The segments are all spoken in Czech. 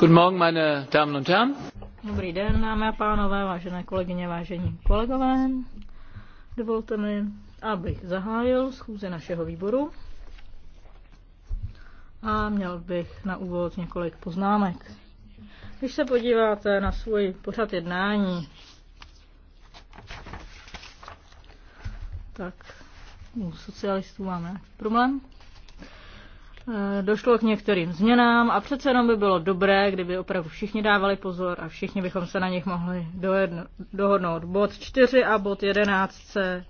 Dobrý den, dámy a pánové, vážené kolegyně, vážení kolegové. Dovolte mi, abych zahájil schůze našeho výboru a měl bych na úvod několik poznámek. Když se podíváte na svůj pořad jednání, tak u socialistů máme problém. Eh, došlo k některým změnám a přece jenom by bylo dobré, kdyby opravdu všichni dávali pozor a všichni bychom se na nich mohli dojedno, dohodnout. Bod 4 a bod 11 se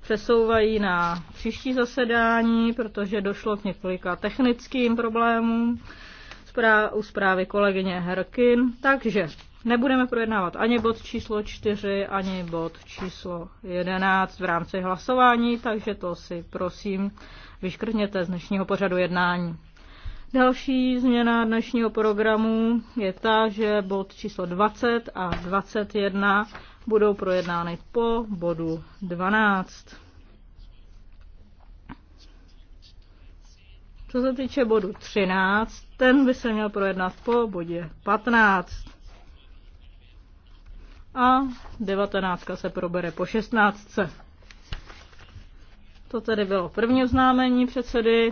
přesouvají na příští zasedání, protože došlo k několika technickým problémům u zprávy kolegyně Herkin. Takže nebudeme projednávat ani bod číslo 4, ani bod číslo 11 v rámci hlasování, takže to si prosím vyškrtněte z dnešního pořadu jednání. Další změna dnešního programu je ta, že bod číslo 20 a 21 budou projednány po bodu 12. Co se týče bodu 13, ten by se měl projednat po bodě 15. A 19 se probere po 16. To tedy bylo první oznámení předsedy.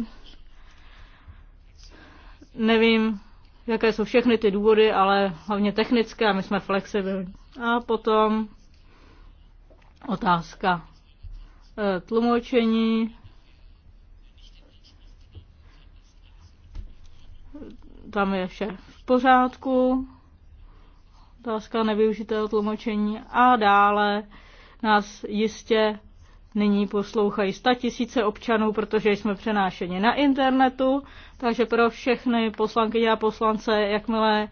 Nevím, jaké jsou všechny ty důvody, ale hlavně technické a my jsme flexibilní. A potom otázka eh, tlumočení. Tam je vše v pořádku. Otázka nevyužitého tlumočení. A dále nás jistě nyní poslouchají tisíce občanů, protože jsme přenášeni na internetu, takže pro všechny poslankyně a poslance, jakmile e,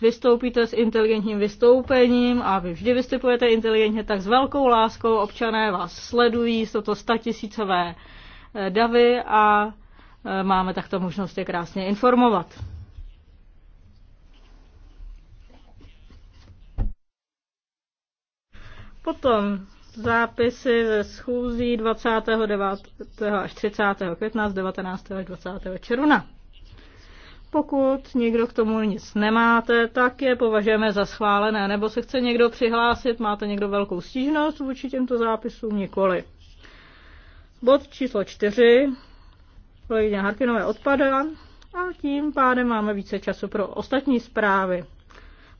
vystoupíte s inteligentním vystoupením a vy vždy vystupujete inteligentně, tak s velkou láskou občané vás sledují, jsou to statisícové e, davy a e, máme takto možnost je krásně informovat. Potom Zápisy ze schůzí 29. až 30. května z 19. až 20. června. Pokud nikdo k tomu nic nemáte, tak je považujeme za schválené. Nebo se chce někdo přihlásit, máte někdo velkou stížnost vůči těmto zápisům? Nikoli. Bod číslo 4. Kolegyně Harkinové odpadá a tím pádem máme více času pro ostatní zprávy.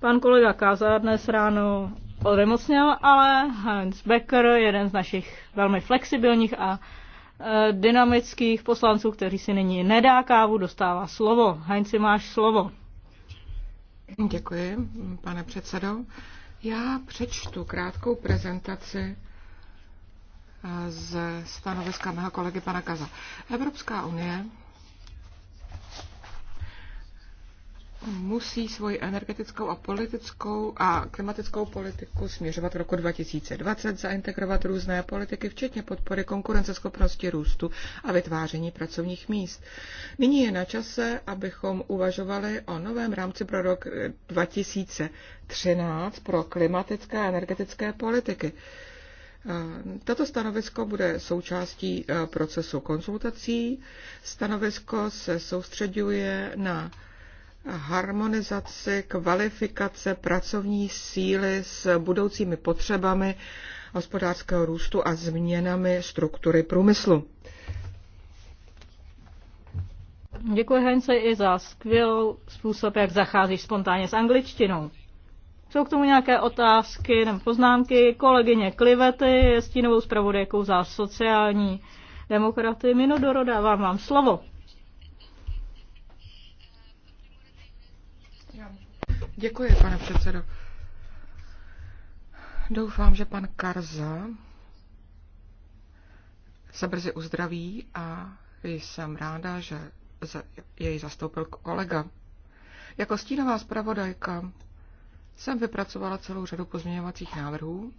Pan kolega Káza dnes ráno odemocněl, ale Heinz Becker, jeden z našich velmi flexibilních a e, dynamických poslanců, kteří si nyní nedá kávu, dostává slovo. Heinzi, máš slovo. Děkuji, pane předsedo. Já přečtu krátkou prezentaci e, z stanoviska mého kolegy pana Kaza. Evropská unie musí svoji energetickou a politickou a klimatickou politiku směřovat v roku 2020, zaintegrovat různé politiky, včetně podpory konkurenceschopnosti růstu a vytváření pracovních míst. Nyní je na čase, abychom uvažovali o novém rámci pro rok 2013 pro klimatické a energetické politiky. Tato stanovisko bude součástí eh, procesu konzultací. Stanovisko se soustředuje na harmonizaci kvalifikace pracovní síly s budoucími potřebami hospodářského růstu a změnami struktury průmyslu. Děkuji Hence i za skvělou způsob, jak zacházíš spontánně s angličtinou. Jsou k tomu nějaké otázky nebo poznámky? Kolegyně Klivety je stínovou zpravodajkou za sociální demokraty. Minodoroda, Vám vám slovo. Děkuji, pane předsedo. Doufám, že pan Karza se brzy uzdraví a jsem ráda, že jej zastoupil kolega. Jako stínová zpravodajka jsem vypracovala celou řadu pozměňovacích návrhů,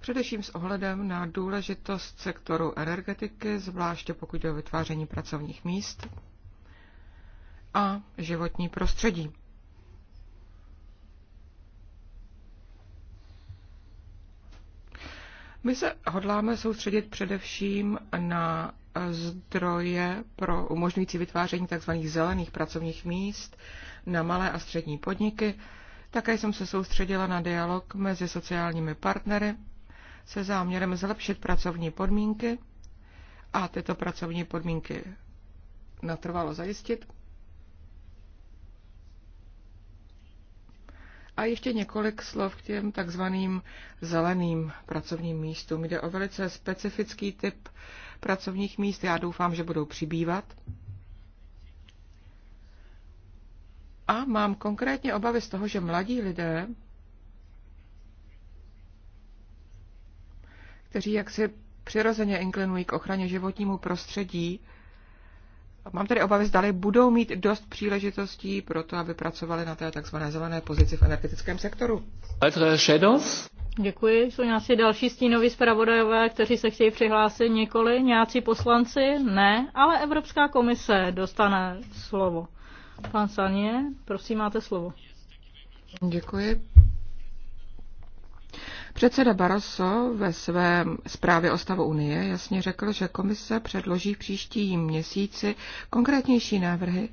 především s ohledem na důležitost sektoru energetiky, zvláště pokud jde o vytváření pracovních míst a životní prostředí. My se hodláme soustředit především na zdroje pro umožňující vytváření tzv. zelených pracovních míst, na malé a střední podniky. Také jsem se soustředila na dialog mezi sociálními partnery se záměrem zlepšit pracovní podmínky a tyto pracovní podmínky natrvalo zajistit. A ještě několik slov k těm takzvaným zeleným pracovním místům. Jde o velice specifický typ pracovních míst. Já doufám, že budou přibývat. A mám konkrétně obavy z toho, že mladí lidé, kteří jaksi přirozeně inklinují k ochraně životnímu prostředí, Mám tedy obavy, zdali budou mít dost příležitostí pro to, aby pracovali na té tzv. zelené pozici v energetickém sektoru. Děkuji. Jsou nějací další stínoví zpravodajové, kteří se chtějí přihlásit nikoli? Nějací poslanci? Ne, ale Evropská komise dostane slovo. Pan Sanje, prosím, máte slovo. Děkuji, Předseda Barroso ve svém zprávě o stavu Unie jasně řekl, že komise předloží v příští měsíci konkrétnější návrhy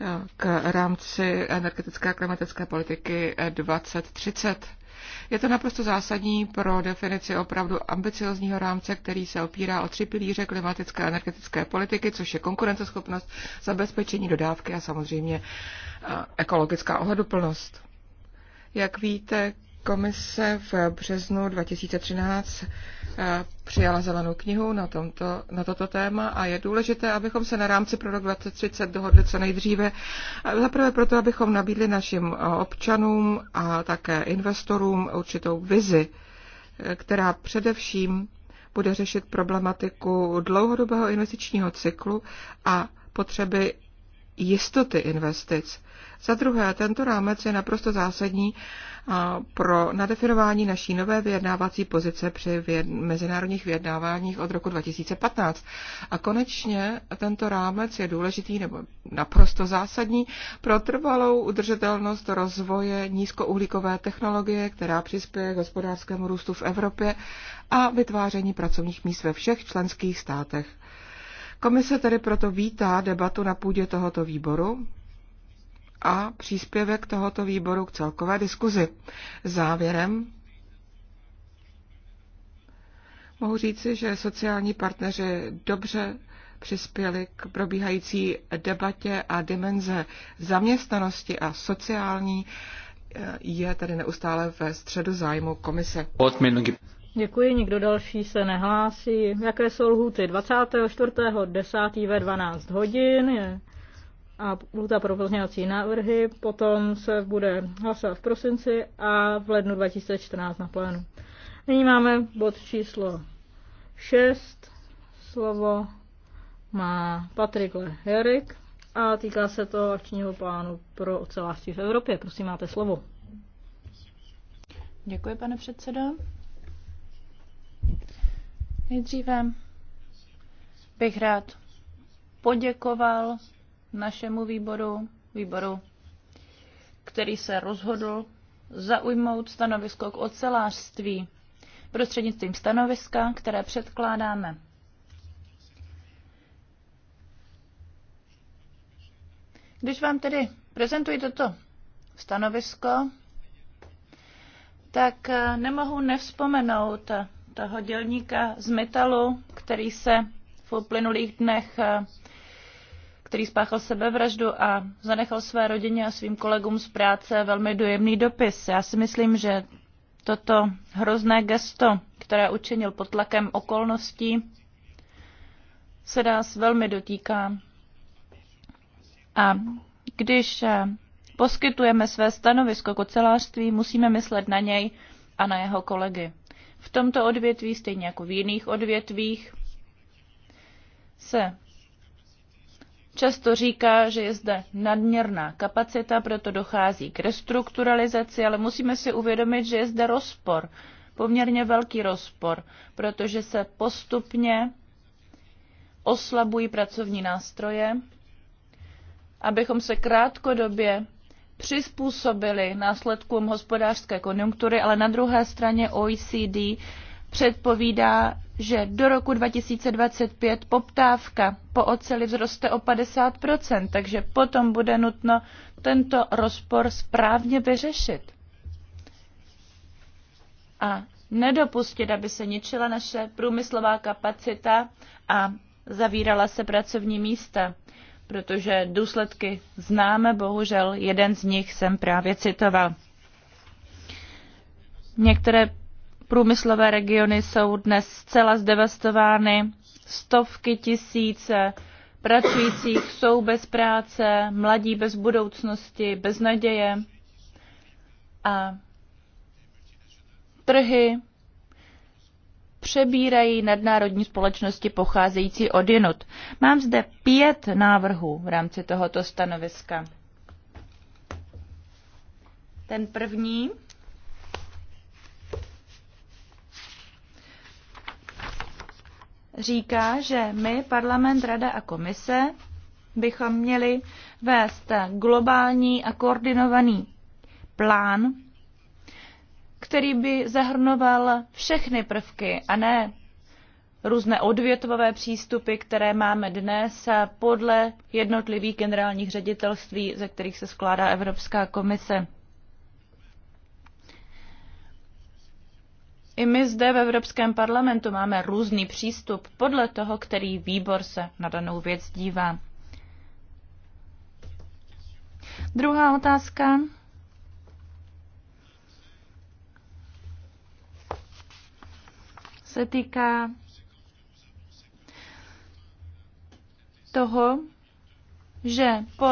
eh, k rámci energetické a klimatické politiky 2030. Je to naprosto zásadní pro definici opravdu ambiciozního rámce, který se opírá o tři pilíře klimatické a energetické politiky, což je konkurenceschopnost, zabezpečení dodávky a samozřejmě eh, ekologická ohleduplnost. Jak víte, Komise v březnu 2013 eh, přijala zelenou knihu na, tomto, na toto téma a je důležité, abychom se na rámci pro rok 2030 dohodli co nejdříve. Zaprvé proto, abychom nabídli našim občanům a také investorům určitou vizi, eh, která především bude řešit problematiku dlouhodobého investičního cyklu a potřeby jistoty investic. Za druhé, tento rámec je naprosto zásadní pro nadefinování naší nové vyjednávací pozice při mezinárodních vyjednáváních od roku 2015. A konečně tento rámec je důležitý nebo naprosto zásadní pro trvalou udržitelnost rozvoje nízkouhlíkové technologie, která přispěje k hospodářskému růstu v Evropě a vytváření pracovních míst ve všech členských státech. Komise tedy proto vítá debatu na půdě tohoto výboru, a příspěvek tohoto výboru k celkové diskuzi. Závěrem mohu říci, že sociální partneři dobře přispěli k probíhající debatě a dimenze zaměstnanosti a sociální eh, je tady neustále ve středu zájmu komise. Děkuji, nikdo další se nehlásí. Jaké jsou lhuty? 24.10. ve 12 hodin je a lhuta pro pozměňovací návrhy, potom se bude hlasovat v prosinci a v lednu 2014 na plénu. Nyní máme bod číslo 6. Slovo má Patrik Leherik a týká se to akčního plánu pro ocelářství v Evropě. Prosím, máte slovo. Děkuji, pane předsedo. Nejdříve bych rád poděkoval našemu výboru, výboru, který se rozhodl zaujmout stanovisko k ocelářství prostřednictvím stanoviska, které předkládáme. Když vám tedy prezentuji toto stanovisko, tak eh, nemohu nevzpomenout toho dělníka z metalu, který se v uplynulých dnech eh, který spáchal sebevraždu a zanechal své rodině a svým kolegům z práce velmi dojemný dopis. Já si myslím, že toto hrozné gesto, které učinil pod tlakem okolností, se nás velmi dotýká. A když eh, poskytujeme své stanovisko k ocelářství, musíme myslet na něj a na jeho kolegy. V tomto odvětví, stejně jako v jiných odvětvích, se často říká, že je zde nadměrná kapacita, proto dochází k restrukturalizaci, ale musíme si uvědomit, že je zde rozpor, poměrně velký rozpor, protože se postupně oslabují pracovní nástroje, abychom se krátkodobě přizpůsobili následkům hospodářské konjunktury, ale na druhé straně OECD předpovídá, že do roku 2025 poptávka po oceli vzroste o 50%, takže potom bude nutno tento rozpor správně vyřešit. A nedopustit, aby se ničila naše průmyslová kapacita a zavírala se pracovní místa, protože důsledky známe, bohužel jeden z nich jsem právě citoval. Některé Průmyslové regiony jsou dnes zcela zdevastovány, stovky tisíce pracujících jsou bez práce, mladí bez budoucnosti, bez naděje a trhy přebírají nadnárodní společnosti pocházející od jinut. Mám zde pět návrhů v rámci tohoto stanoviska. Ten první říká, že my, parlament, rada a komise, bychom měli vést globální a koordinovaný plán, který by zahrnoval všechny prvky a ne různé odvětvové přístupy, které máme dnes podle jednotlivých generálních ředitelství, ze kterých se skládá Evropská komise. I my zde v Evropském parlamentu máme různý přístup podle toho, který výbor se na danou věc dívá. Druhá otázka. se týká toho, že po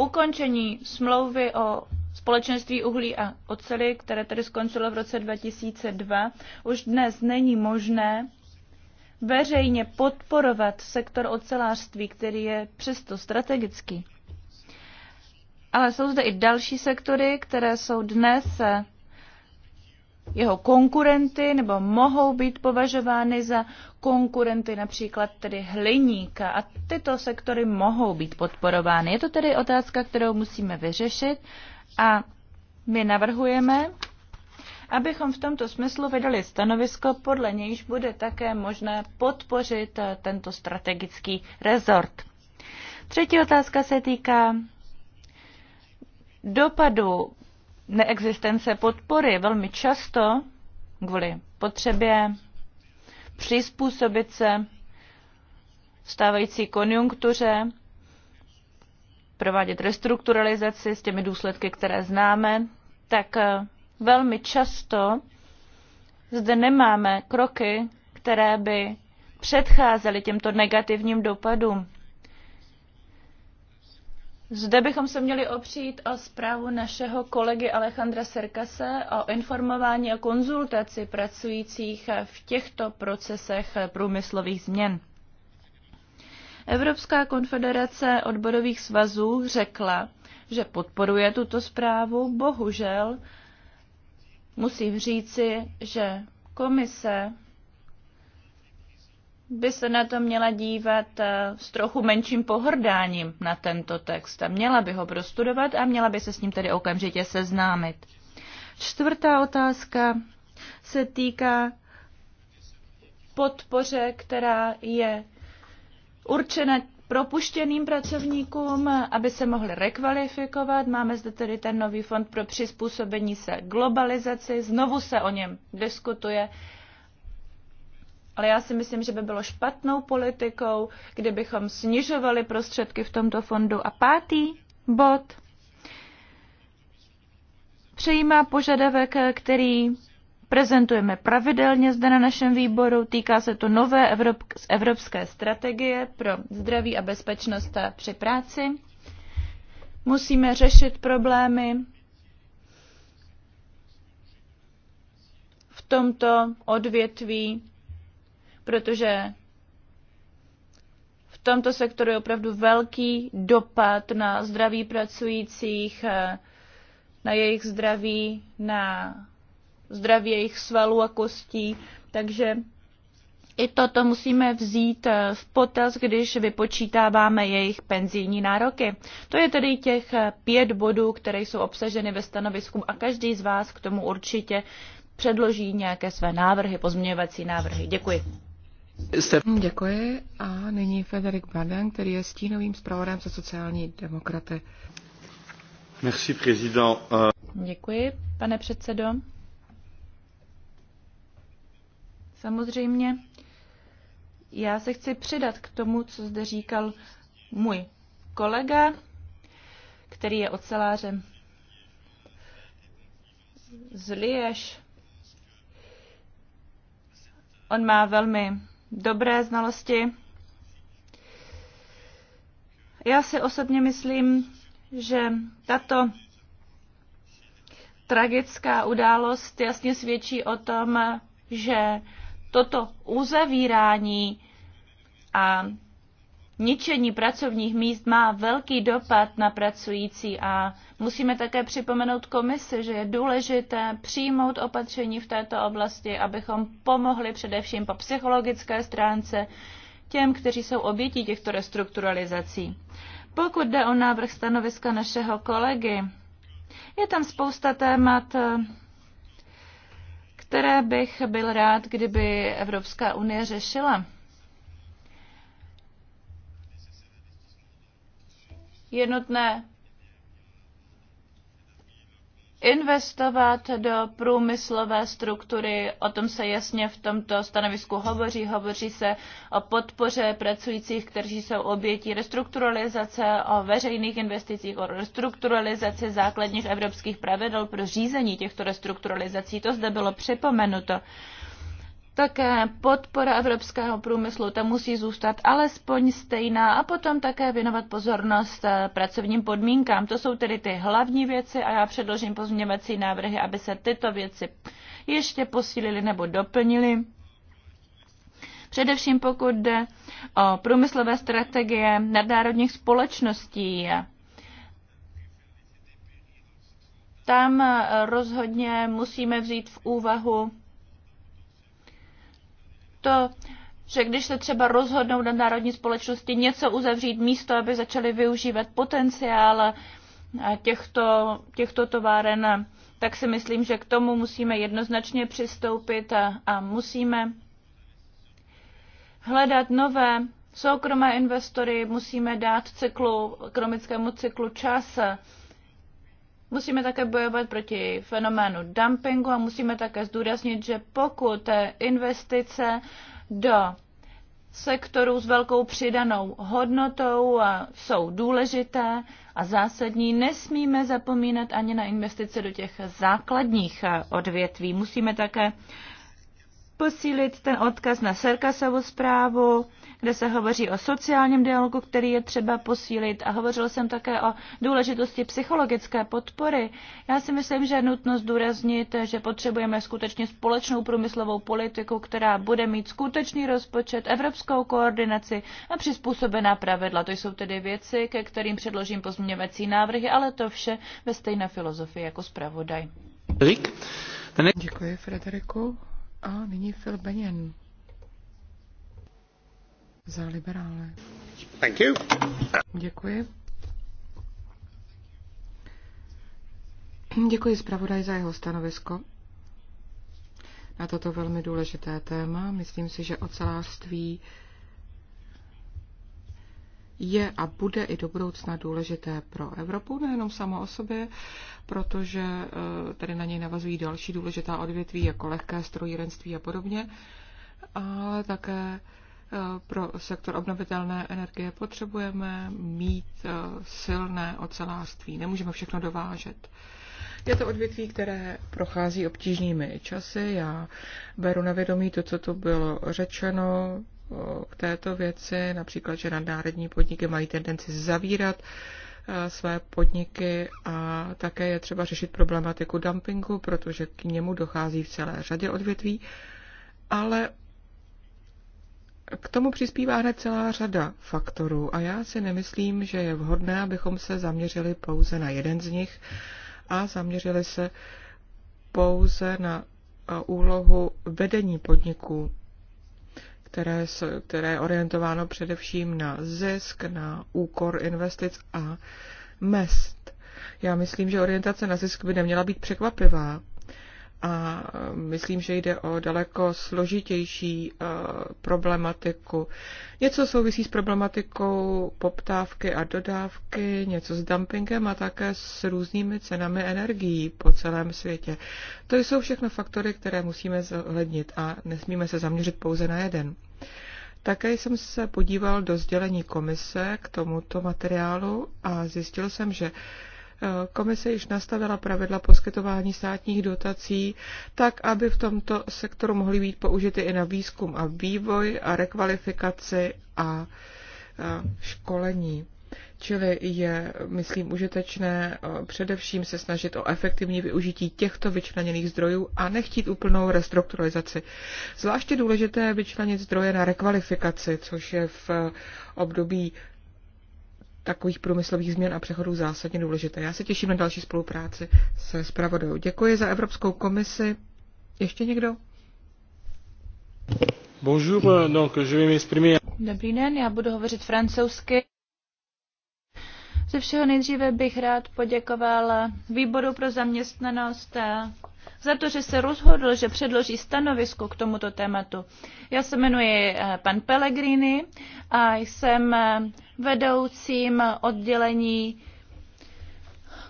ukončení smlouvy o společenství uhlí a oceli, které tedy skončilo v roce 2002, už dnes není možné veřejně podporovat sektor ocelářství, který je přesto strategický. Ale jsou zde i další sektory, které jsou dnes jeho konkurenty nebo mohou být považovány za konkurenty například tedy hliníka a tyto sektory mohou být podporovány. Je to tedy otázka, kterou musíme vyřešit a my navrhujeme, abychom v tomto smyslu vydali stanovisko, podle nějž bude také možné podpořit eh, tento strategický rezort. Třetí otázka se týká dopadu neexistence podpory. Velmi často kvůli potřebě přizpůsobit se stávající konjunktuře provádět restrukturalizaci s těmi důsledky, které známe, tak eh, velmi často zde nemáme kroky, které by předcházely těmto negativním dopadům. Zde bychom se měli opřít o zprávu našeho kolegy Alejandra Serkase o informování a konzultaci pracujících v těchto procesech průmyslových změn. Evropská konfederace odborových svazů řekla, že podporuje tuto zprávu. Bohužel musím říci, že komise by se na to měla dívat eh, s trochu menším pohrdáním na tento text. A měla by ho prostudovat a měla by se s ním tedy okamžitě seznámit. Čtvrtá otázka se týká podpoře, která je Určené propuštěným pracovníkům, aby se mohli rekvalifikovat. Máme zde tedy ten nový fond pro přizpůsobení se globalizaci. Znovu se o něm diskutuje. Ale já si myslím, že by bylo špatnou politikou, kdybychom snižovali prostředky v tomto fondu. A pátý bod přejímá požadavek, který prezentujeme pravidelně zde na našem výboru. Týká se to nové evropské strategie pro zdraví a bezpečnost při práci. Musíme řešit problémy v tomto odvětví, protože v tomto sektoru je opravdu velký dopad na zdraví pracujících, eh, na jejich zdraví, na zdraví jejich svalů a kostí. Takže i toto musíme vzít eh, v potaz, když vypočítáváme jejich penzijní nároky. To je tedy těch eh, pět bodů, které jsou obsaženy ve stanovisku a každý z vás k tomu určitě předloží nějaké své návrhy, pozměňovací návrhy. Děkuji. Děkuji a nyní Federik Baden, který je stínovým zpravodajem za sociální demokraty. Merci, président. Děkuji, pane předsedo. Samozřejmě já se chci přidat k tomu, co zde říkal můj kolega, který je ocelářem z Liež. On má velmi dobré znalosti. Já si osobně myslím, že tato tragická událost jasně svědčí o tom, že toto uzavírání a ničení pracovních míst má velký dopad na pracující a musíme také připomenout komise, že je důležité přijmout opatření v této oblasti, abychom pomohli především po psychologické stránce těm, kteří jsou obětí těchto restrukturalizací. Pokud jde o návrh stanoviska našeho kolegy, je tam spousta témat, které bych byl rád, kdyby Evropská unie řešila. Je nutné investovat do průmyslové struktury, o tom se jasně v tomto stanovisku hovoří. Hovoří se o podpoře pracujících, kteří jsou obětí restrukturalizace, o veřejných investicích, o restrukturalizaci základních evropských pravidel pro řízení těchto restrukturalizací. To zde bylo připomenuto. Také podpora evropského průmyslu ta musí zůstat alespoň stejná a potom také věnovat pozornost eh, pracovním podmínkám. To jsou tedy ty hlavní věci a já předložím pozměňovací návrhy, aby se tyto věci ještě posílily nebo doplnily. Především pokud jde o průmyslové strategie nadnárodních společností, tam eh, rozhodně musíme vzít v úvahu to, že když se třeba rozhodnou na národní společnosti něco uzavřít místo, aby začali využívat potenciál těchto, těchto továren, tak si myslím, že k tomu musíme jednoznačně přistoupit a, a musíme hledat nové soukromé investory, musíme dát cyklu, ekonomickému cyklu čas Musíme také bojovat proti fenoménu dumpingu a musíme také zdůraznit, že pokud eh, investice do sektorů s velkou přidanou hodnotou a eh, jsou důležité a zásadní. Nesmíme zapomínat ani na investice do těch základních eh, odvětví. Musíme také posílit ten odkaz na Serkasovu zprávu, kde se hovoří o sociálním dialogu, který je třeba posílit a hovořil jsem také o důležitosti psychologické podpory. Já si myslím, že je nutno zdůraznit, že potřebujeme skutečně společnou průmyslovou politiku, která bude mít skutečný rozpočet, evropskou koordinaci a přizpůsobená pravidla. To jsou tedy věci, ke kterým předložím pozměňovací návrhy, ale to vše ve stejné filozofii jako zpravodaj. Děkuji, Frederiku. A nyní Phil Benjen za liberále. Thank you. Děkuji. Děkuji zpravodaj za jeho stanovisko na toto velmi důležité téma. Myslím si, že ocelářství je a bude i do budoucna důležité pro Evropu, nejenom samo o sobě, protože eh, tady na něj navazují další důležitá odvětví, jako lehké strojírenství a podobně, ale také eh, pro sektor obnovitelné energie potřebujeme mít eh, silné ocelářství. Nemůžeme všechno dovážet. Je to odvětví, které prochází obtížnými časy. Já beru na vědomí to, co tu bylo řečeno, k této věci, například, že nadnárodní podniky mají tendenci zavírat eh, své podniky a také je třeba řešit problematiku dumpingu, protože k němu dochází v celé řadě odvětví, ale k tomu přispívá hned celá řada faktorů a já si nemyslím, že je vhodné, abychom se zaměřili pouze na jeden z nich a zaměřili se pouze na eh, úlohu vedení podniků které, které je orientováno především na zisk, na úkor investic a mest. Já myslím, že orientace na zisk by neměla být překvapivá a myslím, že jde o daleko složitější e, problematiku. Něco souvisí s problematikou poptávky a dodávky, něco s dumpingem a také s různými cenami energií po celém světě. To jsou všechno faktory, které musíme zohlednit a nesmíme se zaměřit pouze na jeden. Také jsem se podíval do sdělení komise k tomuto materiálu a zjistil jsem, že Komise již nastavila pravidla poskytování státních dotací tak, aby v tomto sektoru mohly být použity i na výzkum a vývoj a rekvalifikaci a školení. Čili je, myslím, užitečné e, především se snažit o efektivní využití těchto vyčleněných zdrojů a nechtít úplnou restrukturalizaci. Zvláště důležité je vyčlenit zdroje na rekvalifikaci, což je v období takových průmyslových změn a přechodů zásadně důležité. Já se těším na další spolupráci se zpravodou. Děkuji za Evropskou komisi. Ještě někdo? Bonjour, donc je vais Dobrý den, já budu hovořit francouzsky. Ze všeho nejdříve bych rád poděkoval výboru pro zaměstnanost za to, že se rozhodl, že předloží stanovisko k tomuto tématu. Já se jmenuji eh, pan Pellegrini a jsem eh, vedoucím oddělení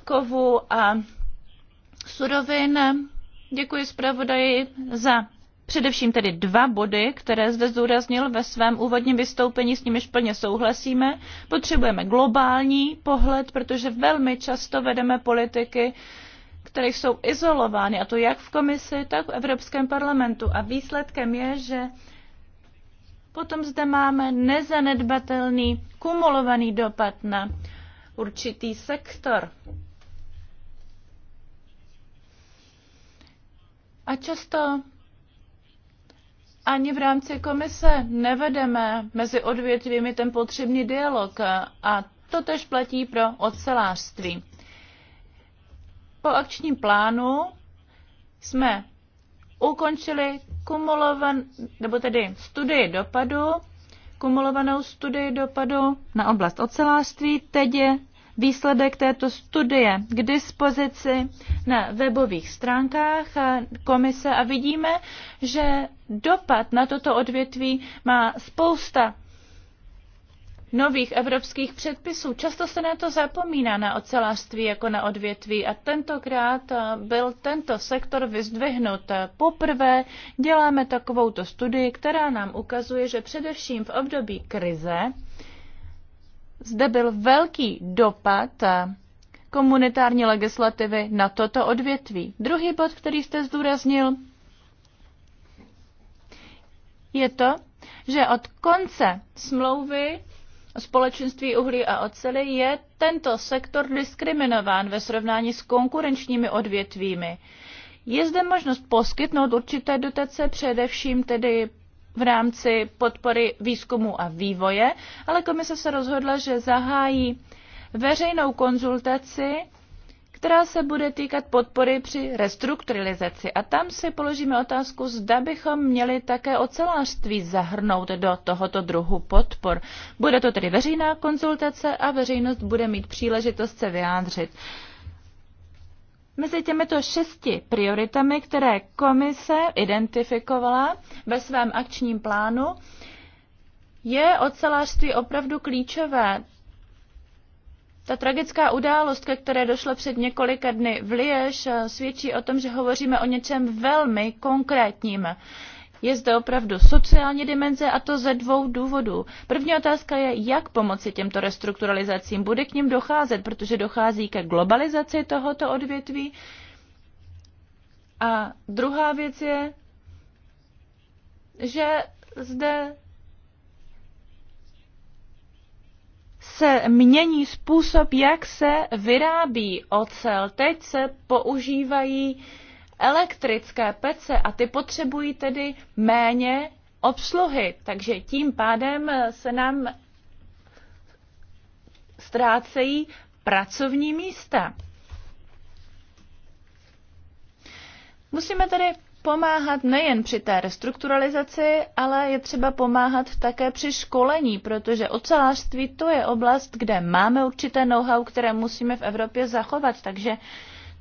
kovu a surovin. Děkuji zpravodaji za především tedy dva body, které zde zdůraznil ve svém úvodním vystoupení, s nimiž plně souhlasíme. Potřebujeme globální pohled, protože velmi často vedeme politiky, které jsou izolovány, a to jak v komisi, tak v Evropském parlamentu. A výsledkem je, že Potom zde máme nezanedbatelný kumulovaný dopad na určitý sektor. A často ani v rámci komise nevedeme mezi odvětvími ten potřebný dialog a to tež platí pro ocelářství. Po akčním plánu jsme ukončili kumulovanou, nebo tedy studii dopadu, kumulovanou studii dopadu na oblast ocelářství. Teď je výsledek této studie k dispozici na webových stránkách komise a vidíme, že dopad na toto odvětví má spousta nových evropských předpisů. Často se na to zapomíná na ocelářství jako na odvětví a tentokrát eh, byl tento sektor vyzdvihnut. Eh, poprvé děláme takovouto studii, která nám ukazuje, že především v období krize zde byl velký dopad eh, komunitární legislativy na toto odvětví. Druhý bod, který jste zdůraznil, je to, že od konce smlouvy společenství uhlí a ocely je tento sektor diskriminován ve srovnání s konkurenčními odvětvími. Je zde možnost poskytnout určité dotace, především tedy v rámci podpory výzkumu a vývoje, ale komise se rozhodla, že zahájí veřejnou konzultaci která se bude týkat podpory při restrukturalizaci. A tam si položíme otázku, zda bychom měli také ocelářství zahrnout do tohoto druhu podpor. Bude to tedy veřejná konzultace a veřejnost bude mít příležitost se vyjádřit. Mezi těmito šesti prioritami, které komise identifikovala ve svém akčním plánu, je ocelářství opravdu klíčové. Ta tragická událost, ke které došlo před několika dny v Liež, eh, svědčí o tom, že hovoříme o něčem velmi konkrétním. Je zde opravdu sociální dimenze a to ze dvou důvodů. První otázka je, jak pomoci těmto restrukturalizacím. Bude k ním docházet, protože dochází ke globalizaci tohoto odvětví. A druhá věc je, že zde se mění způsob, jak se vyrábí ocel. Teď se používají elektrické pece a ty potřebují tedy méně obsluhy. Takže tím pádem se nám ztrácejí pracovní místa. Musíme tedy pomáhat nejen při té restrukturalizaci, ale je třeba pomáhat také při školení, protože ocelářství to je oblast, kde máme určité know-how, které musíme v Evropě zachovat, takže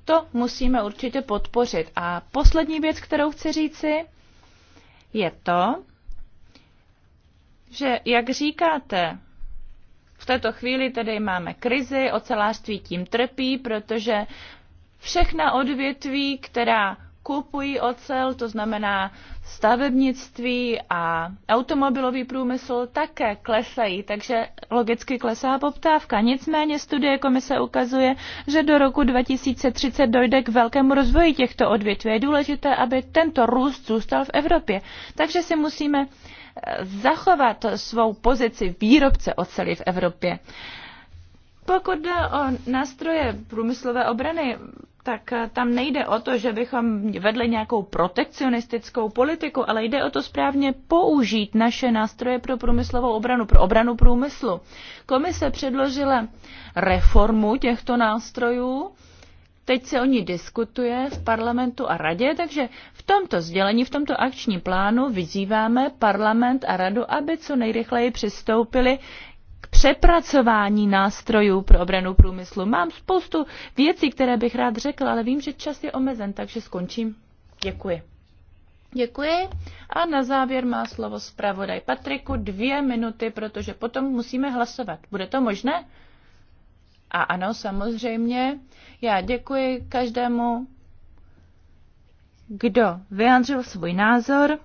to musíme určitě podpořit. A poslední věc, kterou chci říci, je to, že jak říkáte, v této chvíli tedy máme krizi, ocelářství tím trpí, protože všechna odvětví, která kupují ocel, to znamená stavebnictví a automobilový průmysl také klesají, takže logicky klesá poptávka. Nicméně studie komise ukazuje, že do roku 2030 dojde k velkému rozvoji těchto odvětví. Je důležité, aby tento růst zůstal v Evropě. Takže si musíme eh, zachovat svou pozici výrobce oceli v Evropě. Pokud jde o nástroje průmyslové obrany, tak eh, tam nejde o to, že bychom vedli nějakou protekcionistickou politiku, ale jde o to správně použít naše nástroje pro průmyslovou obranu, pro obranu průmyslu. Komise předložila reformu těchto nástrojů, teď se o ní diskutuje v parlamentu a radě, takže v tomto sdělení, v tomto akčním plánu vyzýváme parlament a radu, aby co nejrychleji přistoupili přepracování nástrojů pro obranu průmyslu. Mám spoustu věcí, které bych rád řekl, ale vím, že čas je omezen, takže skončím. Děkuji. Děkuji. A na závěr má slovo zpravodaj Patriku dvě minuty, protože potom musíme hlasovat. Bude to možné? A ano, samozřejmě. Já děkuji každému, kdo vyjádřil svůj názor.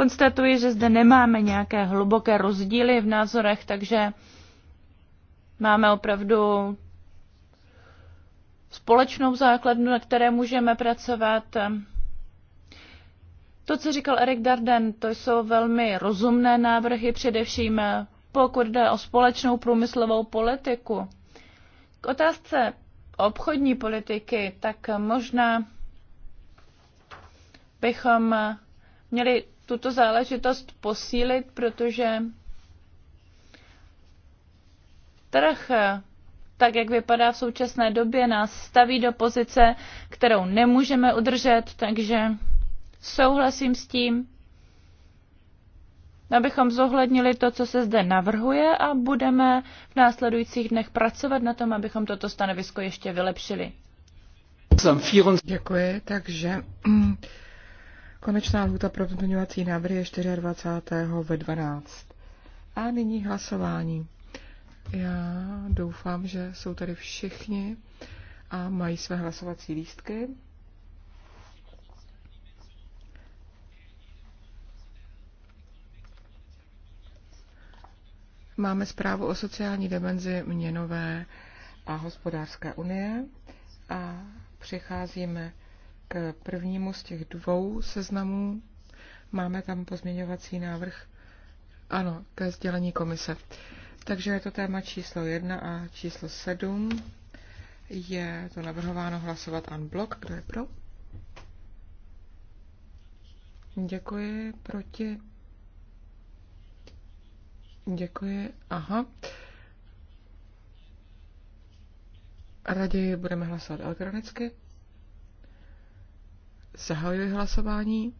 Konstatuji, že zde nemáme nějaké hluboké rozdíly v názorech, takže máme opravdu společnou základnu, na které můžeme pracovat. To, co říkal Erik Darden, to jsou velmi rozumné návrhy, především pokud jde o společnou průmyslovou politiku. K otázce obchodní politiky, tak možná bychom měli tuto záležitost posílit, protože trh, tak jak vypadá v současné době, nás staví do pozice, kterou nemůžeme udržet, takže souhlasím s tím, abychom zohlednili to, co se zde navrhuje a budeme v následujících dnech pracovat na tom, abychom toto stanovisko ještě vylepšili. Děkuji, takže Konečná lhuta pro pozměňovací návrhy je 24. ve 12. A nyní hlasování. Já doufám, že jsou tady všichni a mají své hlasovací lístky. Máme zprávu o sociální dimenzi měnové a hospodářské unie a přicházíme k prvnímu z těch dvou seznamů. Máme tam pozměňovací návrh, ano, ke sdělení komise. Takže je to téma číslo 1 a číslo 7. Je to navrhováno hlasovat unblock. Kdo je pro? Děkuji. Proti? Děkuji. Aha. Raději budeme hlasovat elektronicky. Zahajuji hlasování.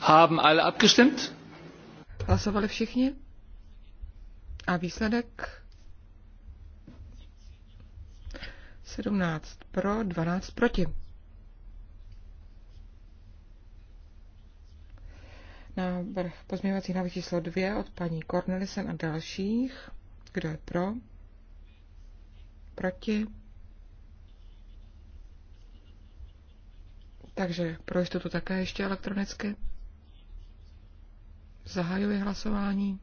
Haben alle abgestimmt? Hlasovali všichni? A výsledek? 17 pro, 12 proti. Návrh, pozměňovací návrh číslo 2 od paní Cornelisen a dalších. Kdo je pro? Proti? Takže pro jistotu také ještě elektronicky. Zahajuji hlasování.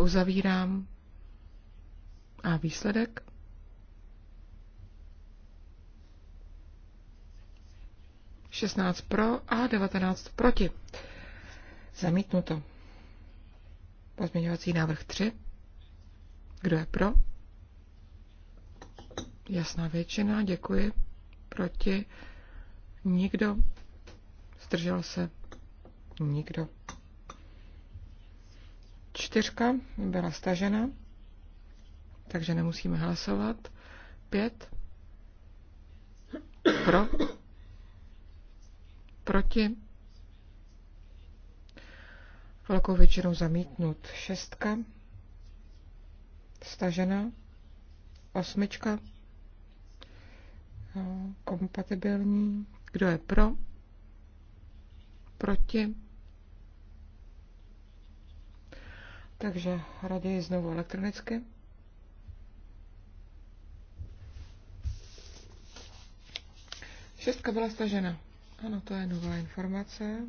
Uzavírám. A výsledek? Šestnáct pro a devatenáct proti. Zamítnuto. Pozměňovací návrh tři. Kdo je pro? Jasná většina, děkuji. Proti? Nikdo. Zdržel se? Nikdo. Čtyřka byla stažena, takže nemusíme hlasovat. Pět. Pro. Proti. Velkou většinou zamítnut. Šestka. Stažena. Osmička kompatibilní. Kdo je pro? Proti? Takže raději znovu elektronicky. Šestka byla stažena. Ano, to je nová informace.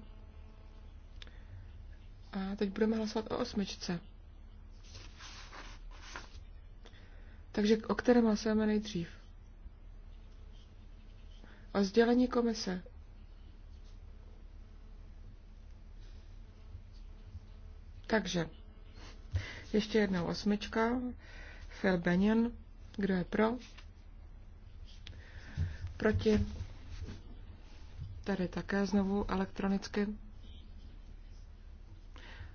A teď budeme hlasovat o osmičce. Takže o kterém hlasujeme nejdřív? a sdělení komise. Takže, ještě jedna osmička, Phil Benyon, kdo je pro? Proti? Tady také znovu elektronicky.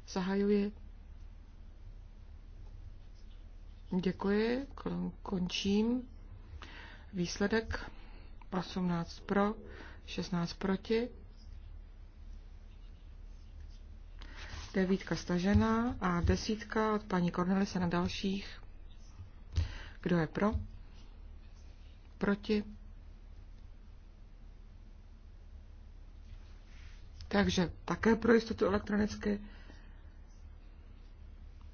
Zahajuji. Děkuji, končím. Výsledek 18 pro, 16 proti. Devítka stažená a desítka od paní Cornelise na dalších. Kdo je pro? Proti? Takže také pro jistotu elektronicky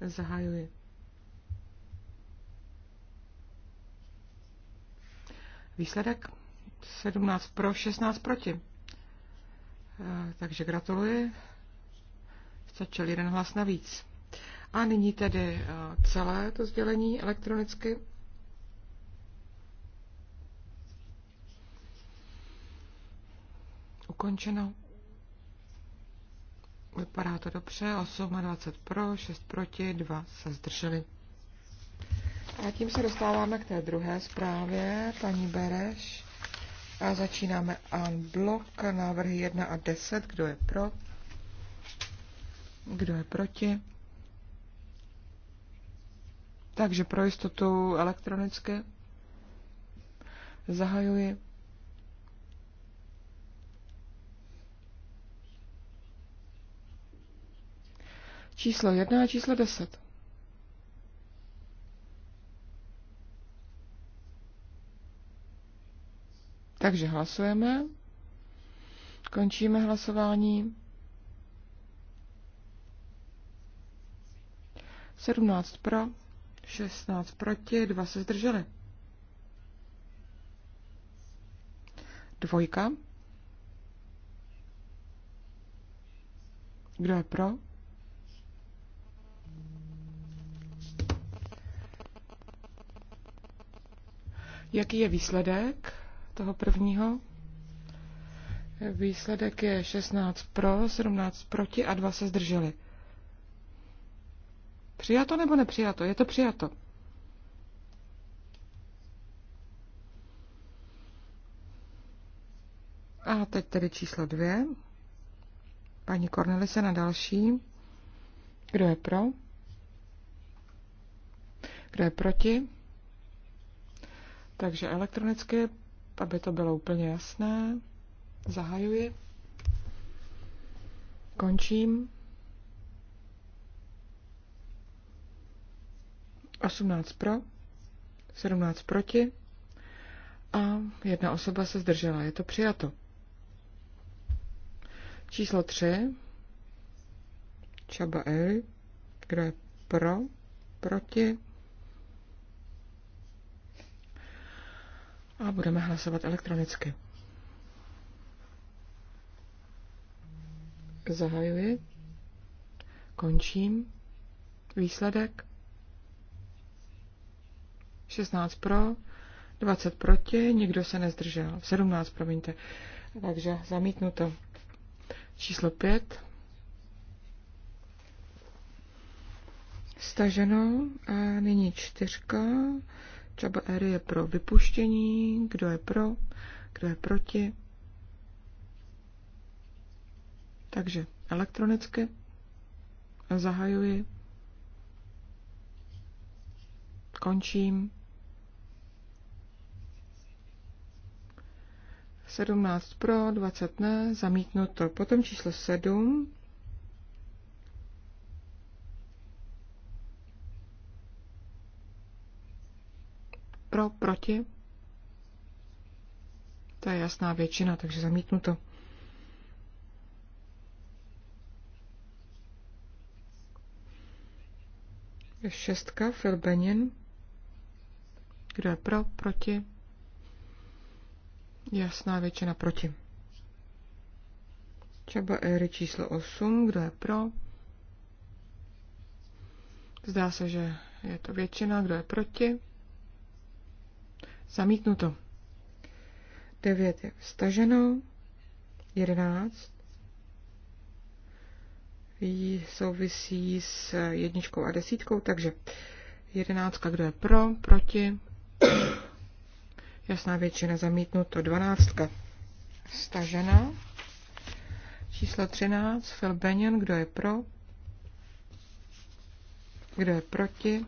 zahajuji. Výsledek? 17 pro, 16 proti. E, takže gratuluji. Stačil jeden hlas navíc. A nyní tedy e, celé to sdělení elektronicky. Ukončeno. Vypadá to dobře. 28 pro, 6 proti, 2 se zdrželi. A tím se dostáváme k té druhé zprávě, paní Bereš. A začínáme en blok návrhy 1 a 10. Kdo je pro? Kdo je proti? Takže pro jistotu elektronicky zahajuji. Číslo 1 a číslo 10. Takže hlasujeme. Končíme hlasování. 17 pro, 16 proti, 2 se zdrželi. Dvojka. Kdo je pro? Jaký je výsledek? toho prvního. Výsledek je 16 pro, 17 proti a dva se zdrželi. Přijato nebo nepřijato? Je to přijato. A teď tedy číslo dvě. Paní se na další. Kdo je pro? Kdo je proti? Takže elektronicky aby to bylo úplně jasné. Zahajuji. Končím. 18 pro, 17 proti a jedna osoba se zdržela. Je to přijato. Číslo 3. Čaba E. Kdo je pro? Proti? a budeme hlasovat elektronicky. Zahajuji. Končím. Výsledek. 16 pro, 20 proti, nikdo se nezdržel. 17, promiňte. Takže zamítnuto. Číslo 5. Staženo. A nyní čtyřka. Čaba Eri je pro vypuštění, kdo je pro, kdo je proti. Takže elektronicky zahajuji, končím. 17 pro, 20 ne, zamítnuto. Potom číslo 7, Pro, proti. To je jasná většina, takže zamítnu to. Je Šestka, Phil Benin. Kdo je pro, proti? Jasná většina proti. Třeba Eri číslo 8, kdo je pro? Zdá se, že je to většina, kdo je proti. Zamítnuto. 9 je staženo. 11 souvisí s jedničkou a desítkou, takže jedenáctka, kdo je pro, proti, jasná většina zamítnuto, dvanáctka stažena, číslo třináct. Phil Benion, kdo je pro, kdo je proti,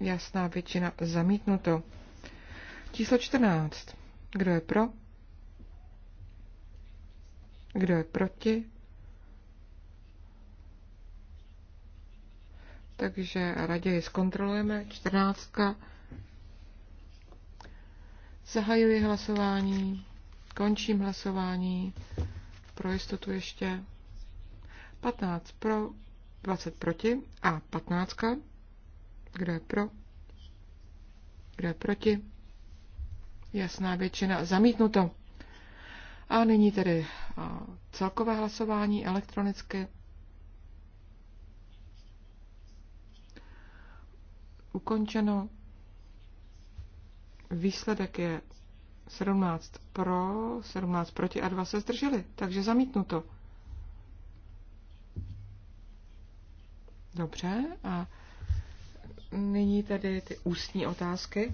jasná většina zamítnuto. Číslo 14. Kdo je pro? Kdo je proti? Takže raději zkontrolujeme. 14. Zahajuji hlasování. Končím hlasování. Pro jistotu ještě. 15 pro, 20 proti a 15. Kdo je pro? Kdo je proti? jasná většina zamítnuto. A nyní tedy celkové hlasování elektronicky. Ukončeno. Výsledek je 17 pro, 17 proti a 2 se zdrželi, takže zamítnuto. Dobře, a nyní tedy ty ústní otázky.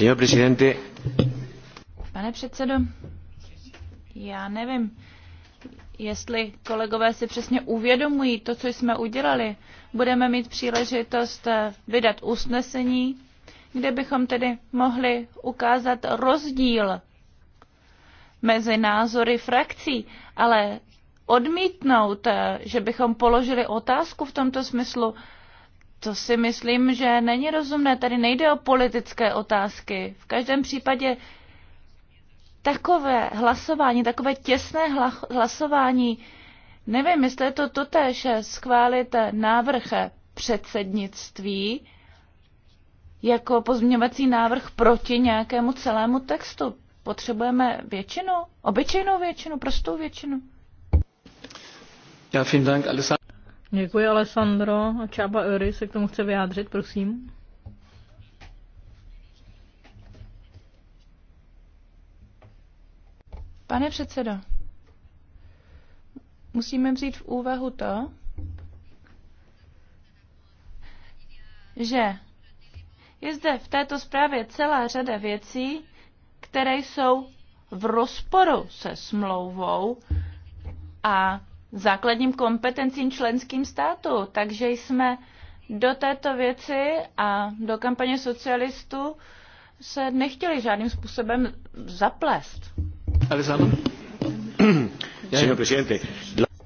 Señor presidente. Pane předsedo, já nevím, jestli kolegové si přesně uvědomují to, co jsme udělali. Budeme mít příležitost eh, vydat usnesení, kde bychom tedy mohli ukázat rozdíl mezi názory frakcí, ale odmítnout, eh, že bychom položili otázku v tomto smyslu, to si myslím, že není rozumné. Tady nejde o politické otázky. V každém případě takové hlasování, takové těsné hlasování, nevím, jestli je to totéž eh, schválit eh, návrh eh, předsednictví jako pozměňovací návrh proti nějakému celému textu. Potřebujeme většinu, obyčejnou většinu, prostou většinu. Ja, vielen Dank, Alessandra. Děkuji, Alessandro. a Čába Öry se k tomu chce vyjádřit, prosím. Pane předsedo, musíme vzít v úvahu to, že je zde v této zprávě celá řada věcí, které jsou v rozporu se smlouvou a základním kompetencím členským státu. Takže jsme do této věci a do kampaně socialistů se nechtěli žádným způsobem zaplést.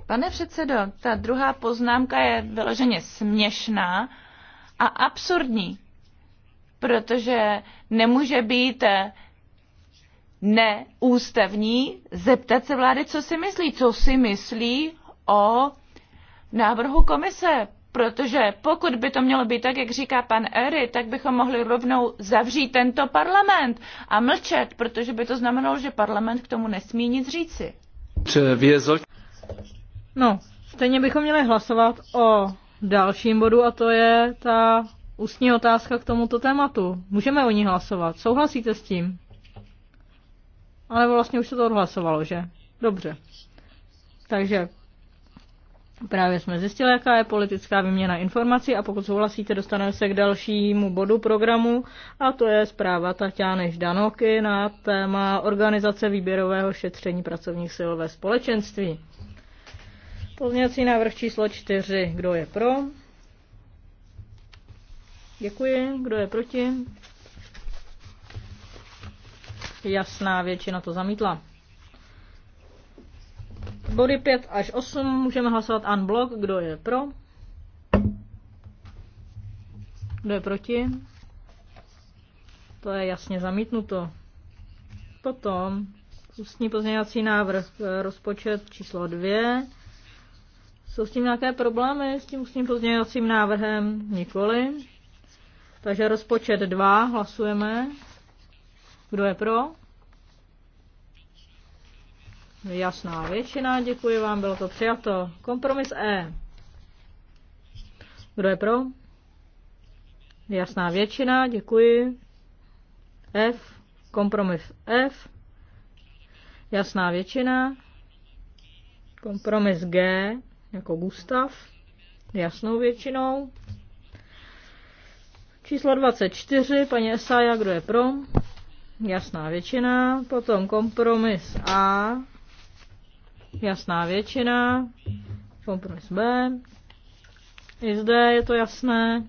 Pane předsedo, ta druhá poznámka je vyloženě směšná a absurdní, protože nemůže být neústavní zeptat se vlády, co si myslí, co si myslí o návrhu komise. Protože pokud by to mělo být tak, jak říká pan Ery, tak bychom mohli rovnou zavřít tento parlament a mlčet, protože by to znamenalo, že parlament k tomu nesmí nic říci. No, stejně bychom měli hlasovat o dalším bodu a to je ta ústní otázka k tomuto tématu. Můžeme o ní hlasovat. Souhlasíte s tím? Ale vlastně už se to odhlasovalo, že? Dobře. Takže právě jsme zjistili, jaká je politická výměna informací a pokud souhlasíte, dostaneme se k dalšímu bodu programu a to je zpráva Tatiany Ždanoky na téma organizace výběrového šetření pracovních sil ve společenství. Pozměňovací návrh číslo 4. Kdo je pro? Děkuji. Kdo je proti? jasná většina to zamítla. Body 5 až 8 můžeme hlasovat unblock. Kdo je pro? Kdo je proti? To je jasně zamítnuto. Potom ústní pozměňovací návrh eh, rozpočet číslo 2. Jsou s tím nějaké problémy s tím ústním pozměňovacím návrhem? Nikoli. Takže rozpočet 2 hlasujeme. Kdo je pro? Jasná většina, děkuji vám, bylo to přijato. Kompromis E. Kdo je pro? Jasná většina, děkuji. F, kompromis F. Jasná většina. Kompromis G, jako Gustav. Jasnou většinou. Číslo 24, paní Esaja, kdo je pro? jasná většina, potom kompromis A, jasná většina, kompromis B, i zde je to jasné.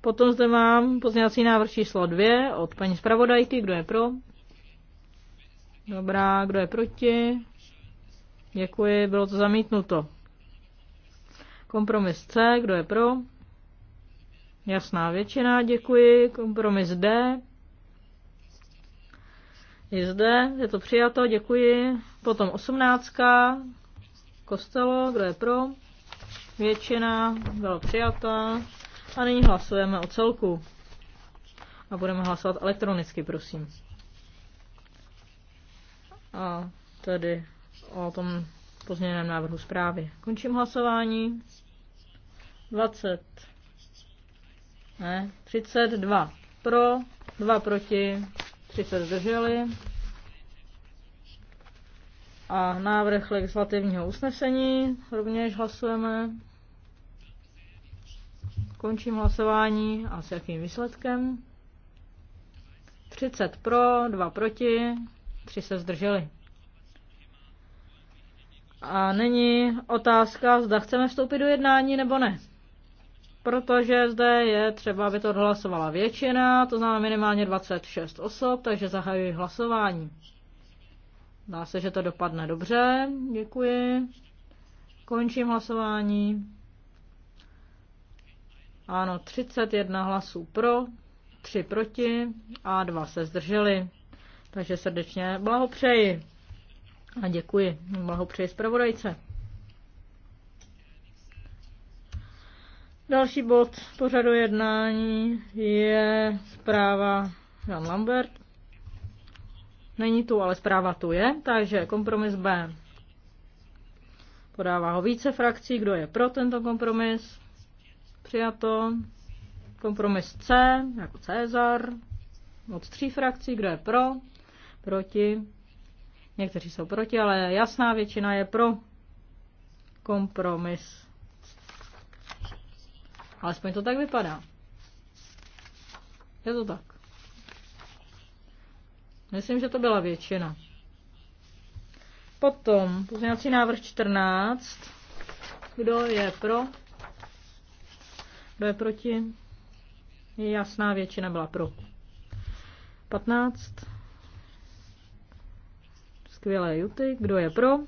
Potom zde mám pozměňovací návrh číslo 2 od paní zpravodajky, kdo je pro. Dobrá, kdo je proti? Děkuji, bylo to zamítnuto. Kompromis C, kdo je pro? Jasná většina, děkuji. Kompromis D. Je zde, je to přijato, děkuji. Potom osmnáctka. Kostelo, kdo je pro? Většina byla přijata. A nyní hlasujeme o celku. A budeme hlasovat elektronicky, prosím. A tedy o tom pozměněném návrhu zprávy. Končím hlasování. 20 ne, 32 pro, 2 proti, 30 zdrželi. A návrh legislativního usnesení rovněž hlasujeme. Končím hlasování a s jakým výsledkem? 30 pro, 2 proti, 3 se zdrželi. A není otázka, zda chceme vstoupit do jednání nebo ne protože zde je třeba, aby to odhlasovala většina, to znamená minimálně 26 osob, takže zahajuji hlasování. Dá se, že to dopadne dobře. Děkuji. Končím hlasování. Ano, 31 hlasů pro, 3 proti a 2 se zdrželi. Takže srdečně blahopřeji. A děkuji. Blahopřeji zpravodajce. Další bod pořadu jednání je zpráva Jan Lambert. Není tu, ale zpráva tu je, takže kompromis B. Podává ho více frakcí, kdo je pro tento kompromis. Přijato. Kompromis C, jako Cezar. Od tří frakcí, kdo je pro, proti. Někteří jsou proti, ale jasná většina je pro kompromis Alespoň to tak vypadá. Je to tak. Myslím, že to byla většina. Potom pozměňovací návrh 14. Kdo je pro? Kdo je proti? Jasná většina byla pro. 15. Skvělé juty. Kdo je pro?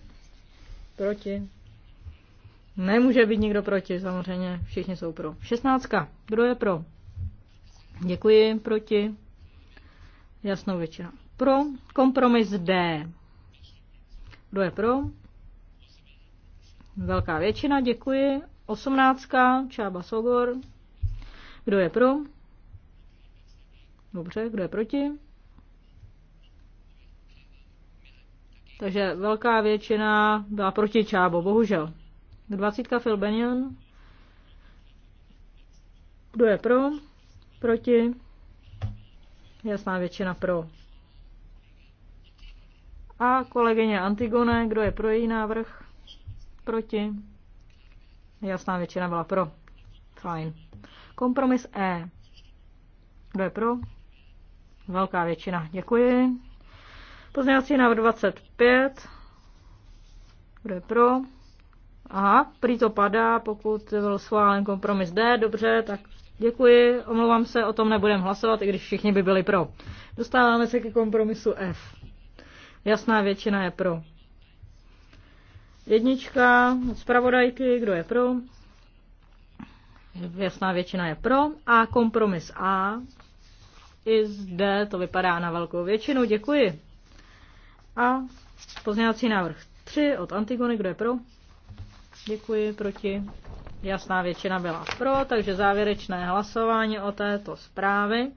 Proti. Nemůže být nikdo proti, samozřejmě. Všichni jsou pro. 16. Kdo je pro? Děkuji. Proti? Jasnou většina. Pro. Kompromis D. Kdo je pro? Velká většina, děkuji. 18. Čába Sogor. Kdo je pro? Dobře, kdo je proti? Takže velká většina byla proti Čábo, bohužel. 20. Phil Benyon. Kdo je pro? Proti? Jasná většina pro. A kolegyně Antigone, kdo je pro její návrh? Proti? Jasná většina byla pro. Fajn. Kompromis E. Kdo je pro? Velká většina. Děkuji. Pozměňovací návrh 25. Kdo je pro? A prý to padá, pokud byl schválen kompromis D, dobře, tak děkuji, omlouvám se, o tom nebudem hlasovat, i když všichni by byli pro. Dostáváme se ke kompromisu F. Jasná většina je pro. Jednička od zpravodajky, kdo je pro? Jasná většina je pro. A kompromis A. I zde to vypadá na velkou většinu, děkuji. A pozměňovací návrh 3 od Antigony, kdo je pro? Děkuji, proti. Jasná většina byla pro, takže závěrečné hlasování o této zprávy.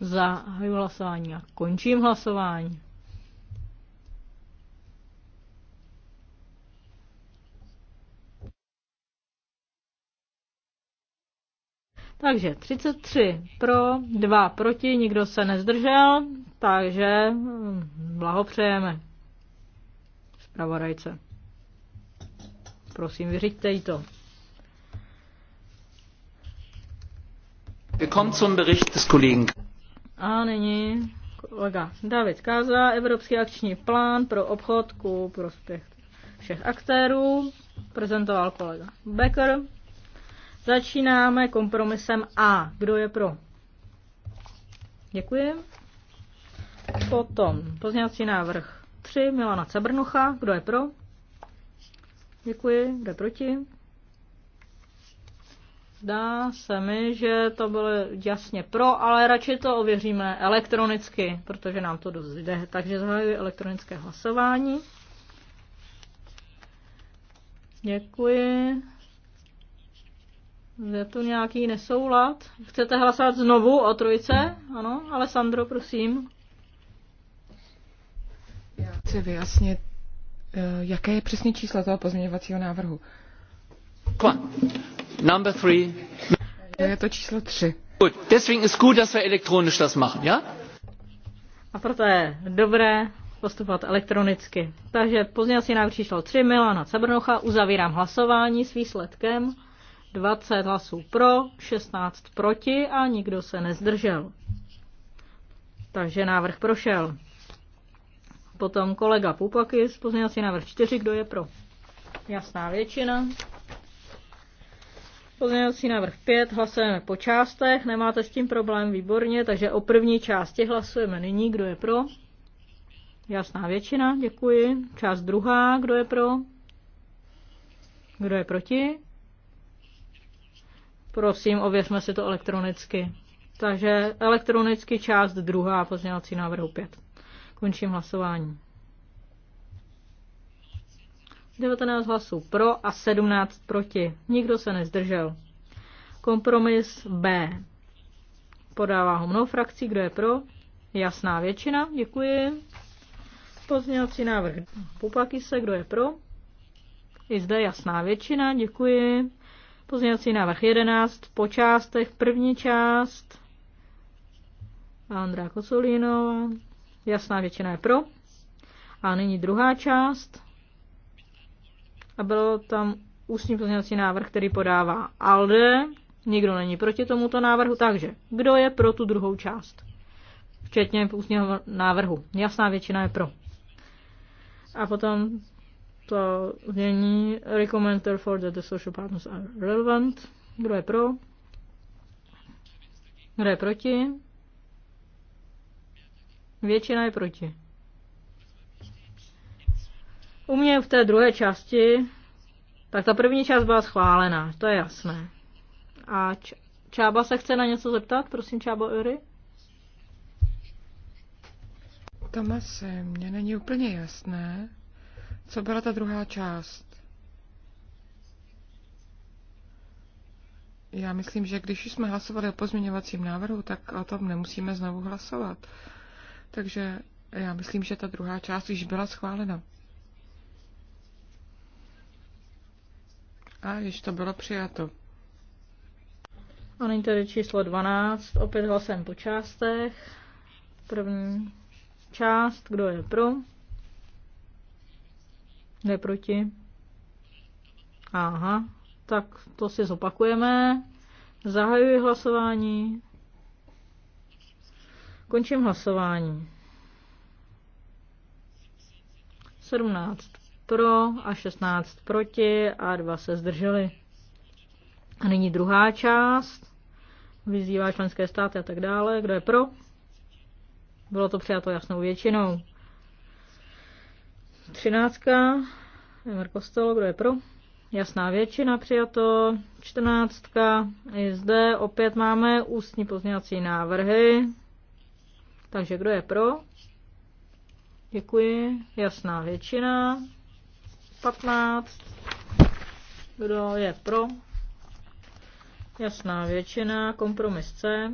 Zahajuji hlasování a končím hlasování. Takže 33 pro, 2 proti, nikdo se nezdržel, takže hm, blahopřejeme zpravodajce. Prosím, vyřiďte jí to. Willkommen zum Bericht des Kollegen. A nyní kolega David Kaza, Evropský akční plán pro obchod ku prospěch všech aktérů, prezentoval kolega Becker. Začínáme kompromisem A. Kdo je pro? Děkuji. Potom pozněvací návrh 3 Milana Cabrnucha. Kdo je pro? Děkuji. Jde proti? Zdá se mi, že to bylo jasně pro, ale radši to ověříme elektronicky, protože nám to dost jde. Takže zahajuji elektronické hlasování. Děkuji. Je tu nějaký nesoulad? Chcete hlasovat znovu o trojce? Ano, Alessandro, prosím. Já chci vyjasnit Eh, jaké je přesně číslo toho pozměňovacího návrhu? Number three. Eh, je to číslo tři. Gut, deswegen ist gut, dass wir elektronisch das machen, ja? A proto je dobré postupovat elektronicky. Takže pozměňovací návrh číslo 3 Milana Cebrnocha. Uzavírám hlasování s výsledkem 20 hlasů pro, 16 proti a nikdo se nezdržel. Takže návrh prošel. Potom kolega Pupakis, pozměňovací návrh 4, kdo je pro? Jasná většina. Pozměňovací návrh 5, hlasujeme po částech, nemáte s tím problém, výborně, takže o první části hlasujeme nyní, kdo je pro? Jasná většina, děkuji. Část druhá, kdo je pro? Kdo je proti? Prosím, ověřme si to elektronicky. Takže elektronicky část druhá pozměňovací návrhu 5. Končím hlasování. 19 hlasů pro a 17 proti. Nikdo se nezdržel. Kompromis B. Podává ho mnou frakcí, kdo je pro. Jasná většina, děkuji. Pozměňovací návrh Pupaky se, kdo je pro. I zde jasná většina, děkuji. Pozměňovací návrh 11 po částech, první část. Andrá Kocolínová Jasná většina je pro. A nyní druhá část. A byl tam ústní pozměňovací návrh, který podává ALDE. Nikdo není proti tomuto návrhu, takže kdo je pro tu druhou část? Včetně ústního návrhu. Jasná většina je pro. A potom to znění recommend for that the social partners are relevant. Kdo je pro? Kdo je proti? Většina je proti. U mě v té druhé části, tak ta první část byla schválená, to je jasné. A Čába se chce na něco zeptat, prosím Čábo Jury? Tomase, mně není úplně jasné, co byla ta druhá část. Já myslím, že když jsme hlasovali o pozměňovacím návrhu, tak o tom nemusíme znovu hlasovat. Takže já myslím, že ta druhá část již byla schválena. A již to bylo přijato. A nyní tedy číslo 12, opět hlasem po částech. První část, kdo je pro? Kdo je proti? Aha, tak to si zopakujeme. Zahajuji hlasování. Končím hlasování. 17 pro a 16 proti a dva se zdrželi. A nyní druhá část. Vyzývá členské státy a tak dále. Kdo je pro? Bylo to přijato jasnou většinou. 13. Emer Kostelo, kdo je pro? Jasná většina přijato. 14. I zde opět máme ústní pozměňovací návrhy takže kdo je pro? Děkuji. Jasná většina. 15. Kdo je pro? Jasná většina. Kompromis C.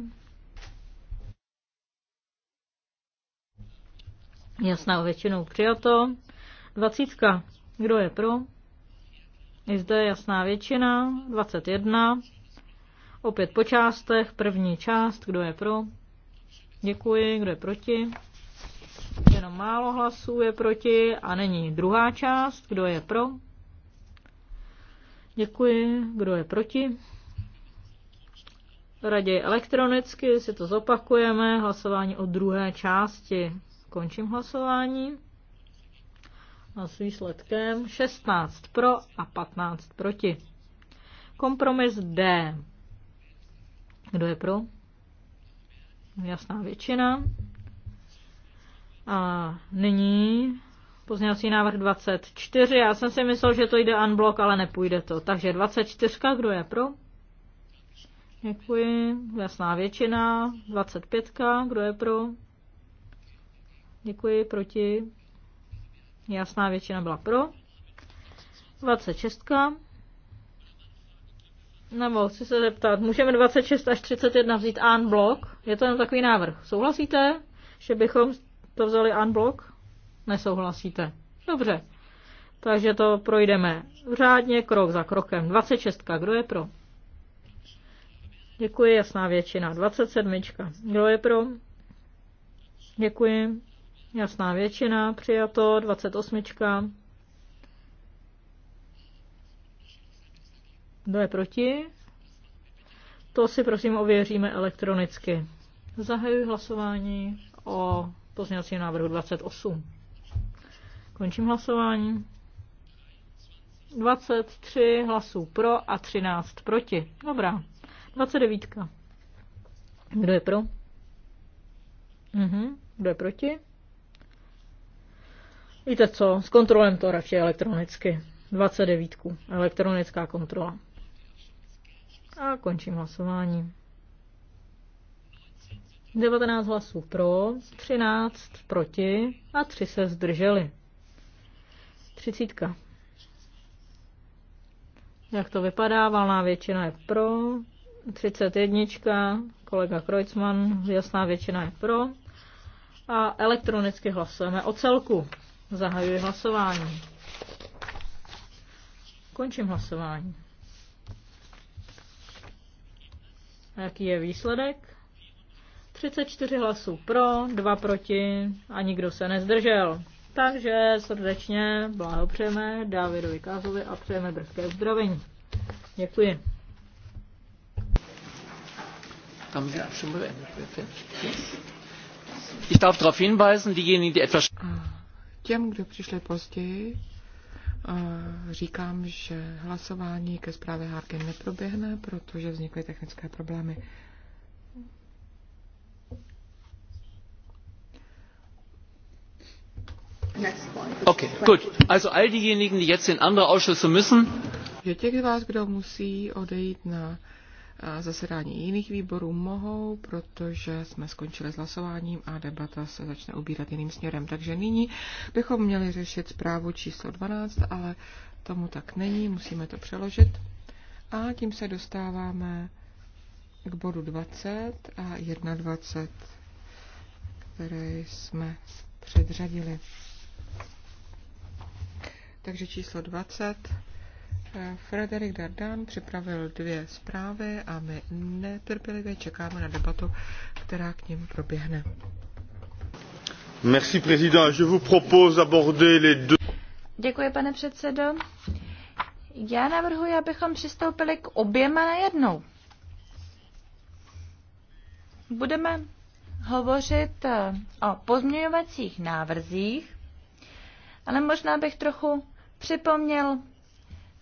Jasná většinou přijato. 20. Kdo je pro? I zde jasná většina. 21. Opět po částech. První část. Kdo je pro? Děkuji, kdo je proti? Jenom málo hlasů je proti a není druhá část. Kdo je pro? Děkuji, kdo je proti? Raději elektronicky si to zopakujeme. Hlasování o druhé části. Končím hlasování. A s výsledkem 16 pro a 15 proti. Kompromis D. Kdo je pro? jasná většina. A nyní pozměňovací návrh 24. Já jsem si myslel, že to jde unblock, ale nepůjde to. Takže 24, kdo je pro? Děkuji. Jasná většina. 25, kdo je pro? Děkuji, proti. Jasná většina byla pro. 26. Nebo chci se zeptat, můžeme 26 až 31 vzít an blok? Je to jen takový návrh. Souhlasíte, že bychom to vzali an blok? Nesouhlasíte. Dobře. Takže to projdeme řádně, krok za krokem. 26. Kdo je pro? Děkuji, jasná většina. 27. Kdo je pro? Děkuji. Jasná většina, přijato. 28. Kdo je proti? To si prosím ověříme elektronicky. Zahajuji hlasování o pozměňovacím návrhu 28. Končím hlasování. 23 hlasů pro a 13 proti. Dobrá. 29. Kdo je pro? Mhm. Kdo je proti? Víte co, s kontrolem to radši elektronicky. 29. Elektronická kontrola. A končím hlasování. 19 hlasů pro, 13 proti a 3 se zdrželi. Třicítka. Jak to vypadá? Valná většina je pro. 31. Kolega Kreuzmann. jasná většina je pro. A elektronicky hlasujeme o celku. Zahajuji hlasování. Končím hlasování. A jaký je výsledek? 34 hlasů pro, 2 proti a nikdo se nezdržel. Takže srdečně blahopřejeme Davidovi Kázovi a přejeme brzké zdravení. Děkuji. Ich darf darauf hinweisen, diejenigen, die etwas... Těm, kdo přišli později, říkám, že hlasování ke zprávě Harkin neproběhne, protože vznikly technické problémy. Okay, gut. Also all diejenigen, die jetzt in andere Ausschüsse müssen. těch z vás, kdo musí odejít na zasedání jiných výborů mohou, protože jsme skončili s hlasováním a debata se začne ubírat jiným směrem. Takže nyní bychom měli řešit zprávu číslo 12, ale tomu tak není, musíme to přeložit. A tím se dostáváme k bodu 20 a 21, které jsme předřadili. Takže číslo 20. Eh, Frederik Dardan připravil dvě zprávy a my netrpělivě čekáme na debatu, která k ním proběhne. Merci, président. Je vous propose aborder les deux... Děkuji, pane předsedo. Já navrhuji, abychom přistoupili k oběma na jednou. Budeme hovořit eh, o pozměňovacích návrzích, ale možná bych trochu připomněl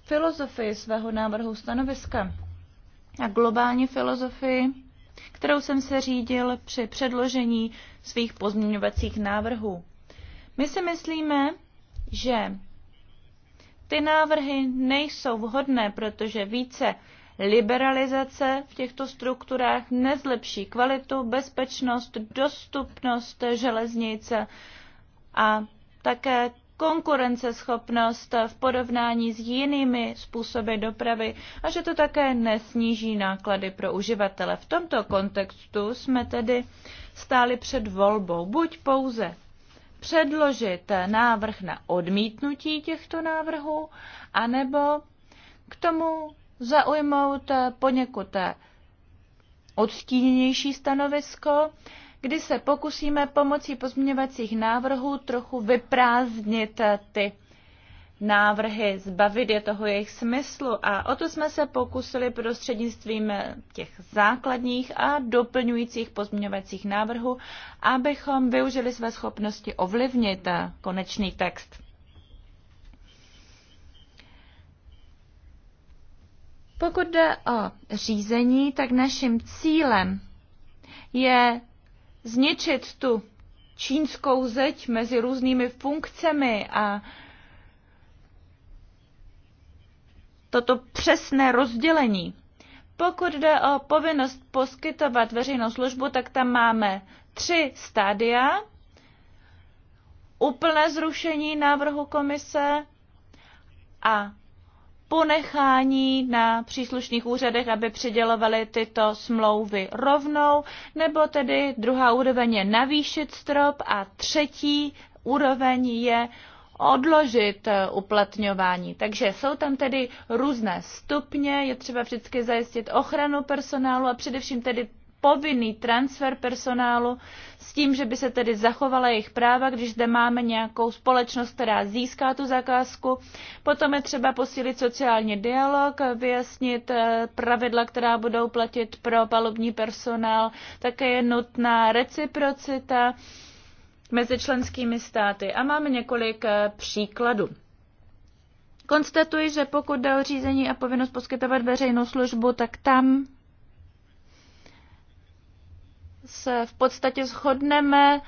filozofii svého návrhu stanoviska a globální filozofii, kterou jsem se řídil při předložení svých pozměňovacích návrhů. My si myslíme, že ty návrhy nejsou vhodné, protože více liberalizace v těchto strukturách nezlepší kvalitu, bezpečnost, dostupnost železnice a také konkurenceschopnost v porovnání s jinými způsoby dopravy a že to také nesníží náklady pro uživatele. V tomto kontextu jsme tedy stáli před volbou buď pouze předložit návrh na odmítnutí těchto návrhů, anebo k tomu zaujmout poněkud odstíněnější stanovisko, kdy se pokusíme pomocí pozměňovacích návrhů trochu vyprázdnit eh, ty návrhy, zbavit je toho jejich smyslu a o to jsme se pokusili prostřednictvím eh, těch základních a doplňujících pozměňovacích návrhů, abychom využili své schopnosti ovlivnit eh, konečný text. Pokud jde o řízení, tak naším cílem je zničit tu čínskou zeď mezi různými funkcemi a toto přesné rozdělení. Pokud jde o povinnost poskytovat veřejnou službu, tak tam máme tři stádia. Úplné zrušení návrhu komise a ponechání na příslušných úřadech, aby přidělovali tyto smlouvy rovnou, nebo tedy druhá úroveň je navýšit strop a třetí úroveň je odložit eh, uplatňování. Takže jsou tam tedy různé stupně, je třeba vždycky zajistit ochranu personálu a především tedy povinný transfer personálu s tím, že by se tedy zachovala jejich práva, když zde máme nějakou společnost, která získá tu zakázku. Potom je třeba posílit sociální dialog, vyjasnit eh, pravidla, která budou platit pro palubní personál. Také je nutná reciprocita mezi členskými státy. A máme několik eh, příkladů. Konstatuji, že pokud jde o řízení a povinnost poskytovat veřejnou službu, tak tam se v podstatě shodneme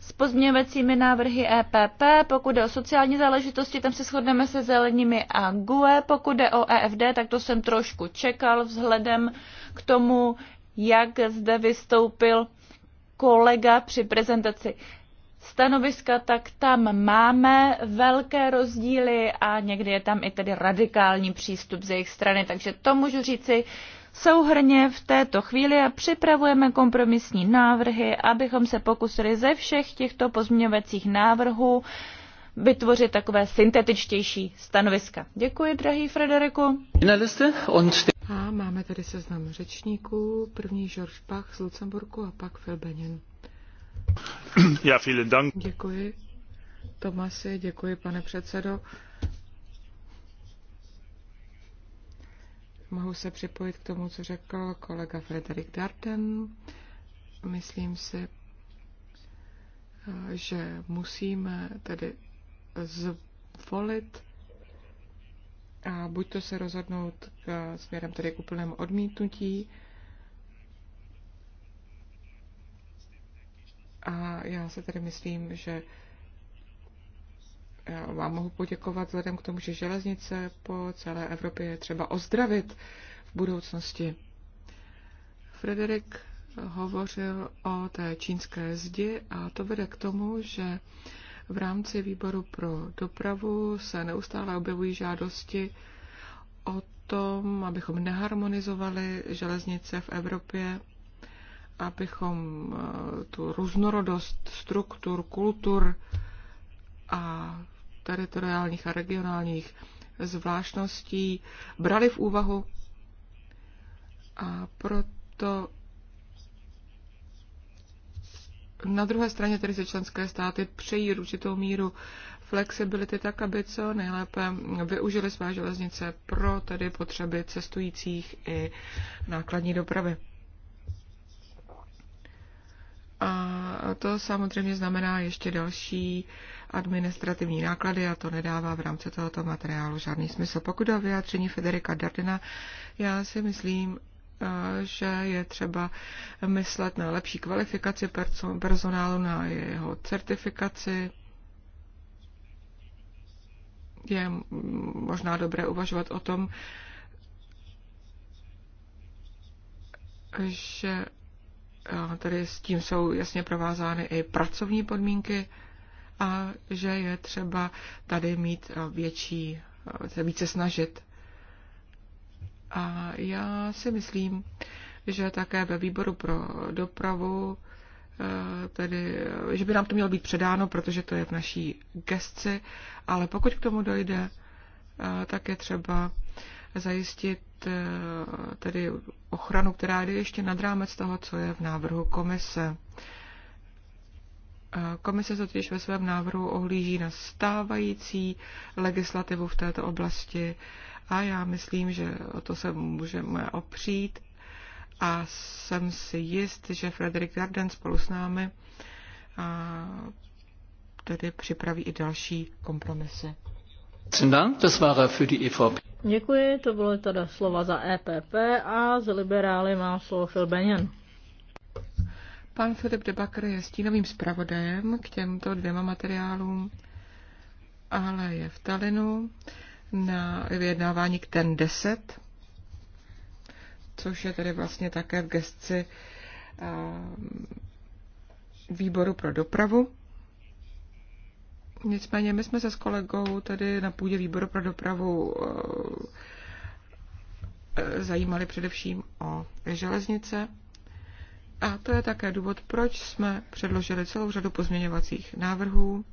s pozměňovacími návrhy EPP, pokud jde o sociální záležitosti, tam se shodneme se zelenými a GUE, pokud jde o EFD, tak to jsem trošku čekal vzhledem k tomu, jak zde vystoupil kolega při prezentaci stanoviska, tak tam máme velké rozdíly a někdy je tam i tedy radikální přístup z jejich strany, takže to můžu říci souhrně v této chvíli a připravujeme kompromisní návrhy, abychom se pokusili ze všech těchto pozměňovacích návrhů vytvořit takové syntetičtější stanoviska. Děkuji, drahý Frederiku. A máme tady seznam řečníků. První George Pach z Lucemburku a pak Phil Benin. Ja, vielen Dank. Děkuji. Tomasi, děkuji, pane předsedo. Mohu se připojit k tomu, co řekl kolega Frederik Darden. Myslím si, že musíme tedy zvolit a buď to se rozhodnout k, eh, směrem tedy k úplnému odmítnutí, a já se tedy myslím, že vám mohu poděkovat vzhledem k tomu, že železnice po celé Evropě je třeba ozdravit v budoucnosti. Frederik hovořil o té čínské zdi a to vede k tomu, že v rámci výboru pro dopravu se neustále objevují žádosti o tom, abychom neharmonizovali železnice v Evropě, abychom eh, tu různorodost struktur, kultur a teritoriálních a regionálních zvláštností brali v úvahu a proto na druhé straně tedy se členské státy přejí určitou míru flexibility tak, aby co nejlépe využili své železnice pro tedy potřeby cestujících i nákladní dopravy. A to samozřejmě znamená ještě další administrativní náklady a to nedává v rámci tohoto materiálu žádný smysl. Pokud o vyjádření Federika Dardena, já si myslím, eh, že je třeba myslet na lepší kvalifikaci personálu, na jeho certifikaci. Je možná dobré uvažovat o tom, že eh, tady s tím jsou jasně provázány i pracovní podmínky a že je třeba tady mít eh, větší, eh, více snažit. A já si myslím, že také ve výboru pro dopravu, eh, tedy, že by nám to mělo být předáno, protože to je v naší gestci, ale pokud k tomu dojde, tak je třeba zajistit tedy ochranu, která jde ještě nad rámec toho, co je v návrhu komise. Komise se totiž ve svém návrhu ohlíží na stávající legislativu v této oblasti a já myslím, že o to se můžeme opřít a jsem si jist, že Frederik Garden spolu s námi a tedy připraví i další kompromisy. Děkuji, to bylo teda slova za EPP a z liberály má slovo Phil Benjen. Pan Filip Debakr je stínovým zpravodajem k těmto dvěma materiálům, ale je v Talinu na vyjednávání k ten 10, což je tedy vlastně také v gestci eh, výboru pro dopravu. Nicméně my jsme se s kolegou tady na půdě výboru pro dopravu eh, eh, zajímali především o železnice a to je také důvod, proč jsme předložili celou řadu pozměňovacích návrhů.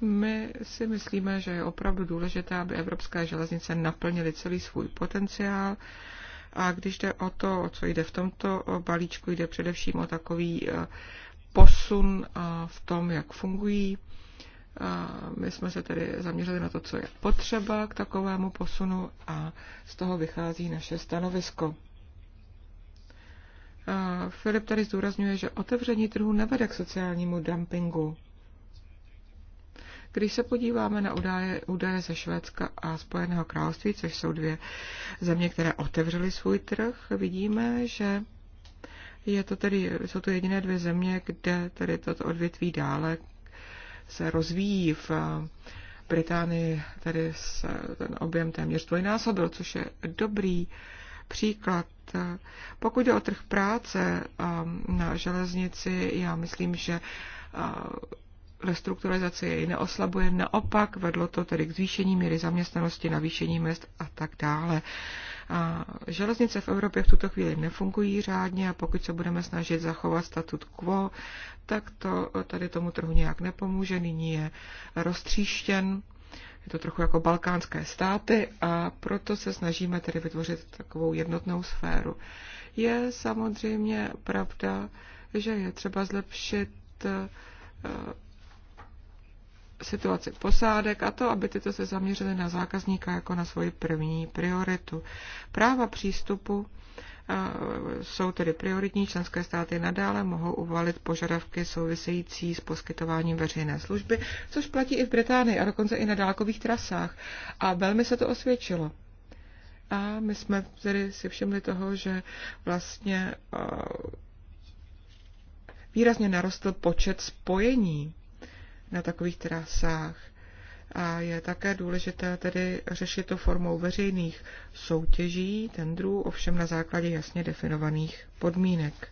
My si myslíme, že je opravdu důležité, aby evropské železnice naplnily celý svůj potenciál. A když jde o to, o co jde v tomto balíčku, jde především o takový eh, posun v tom, jak fungují. My jsme se tedy zaměřili na to, co je potřeba k takovému posunu a z toho vychází naše stanovisko. Filip tady zdůrazňuje, že otevření trhu nevede k sociálnímu dumpingu. Když se podíváme na údaje, údaje ze Švédska a Spojeného království, což jsou dvě země, které otevřely svůj trh, vidíme, že je to tedy, jsou to jediné dvě země, kde tedy toto odvětví dále se rozvíjí v Británii, tedy se ten objem téměř dvojnásobil, což je dobrý příklad. Pokud jde o trh práce na železnici, já myslím, že restrukturalizace jej neoslabuje, naopak vedlo to tedy k zvýšení míry zaměstnanosti, navýšení mest a tak dále. A železnice v Evropě v tuto chvíli nefungují řádně a pokud se budeme snažit zachovat statut quo, tak to tady tomu trhu nějak nepomůže, nyní je roztříštěn je to trochu jako balkánské státy a proto se snažíme tedy vytvořit takovou jednotnou sféru. Je samozřejmě pravda, že je třeba zlepšit eh, situaci posádek a to, aby tyto se zaměřily na zákazníka jako na svoji první prioritu. Práva přístupu E, jsou tedy prioritní. Členské státy nadále mohou uvalit požadavky související s poskytováním veřejné služby, což platí i v Británii a dokonce i na dálkových trasách. A velmi se to osvědčilo. A my jsme tedy si všimli toho, že vlastně e, výrazně narostl počet spojení na takových trasách a je také důležité tedy řešit to formou veřejných soutěží, tendrů, ovšem na základě jasně definovaných podmínek.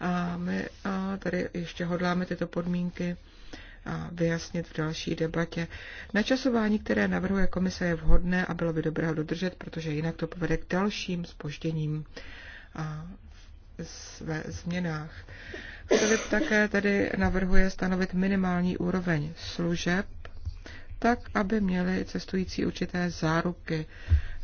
A my tady ještě hodláme tyto podmínky vyjasnit v další debatě. Načasování, které navrhuje komise, je vhodné a bylo by dobré ho dodržet, protože jinak to povede k dalším spožděním ve změnách. Filip také tedy navrhuje stanovit minimální úroveň služeb tak aby měli cestující určité záruky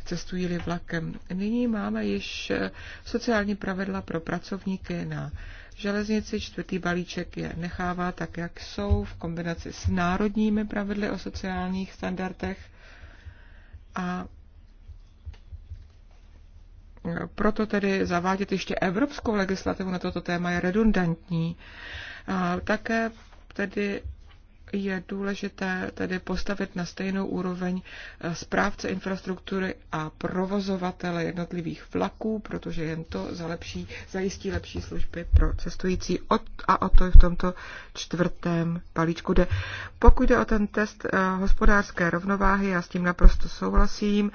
cestují-li vlakem. Nyní máme již eh, sociální pravidla pro pracovníky na železnici. Čtvrtý balíček je nechává tak, jak jsou, v kombinaci s národními pravidly o sociálních standardech. A eh, proto tedy zavádět ještě evropskou legislativu na toto téma je redundantní. A také tedy je důležité tedy postavit na stejnou úroveň eh, správce infrastruktury a provozovatele jednotlivých vlaků, protože jen to zalepší, zajistí lepší služby pro cestující od, a o to v tomto čtvrtém balíčku jde. Pokud jde o ten test eh, hospodářské rovnováhy, já s tím naprosto souhlasím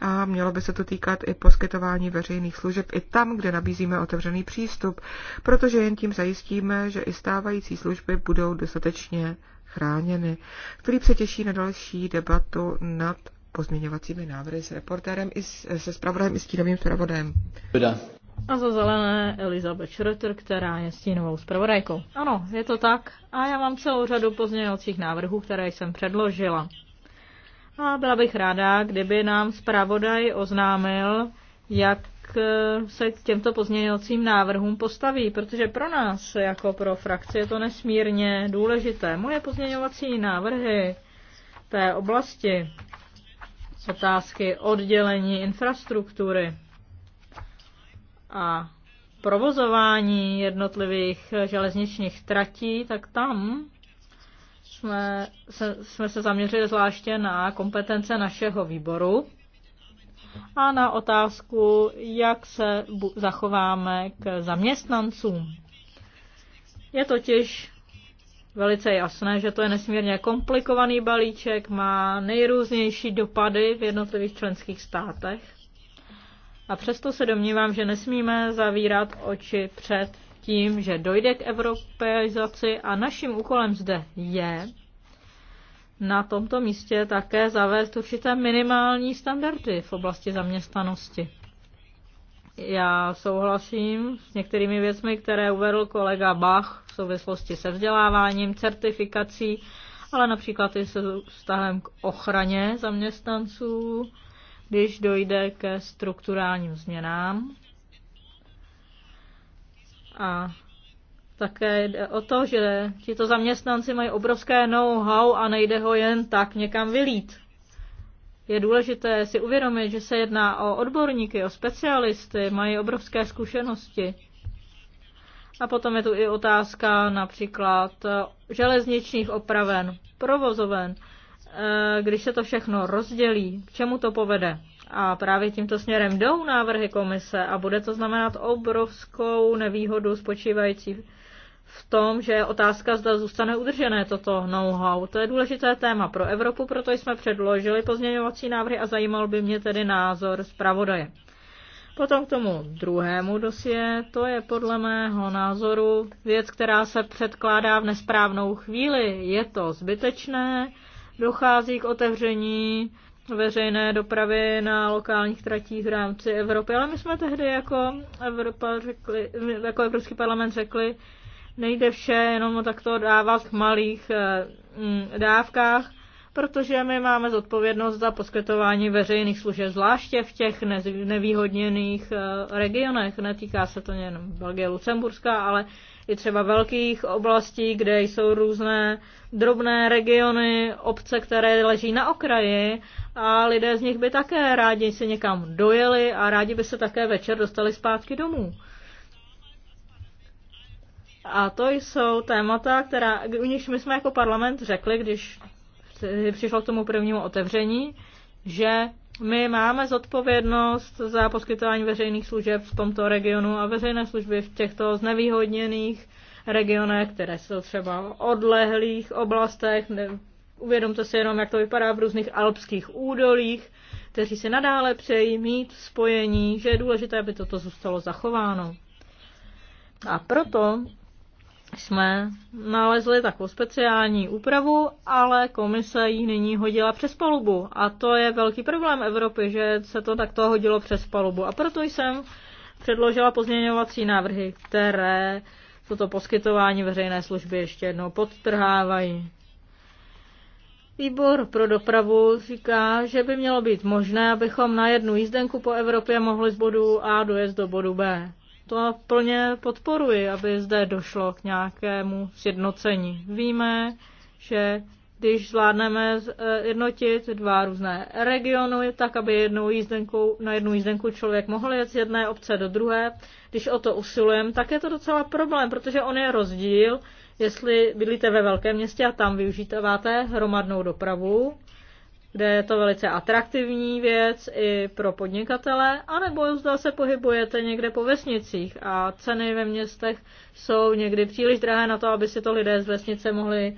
a mělo by se to týkat i poskytování veřejných služeb i tam, kde nabízíme otevřený přístup, protože jen tím zajistíme, že i stávající služby budou dostatečně chráněny, který se těší na další debatu nad pozměňovacími návrhy s reportérem i se zpravodajem i stínovým zpravodajem. A za zelené Elizabeth Schroeter, která je stínovou zpravodajkou. Ano, je to tak. A já mám celou řadu pozměňovacích návrhů, které jsem předložila. A byla bych ráda, kdyby nám zpravodaj oznámil, jak Eh, se k těmto pozměňovacím návrhům postaví, protože pro nás, jako pro frakci, je to nesmírně důležité. Moje pozměňovací návrhy té oblasti otázky oddělení infrastruktury a provozování jednotlivých železničních tratí, tak tam jsme se, jsme se zaměřili zvláště na kompetence našeho výboru a na otázku, jak se zachováme k zaměstnancům. Je totiž velice jasné, že to je nesmírně komplikovaný balíček, má nejrůznější dopady v jednotlivých členských státech. A přesto se domnívám, že nesmíme zavírat oči před tím, že dojde k evropeizaci a naším úkolem zde je na tomto místě také zavést určité minimální standardy v oblasti zaměstnanosti. Já souhlasím s některými věcmi, které uvedl kolega Bach v souvislosti se vzděláváním, certifikací, ale například i se vztahem k ochraně zaměstnanců, když dojde ke strukturálním změnám. A také jde o to, že tito zaměstnanci mají obrovské know-how a nejde ho jen tak někam vylít. Je důležité si uvědomit, že se jedná o odborníky, o specialisty, mají obrovské zkušenosti. A potom je tu i otázka například železničních opraven, provozoven. Eh, když se to všechno rozdělí, k čemu to povede? A právě tímto směrem jdou návrhy komise a bude to znamenat obrovskou nevýhodu spočívající v v tom, že je otázka, zda zůstane udržené toto know-how. To je důležité téma pro Evropu, proto jsme předložili pozměňovací návrhy a zajímal by mě tedy názor zpravodaje. Potom k tomu druhému dosie, to je podle mého názoru věc, která se předkládá v nesprávnou chvíli. Je to zbytečné, dochází k otevření veřejné dopravy na lokálních tratích v rámci Evropy. Ale my jsme tehdy jako, Evropa řekli, jako Evropský parlament řekli, nejde vše jenom tak takto dávat v malých eh, mm, dávkách, protože my máme zodpovědnost za poskytování veřejných služeb, zvláště v těch nevýhodněných eh, regionech. Netýká se to jen Belgie, Lucemburska, ale i třeba velkých oblastí, kde jsou různé drobné regiony, obce, které leží na okraji a lidé z nich by také rádi si někam dojeli a rádi by se také večer dostali zpátky domů. A to jsou témata, která, u nich my jsme jako parlament řekli, když přišlo k tomu prvnímu otevření, že my máme zodpovědnost za poskytování veřejných služeb v tomto regionu a veřejné služby v těchto znevýhodněných regionech, které jsou třeba v odlehlých oblastech. Uvědomte si jenom, jak to vypadá v různých alpských údolích, kteří si nadále přejí mít spojení, že je důležité, aby toto zůstalo zachováno. A proto jsme nalezli takovou speciální úpravu, ale komise ji nyní hodila přes palubu. A to je velký problém Evropy, že se to takto hodilo přes palubu. A proto jsem předložila pozměňovací návrhy, které toto poskytování veřejné služby ještě jednou podtrhávají. Výbor pro dopravu říká, že by mělo být možné, abychom na jednu jízdenku po Evropě mohli z bodu A dojet do bodu B to plně podporuji, aby zde došlo k nějakému sjednocení. Víme, že když zvládneme eh, jednotit dva různé regiony, tak aby jednou jízdenku na jednu jízdenku člověk mohl jet z jedné obce do druhé, když o to usilujeme, tak je to docela problém, protože on je rozdíl, jestli bydlíte ve velkém městě a tam využíváte hromadnou dopravu, kde je to velice atraktivní věc i pro podnikatele, anebo zda se pohybujete někde po vesnicích a ceny ve městech jsou někdy příliš drahé na to, aby si to lidé z vesnice mohli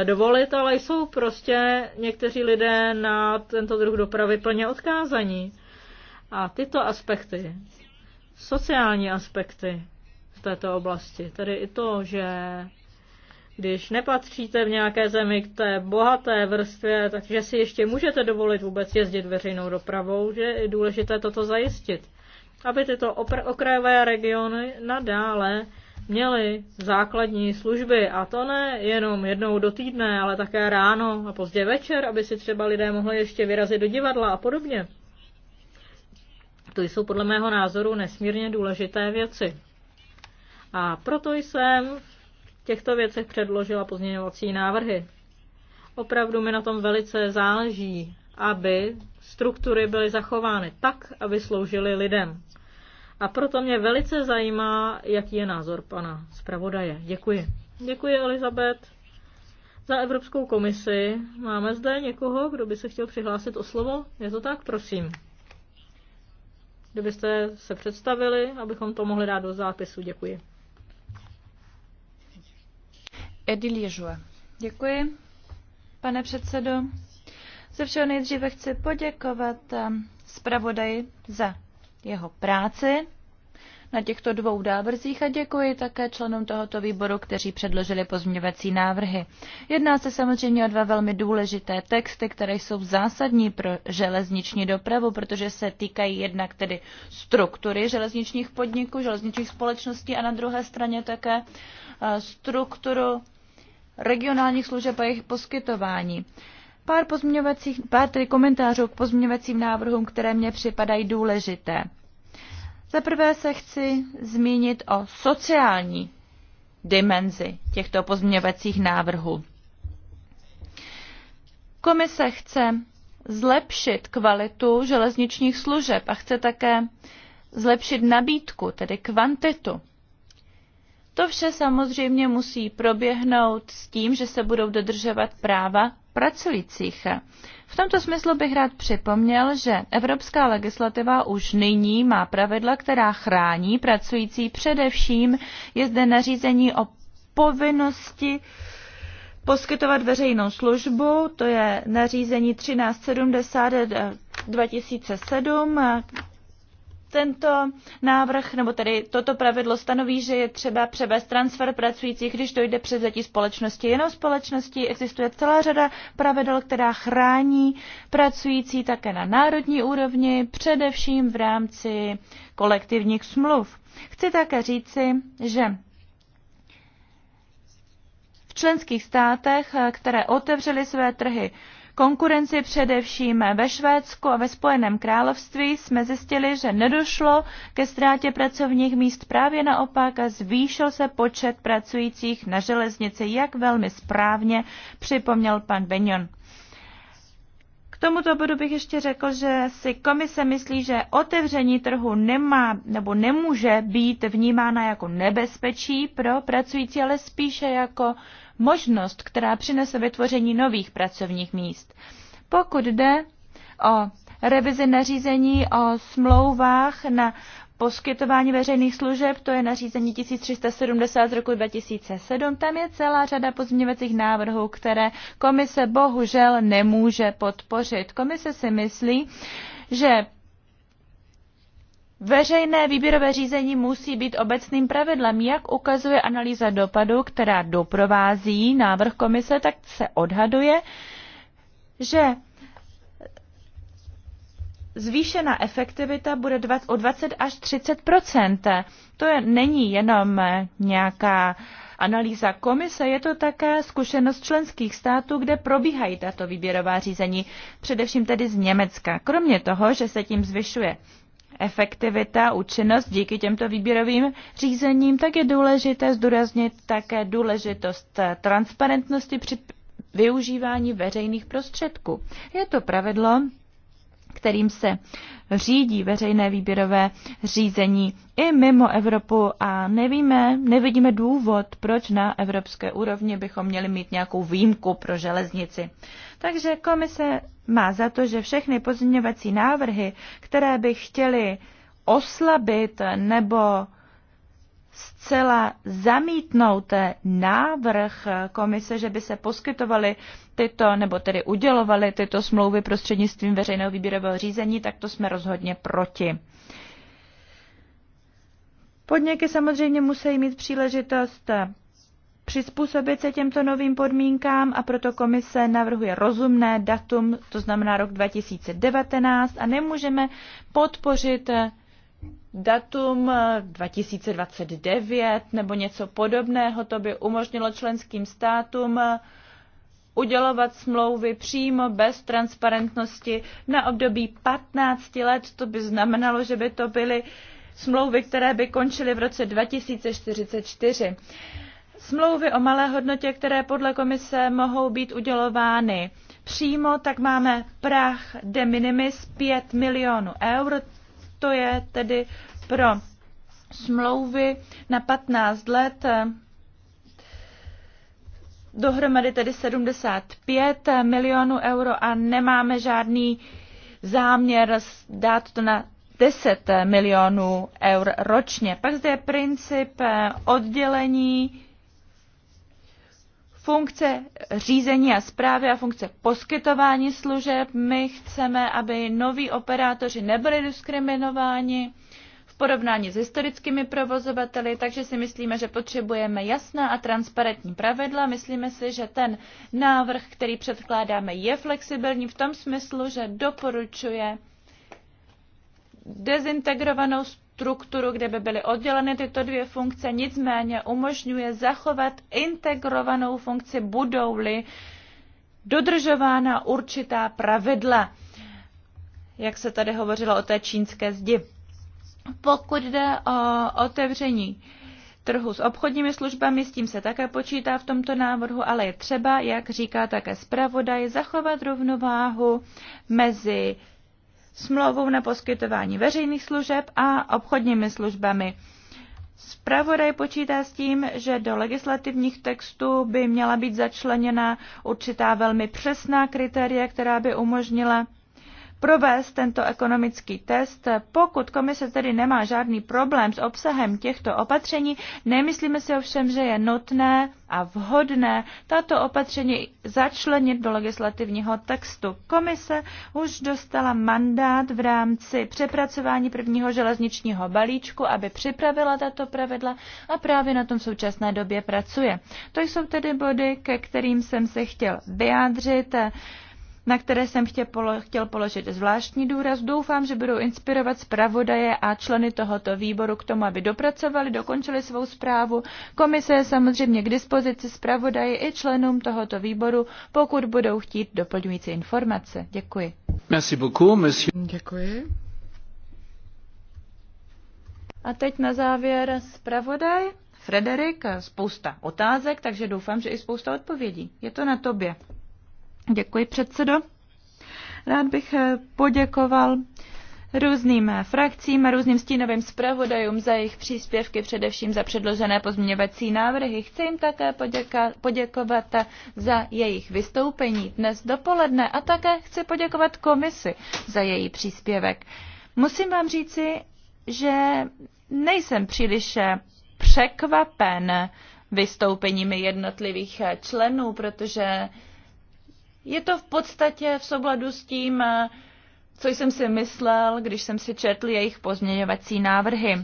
eh, dovolit, ale jsou prostě někteří lidé na tento druh dopravy plně odkázaní. A tyto aspekty, sociální aspekty v této oblasti, tedy i to, že když nepatříte v nějaké zemi k té bohaté vrstvě, takže si ještě můžete dovolit vůbec jezdit veřejnou dopravou, že je důležité toto zajistit. Aby tyto okrajové regiony nadále měly základní služby a to ne jenom jednou do týdne, ale také ráno a pozdě večer, aby si třeba lidé mohli ještě vyrazit do divadla a podobně. To jsou podle mého názoru nesmírně důležité věci. A proto jsem těchto věcech předložila pozměňovací návrhy. Opravdu mi na tom velice záleží, aby struktury byly zachovány tak, aby sloužily lidem. A proto mě velice zajímá, jaký je názor pana zpravodaje. Děkuji. Děkuji, Elizabet. Za Evropskou komisi máme zde někoho, kdo by se chtěl přihlásit o slovo. Je to tak? Prosím. Kdybyste se představili, abychom to mohli dát do zápisu. Děkuji. Děkuji, pane předsedo. Ze všeho nejdříve chci poděkovat eh, zpravodaji za jeho práci na těchto dvou návrzích a děkuji také členům tohoto výboru, kteří předložili pozměňovací návrhy. Jedná se samozřejmě o dva velmi důležité texty, které jsou zásadní pro železniční dopravu, protože se týkají jednak tedy struktury železničních podniků, železničních společností a na druhé straně také eh, strukturu regionálních služeb a jejich poskytování. Pár, pozměňovacích, pár tedy komentářů k pozměňovacím návrhům, které mně připadají důležité. Za prvé se chci zmínit o sociální dimenzi těchto pozměňovacích návrhů. Komise chce zlepšit kvalitu železničních služeb a chce také zlepšit nabídku, tedy kvantitu to vše samozřejmě musí proběhnout s tím, že se budou dodržovat práva pracujících. V tomto smyslu bych rád připomněl, že evropská legislativa už nyní má pravidla, která chrání pracující především. Je zde nařízení o povinnosti poskytovat veřejnou službu, to je nařízení 1370 2007, tento návrh, nebo tedy toto pravidlo stanoví, že je třeba převést transfer pracujících, když dojde převzetí společnosti. Jenom společnosti existuje celá řada pravidel, která chrání pracující také na národní úrovni, především v rámci kolektivních smluv. Chci také říci, že v členských státech, které otevřely své trhy konkurenci především ve Švédsku a ve Spojeném království jsme zjistili, že nedošlo ke ztrátě pracovních míst, právě naopak a zvýšil se počet pracujících na železnici, jak velmi správně připomněl pan Benjon. K tomuto bodu bych ještě řekl, že si komise myslí, že otevření trhu nemá nebo nemůže být vnímána jako nebezpečí pro pracující, ale spíše jako možnost, která přinese vytvoření nových pracovních míst. Pokud jde o revizi nařízení o smlouvách na poskytování veřejných služeb, to je nařízení 1370 z roku 2007. Tam je celá řada pozměňovacích návrhů, které komise bohužel nemůže podpořit. Komise si myslí, že Veřejné výběrové řízení musí být obecným pravidlem. Jak ukazuje analýza dopadu, která doprovází návrh komise, tak se odhaduje, že zvýšená efektivita bude o 20 až 30 To je, není jenom nějaká analýza komise, je to také zkušenost členských států, kde probíhají tato výběrová řízení, především tedy z Německa. Kromě toho, že se tím zvyšuje efektivita, účinnost díky těmto výběrovým řízením, tak je důležité zdůraznit také důležitost transparentnosti při využívání veřejných prostředků. Je to pravidlo, kterým se řídí veřejné výběrové řízení i mimo Evropu a nevíme, nevidíme důvod, proč na evropské úrovni bychom měli mít nějakou výjimku pro železnici. Takže komise má za to, že všechny pozměňovací návrhy, které by chtěly oslabit nebo zcela zamítnout návrh komise, že by se poskytovaly tyto, nebo tedy udělovaly tyto smlouvy prostřednictvím veřejného výběrového řízení, tak to jsme rozhodně proti. Podniky samozřejmě musí mít příležitost přizpůsobit se těmto novým podmínkám a proto komise navrhuje rozumné datum, to znamená rok 2019 a nemůžeme podpořit datum 2029 nebo něco podobného. To by umožnilo členským státům udělovat smlouvy přímo bez transparentnosti na období 15 let. To by znamenalo, že by to byly smlouvy, které by končily v roce 2044 smlouvy o malé hodnotě, které podle komise mohou být udělovány přímo, tak máme prach de minimis 5 milionů eur. To je tedy pro smlouvy na 15 let dohromady tedy 75 milionů euro a nemáme žádný záměr dát to na 10 milionů eur ročně. Pak zde je princip oddělení funkce řízení a zprávy a funkce poskytování služeb. My chceme, aby noví operátoři nebyli diskriminováni v porovnání s historickými provozovateli, takže si myslíme, že potřebujeme jasná a transparentní pravidla. Myslíme si, že ten návrh, který předkládáme, je flexibilní v tom smyslu, že doporučuje dezintegrovanou strukturu, kde by byly odděleny tyto dvě funkce, nicméně umožňuje zachovat integrovanou funkci, budou-li dodržována určitá pravidla, jak se tady hovořilo o té čínské zdi. Pokud jde o otevření trhu s obchodními službami, s tím se také počítá v tomto návrhu, ale je třeba, jak říká také zpravodaj, zachovat rovnováhu mezi smlouvou na poskytování veřejných služeb a obchodními službami. Spravodaj počítá s tím, že do legislativních textů by měla být začleněna určitá velmi přesná kritéria, která by umožnila provést tento ekonomický test. Pokud komise tedy nemá žádný problém s obsahem těchto opatření, nemyslíme si ovšem, že je nutné a vhodné tato opatření začlenit do legislativního textu. Komise už dostala mandát v rámci přepracování prvního železničního balíčku, aby připravila tato pravidla a právě na tom v současné době pracuje. To jsou tedy body, ke kterým jsem se chtěl vyjádřit na které jsem chtěl položit zvláštní důraz. Doufám, že budou inspirovat zpravodaje a členy tohoto výboru k tomu, aby dopracovali, dokončili svou zprávu. Komise je samozřejmě k dispozici zpravodaji i členům tohoto výboru, pokud budou chtít doplňující informace. Děkuji. Merci beaucoup, monsieur. Děkuji. A teď na závěr zpravodaj. Frederik, spousta otázek, takže doufám, že i spousta odpovědí. Je to na tobě. Děkuji předsedo. Rád bych eh, poděkoval různým eh, frakcím a různým stínovým zpravodajům za jejich příspěvky, především za předložené pozměňovací návrhy. Chci jim také poděka- poděkovat eh, za jejich vystoupení dnes dopoledne a také chci poděkovat komisi za její příspěvek. Musím vám říci, že nejsem příliš překvapen vystoupeními jednotlivých členů, protože je to v podstatě v souladu s tím, eh, co jsem si myslel, když jsem si četl jejich pozměňovací návrhy.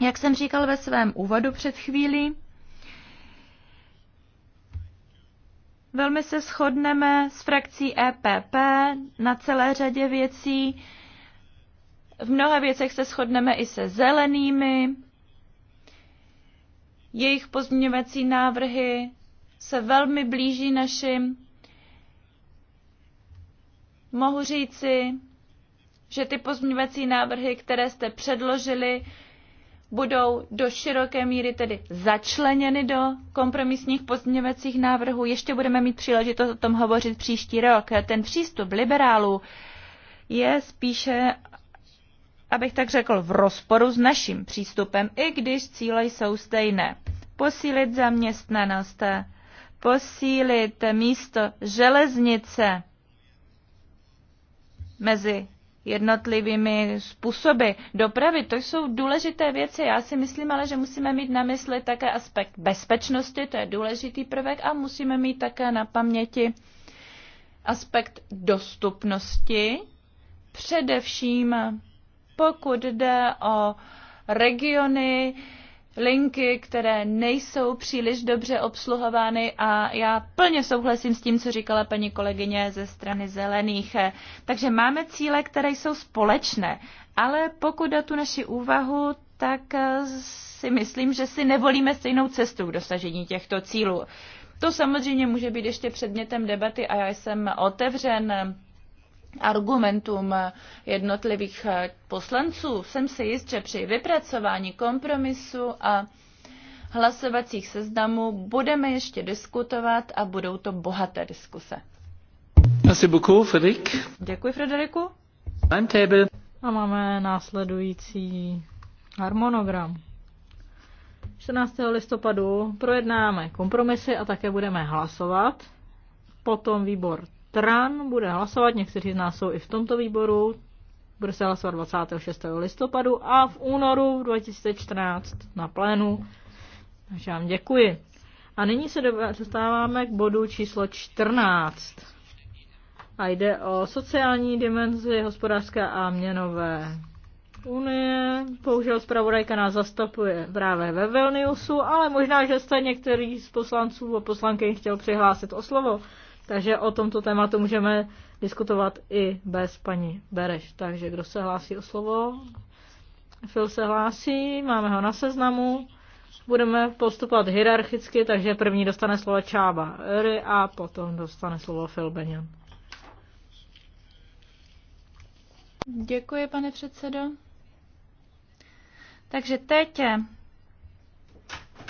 Jak jsem říkal ve svém úvodu před chvílí, velmi se shodneme s frakcí EPP na celé řadě věcí. V mnoha věcech se shodneme i se zelenými. Jejich pozměňovací návrhy se velmi blíží našim mohu říci, že ty pozměňovací návrhy, které jste předložili, budou do široké míry tedy začleněny do kompromisních pozměňovacích návrhů. Ještě budeme mít příležitost o tom hovořit příští rok. Ten přístup liberálů je spíše, abych tak řekl, v rozporu s naším přístupem, i když cíle jsou stejné. Posílit zaměstnanost, posílit místo železnice, mezi jednotlivými způsoby dopravy. To jsou důležité věci. Já si myslím ale, že musíme mít na mysli také aspekt bezpečnosti, to je důležitý prvek, a musíme mít také na paměti aspekt dostupnosti, především pokud jde o regiony, linky, které nejsou příliš dobře obsluhovány a já plně souhlasím s tím, co říkala paní kolegyně ze strany zelených. Takže máme cíle, které jsou společné, ale pokud o tu naši úvahu, tak si myslím, že si nevolíme stejnou cestu k dosažení těchto cílů. To samozřejmě může být ještě předmětem debaty a já jsem otevřen argumentům jednotlivých eh, poslanců, jsem si jist, že při vypracování kompromisu a hlasovacích seznamů budeme ještě diskutovat a budou to bohaté diskuse. Merci beaucoup, Frederik. Děkuji, Frederiku. Timetable. A máme následující harmonogram. 14. listopadu projednáme kompromisy a také budeme hlasovat. Potom výbor stran bude hlasovat, někteří z nás jsou i v tomto výboru, bude se hlasovat 26. listopadu a v únoru 2014 na plénu. Takže vám děkuji. A nyní se dostáváme k bodu číslo 14. A jde o sociální dimenzi hospodářské a měnové unie. Bohužel zpravodajka nás zastupuje právě ve Vilniusu, ale možná, že jste některý z poslanců a poslankyň chtěl přihlásit o slovo. Takže o tomto tématu můžeme diskutovat i bez paní Bereš. Takže kdo se hlásí o slovo? Phil se hlásí, máme ho na seznamu. Budeme postupovat hierarchicky, takže první dostane slovo Čába Ry a potom dostane slovo Phil Benjan. Děkuji, pane předsedo. Takže teď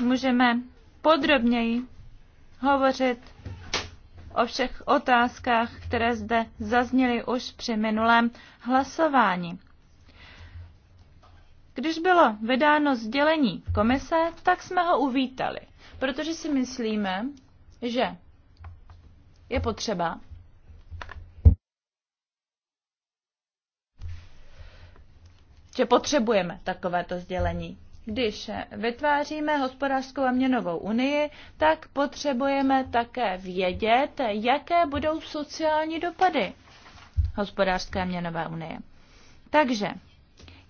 můžeme podrobněji hovořit o všech otázkách, které zde zazněly už při minulém hlasování. Když bylo vydáno sdělení komise, tak jsme ho uvítali, protože si myslíme, že je potřeba že potřebujeme takovéto sdělení. Když vytváříme hospodářskou a měnovou unii, tak potřebujeme také vědět, jaké budou sociální dopady hospodářské a měnové unie. Takže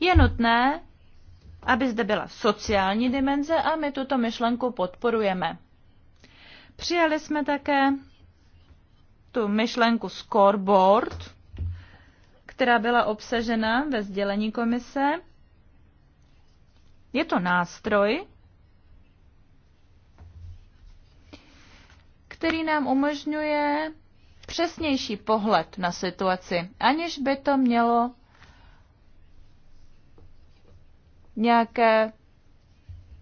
je nutné, aby zde byla sociální dimenze a my tuto myšlenku podporujeme. Přijali jsme také tu myšlenku scoreboard, která byla obsažena ve sdělení komise je to nástroj, který nám umožňuje přesnější pohled na situaci, aniž by to mělo nějaké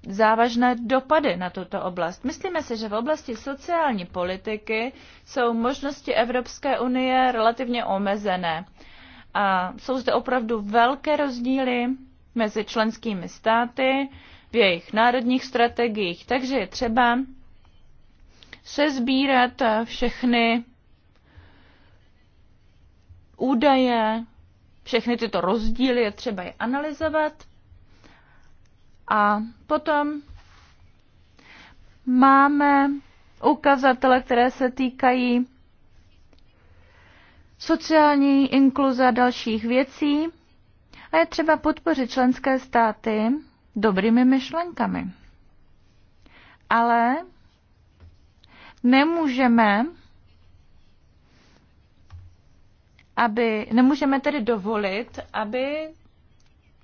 závažné dopady na tuto oblast. Myslíme si, že v oblasti sociální politiky jsou možnosti Evropské unie relativně omezené a jsou zde opravdu velké rozdíly mezi členskými státy v jejich národních strategiích. Takže je třeba se sbírat všechny údaje, všechny tyto rozdíly je třeba je analyzovat a potom máme ukazatele, které se týkají sociální inkluze a dalších věcí. A je třeba podpořit členské státy dobrými myšlenkami. Ale nemůžeme aby, nemůžeme tedy dovolit, aby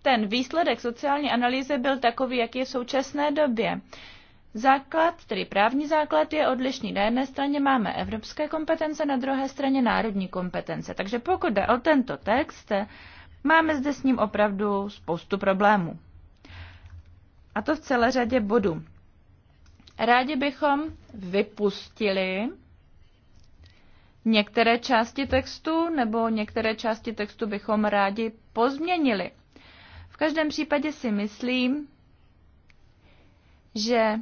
ten výsledek sociální analýzy byl takový, jaký je v současné době. Základ, tedy právní základ, je odlišný. Na jedné straně máme evropské kompetence, na druhé straně národní kompetence. Takže pokud jde o tento text, Máme zde s ním opravdu spoustu problémů. A to v celé řadě bodů. Rádi bychom vypustili některé části textu nebo některé části textu bychom rádi pozměnili. V každém případě si myslím, že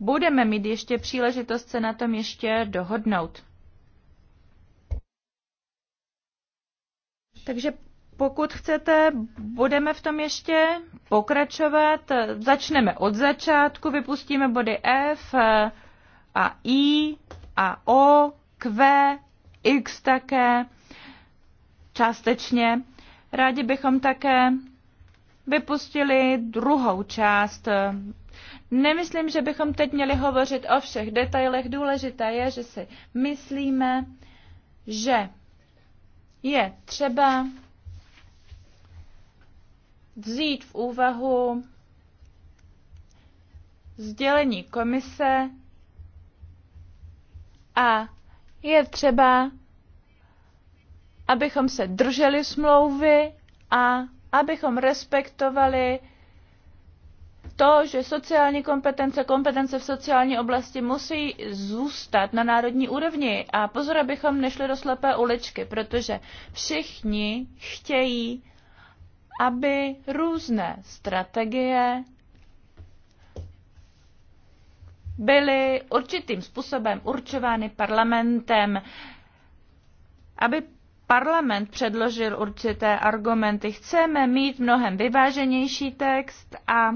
budeme mít ještě příležitost se na tom ještě dohodnout. Takže pokud chcete, budeme v tom ještě pokračovat. Začneme od začátku, vypustíme body F a I a O, Q, X také částečně. Rádi bychom také vypustili druhou část. Nemyslím, že bychom teď měli hovořit o všech detailech. Důležité je, že si myslíme, že je třeba vzít v úvahu sdělení komise a je třeba, abychom se drželi smlouvy a abychom respektovali to, že sociální kompetence, kompetence v sociální oblasti musí zůstat na národní úrovni. A pozor, abychom nešli do slepé uličky, protože všichni chtějí, aby různé strategie byly určitým způsobem určovány parlamentem, aby parlament předložil určité argumenty. Chceme mít mnohem vyváženější text a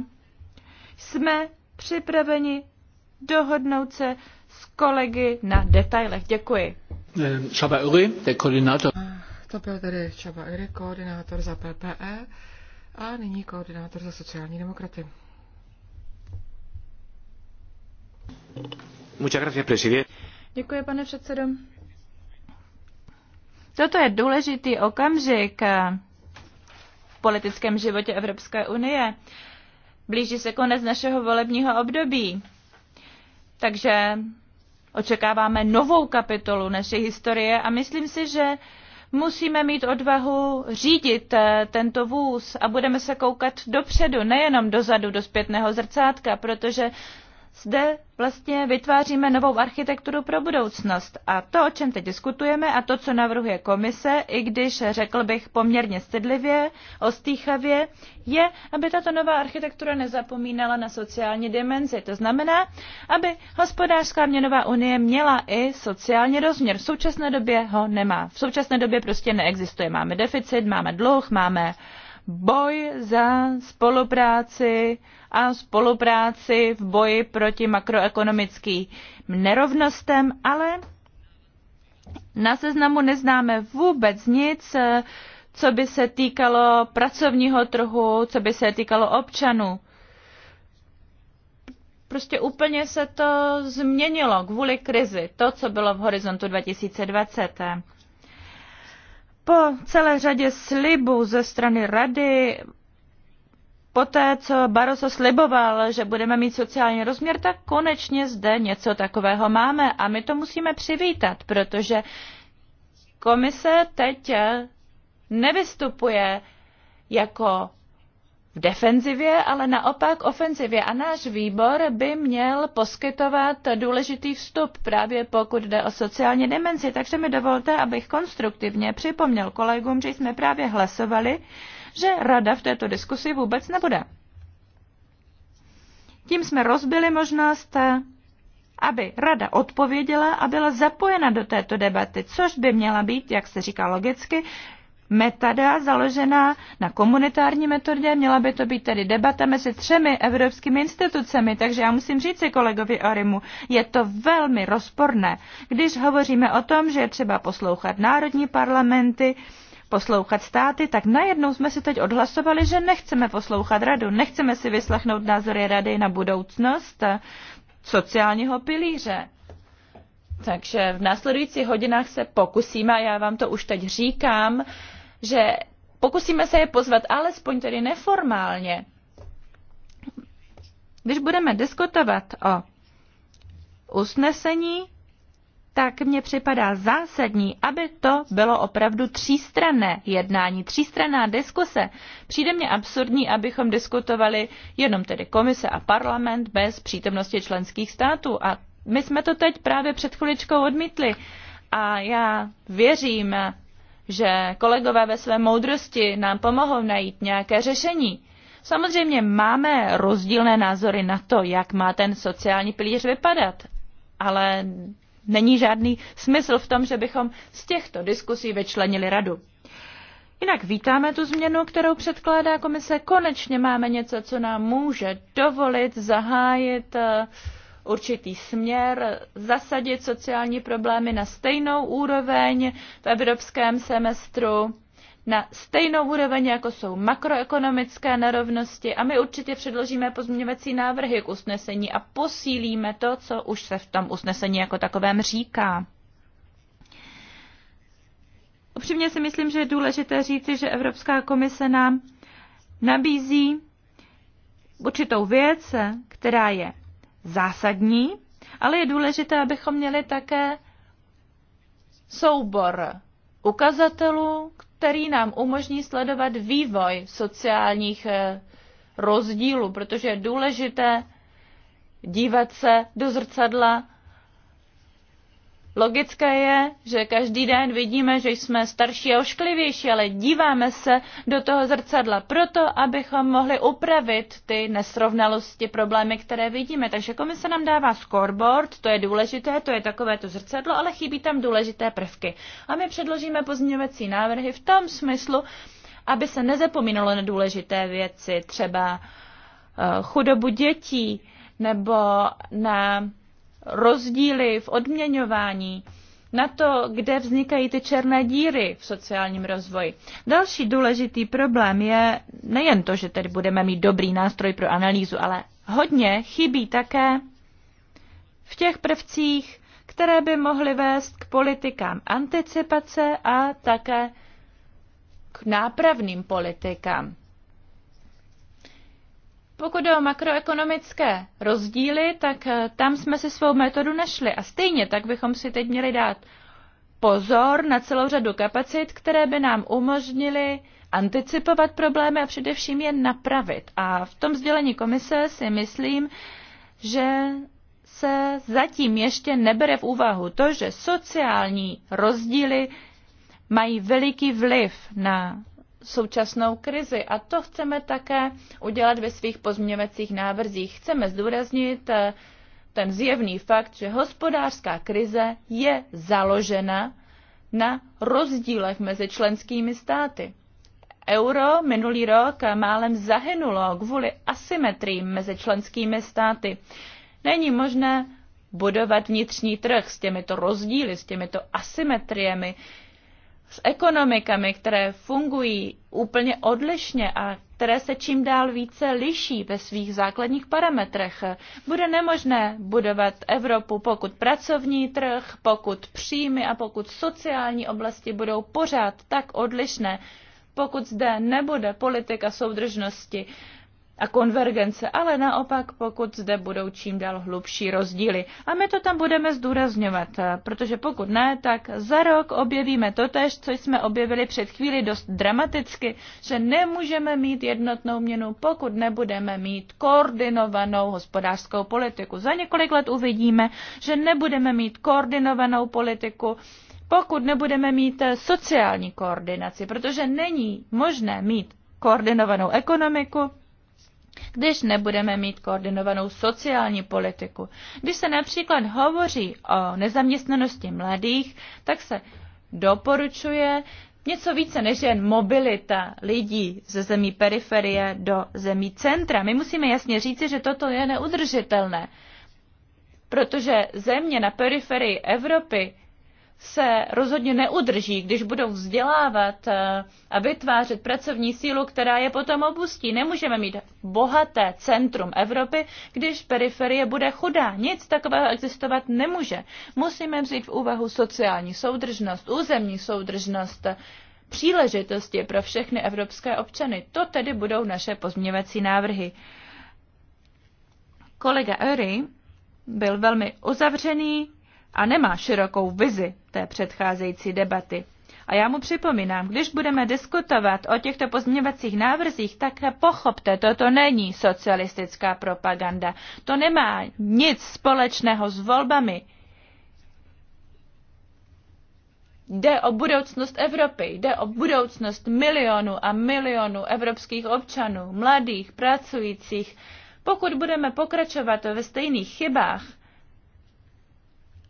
jsme připraveni dohodnout se s kolegy na detailech. Děkuji. Čaba Uri, koordinátor. To byl tedy Čaba Uri, koordinátor za PPE a nyní koordinátor za sociální demokraty. Děkuji, pane předsedo. Toto je důležitý okamžik v politickém životě Evropské unie. Blíží se konec našeho volebního období, takže očekáváme novou kapitolu naší historie a myslím si, že musíme mít odvahu řídit eh, tento vůz a budeme se koukat dopředu, nejenom dozadu, do zpětného zrcátka, protože zde vlastně vytváříme novou architekturu pro budoucnost. A to, o čem teď diskutujeme a to, co navrhuje komise, i když řekl bych poměrně stydlivě, ostýchavě, je, aby tato nová architektura nezapomínala na sociální dimenzi. To znamená, aby hospodářská měnová unie měla i sociální rozměr. V současné době ho nemá. V současné době prostě neexistuje. Máme deficit, máme dluh, máme uh, boj za spolupráci a spolupráci v boji proti makroekonomickým nerovnostem, ale na seznamu neznáme vůbec nic, co by se týkalo pracovního trhu, co by se týkalo občanů. Prostě úplně se to změnilo kvůli krizi, to, co bylo v horizontu 2020. Po celé řadě slibů ze strany rady, poté co Barroso sliboval, že budeme mít sociální rozměr, tak konečně zde něco takového máme a my to musíme přivítat, protože komise teď nevystupuje jako v defenzivě, ale naopak ofenzivě. A náš výbor by měl poskytovat důležitý vstup právě pokud jde o sociální dimenzi. Takže mi dovolte, abych konstruktivně připomněl kolegům, že jsme právě hlasovali, že rada v této diskusi vůbec nebude. Tím jsme rozbili možnost, aby rada odpověděla a byla zapojena do této debaty, což by měla být, jak se říká logicky, metoda založená na komunitární metodě. Měla by to být tedy debata mezi třemi evropskými institucemi, takže já musím říct si kolegovi Orimu, je to velmi rozporné, když hovoříme o tom, že je třeba poslouchat národní parlamenty, poslouchat státy, tak najednou jsme si teď odhlasovali, že nechceme poslouchat radu, nechceme si vyslechnout názory rady na budoucnost sociálního pilíře. Takže v následujících hodinách se pokusíme, a já vám to už teď říkám, že pokusíme se je pozvat alespoň tedy neformálně. Když budeme diskutovat o usnesení, tak mně připadá zásadní, aby to bylo opravdu třístranné jednání, třístranná diskuse. Přijde mně absurdní, abychom diskutovali jenom tedy komise a parlament bez přítomnosti členských států. A my jsme to teď právě před chviličkou odmítli. A já věřím že kolegové ve své moudrosti nám pomohou najít nějaké řešení. Samozřejmě máme rozdílné názory na to, jak má ten sociální pilíř vypadat, ale není žádný smysl v tom, že bychom z těchto diskusí vyčlenili radu. Jinak vítáme tu změnu, kterou předkládá komise. Konečně máme něco, co nám může dovolit zahájit uh, určitý směr, zasadit sociální problémy na stejnou úroveň v evropském semestru, na stejnou úroveň, jako jsou makroekonomické nerovnosti a my určitě předložíme pozměňovací návrhy k usnesení a posílíme to, co už se v tom usnesení jako takovém říká. Upřímně si myslím, že je důležité říci, že Evropská komise nám nabízí určitou věc, která je zásadní, ale je důležité, abychom měli také soubor ukazatelů, který nám umožní sledovat vývoj sociálních eh, rozdílů, protože je důležité dívat se do zrcadla Logické je, že každý den vidíme, že jsme starší a ošklivější, ale díváme se do toho zrcadla proto, abychom mohli upravit ty nesrovnalosti, problémy, které vidíme. Takže komise nám dává scoreboard, to je důležité, to je takové to zrcadlo, ale chybí tam důležité prvky. A my předložíme pozměňovací návrhy v tom smyslu, aby se nezapomínalo na důležité věci, třeba eh, chudobu dětí nebo na rozdíly v odměňování, na to, kde vznikají ty černé díry v sociálním rozvoji. Další důležitý problém je nejen to, že tedy budeme mít dobrý nástroj pro analýzu, ale hodně chybí také v těch prvcích, které by mohly vést k politikám anticipace a také k nápravným politikám. Pokud jde o makroekonomické rozdíly, tak eh, tam jsme si svou metodu našli. A stejně tak bychom si teď měli dát pozor na celou řadu kapacit, které by nám umožnily anticipovat problémy a především je napravit. A v tom sdělení komise si myslím, že se zatím ještě nebere v úvahu to, že sociální rozdíly mají veliký vliv na současnou krizi. A to chceme také udělat ve svých pozměňovacích návrzích. Chceme zdůraznit eh, ten zjevný fakt, že hospodářská krize je založena na rozdílech mezi členskými státy. Euro minulý rok málem zahynulo kvůli asymetrii mezi členskými státy. Není možné budovat vnitřní trh s těmito rozdíly, s těmito asymetriemi, s ekonomikami, které fungují úplně odlišně a které se čím dál více liší ve svých základních parametrech. Bude nemožné budovat Evropu, pokud pracovní trh, pokud příjmy a pokud sociální oblasti budou pořád tak odlišné, pokud zde nebude politika soudržnosti a konvergence, ale naopak, pokud zde budou čím dál hlubší rozdíly. A my to tam budeme zdůrazňovat, protože pokud ne, tak za rok objevíme totež, co jsme objevili před chvíli dost dramaticky, že nemůžeme mít jednotnou měnu, pokud nebudeme mít koordinovanou hospodářskou politiku. Za několik let uvidíme, že nebudeme mít koordinovanou politiku, pokud nebudeme mít sociální koordinaci, protože není možné mít koordinovanou ekonomiku, když nebudeme mít koordinovanou sociální politiku. Když se například hovoří o nezaměstnanosti mladých, tak se doporučuje něco více než jen mobilita lidí ze zemí periferie do zemí centra. My musíme jasně říci, že toto je neudržitelné, protože země na periferii Evropy se rozhodně neudrží, když budou vzdělávat eh, a vytvářet pracovní sílu, která je potom opustí. Nemůžeme mít bohaté centrum Evropy, když periferie bude chudá. Nic takového existovat nemůže. Musíme vzít v úvahu sociální soudržnost, územní soudržnost, příležitosti pro všechny evropské občany. To tedy budou naše pozměňovací návrhy. Kolega Öry byl velmi uzavřený a nemá širokou vizi té předcházející debaty. A já mu připomínám, když budeme diskutovat o těchto pozměňovacích návrzích, tak pochopte, toto není socialistická propaganda. To nemá nic společného s volbami. Jde o budoucnost Evropy, jde o budoucnost milionů a milionů evropských občanů, mladých, pracujících. Pokud budeme pokračovat ve stejných chybách,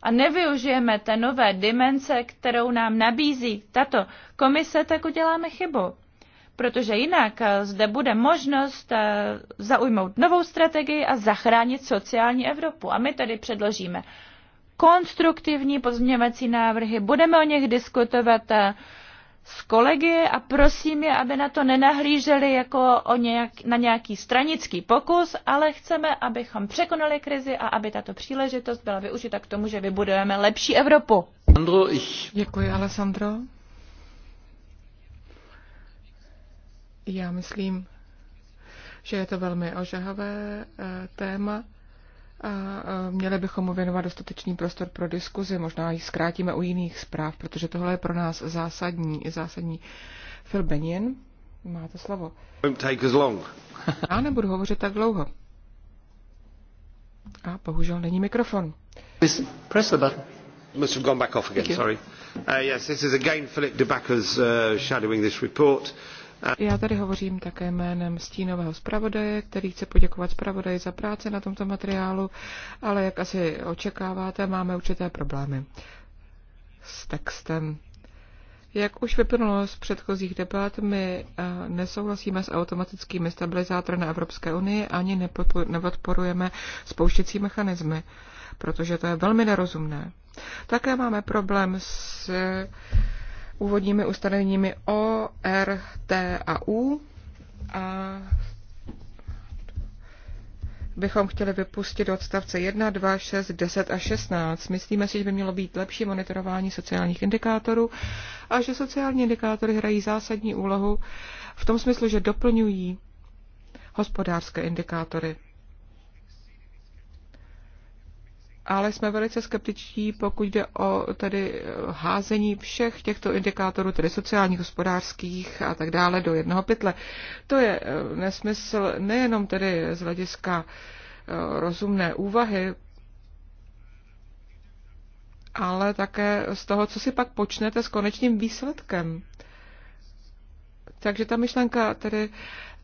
a nevyužijeme té nové dimenze, kterou nám nabízí tato komise, tak uděláme chybu. Protože jinak eh, zde bude možnost eh, zaujmout novou strategii a zachránit sociální Evropu. A my tedy předložíme konstruktivní pozměňovací návrhy, budeme o nich diskutovat. A eh, s kolegy a prosím je, aby na to nenahlíželi jako o nějak, na nějaký stranický pokus, ale chceme, abychom překonali krizi a aby tato příležitost byla využita k tomu, že vybudujeme lepší Evropu. Andro, ich... Děkuji, Alessandro. Já myslím, že je to velmi ožahavé eh, téma a měli bychom mu věnovat dostatečný prostor pro diskuzi, možná ji zkrátíme u jiných zpráv, protože tohle je pro nás zásadní, zásadní. Phil Benjen, máte slovo. Já nebudu hovořit tak dlouho. A bohužel není mikrofon. Press the button. Must have gone back off again, sorry. Uh, yes, this is again Philip Debacker's uh, shadowing this report. Já tady hovořím také jménem stínového zpravodaje, který chce poděkovat zpravodaji za práci na tomto materiálu, ale jak asi očekáváte, máme určité problémy s textem. Jak už vyplnulo z předchozích debat, my eh, nesouhlasíme s automatickými stabilizátory na Evropské unii ani nepodporujeme spouštěcí mechanismy, protože to je velmi nerozumné. Také máme problém s úvodními ustanoveními O, R, T a U a bychom chtěli vypustit odstavce 1, 2, 6, 10 a 16. Myslíme si, že by mělo být lepší monitorování sociálních indikátorů a že sociální indikátory hrají zásadní úlohu v tom smyslu, že doplňují hospodářské indikátory. ale jsme velice skeptičtí, pokud jde o tedy eh, házení všech těchto indikátorů, tedy sociálních, hospodářských a tak dále, do jednoho pytle. To je eh, nesmysl nejenom tedy z hlediska eh, rozumné úvahy, ale také z toho, co si pak počnete s konečným výsledkem. Takže ta myšlenka tedy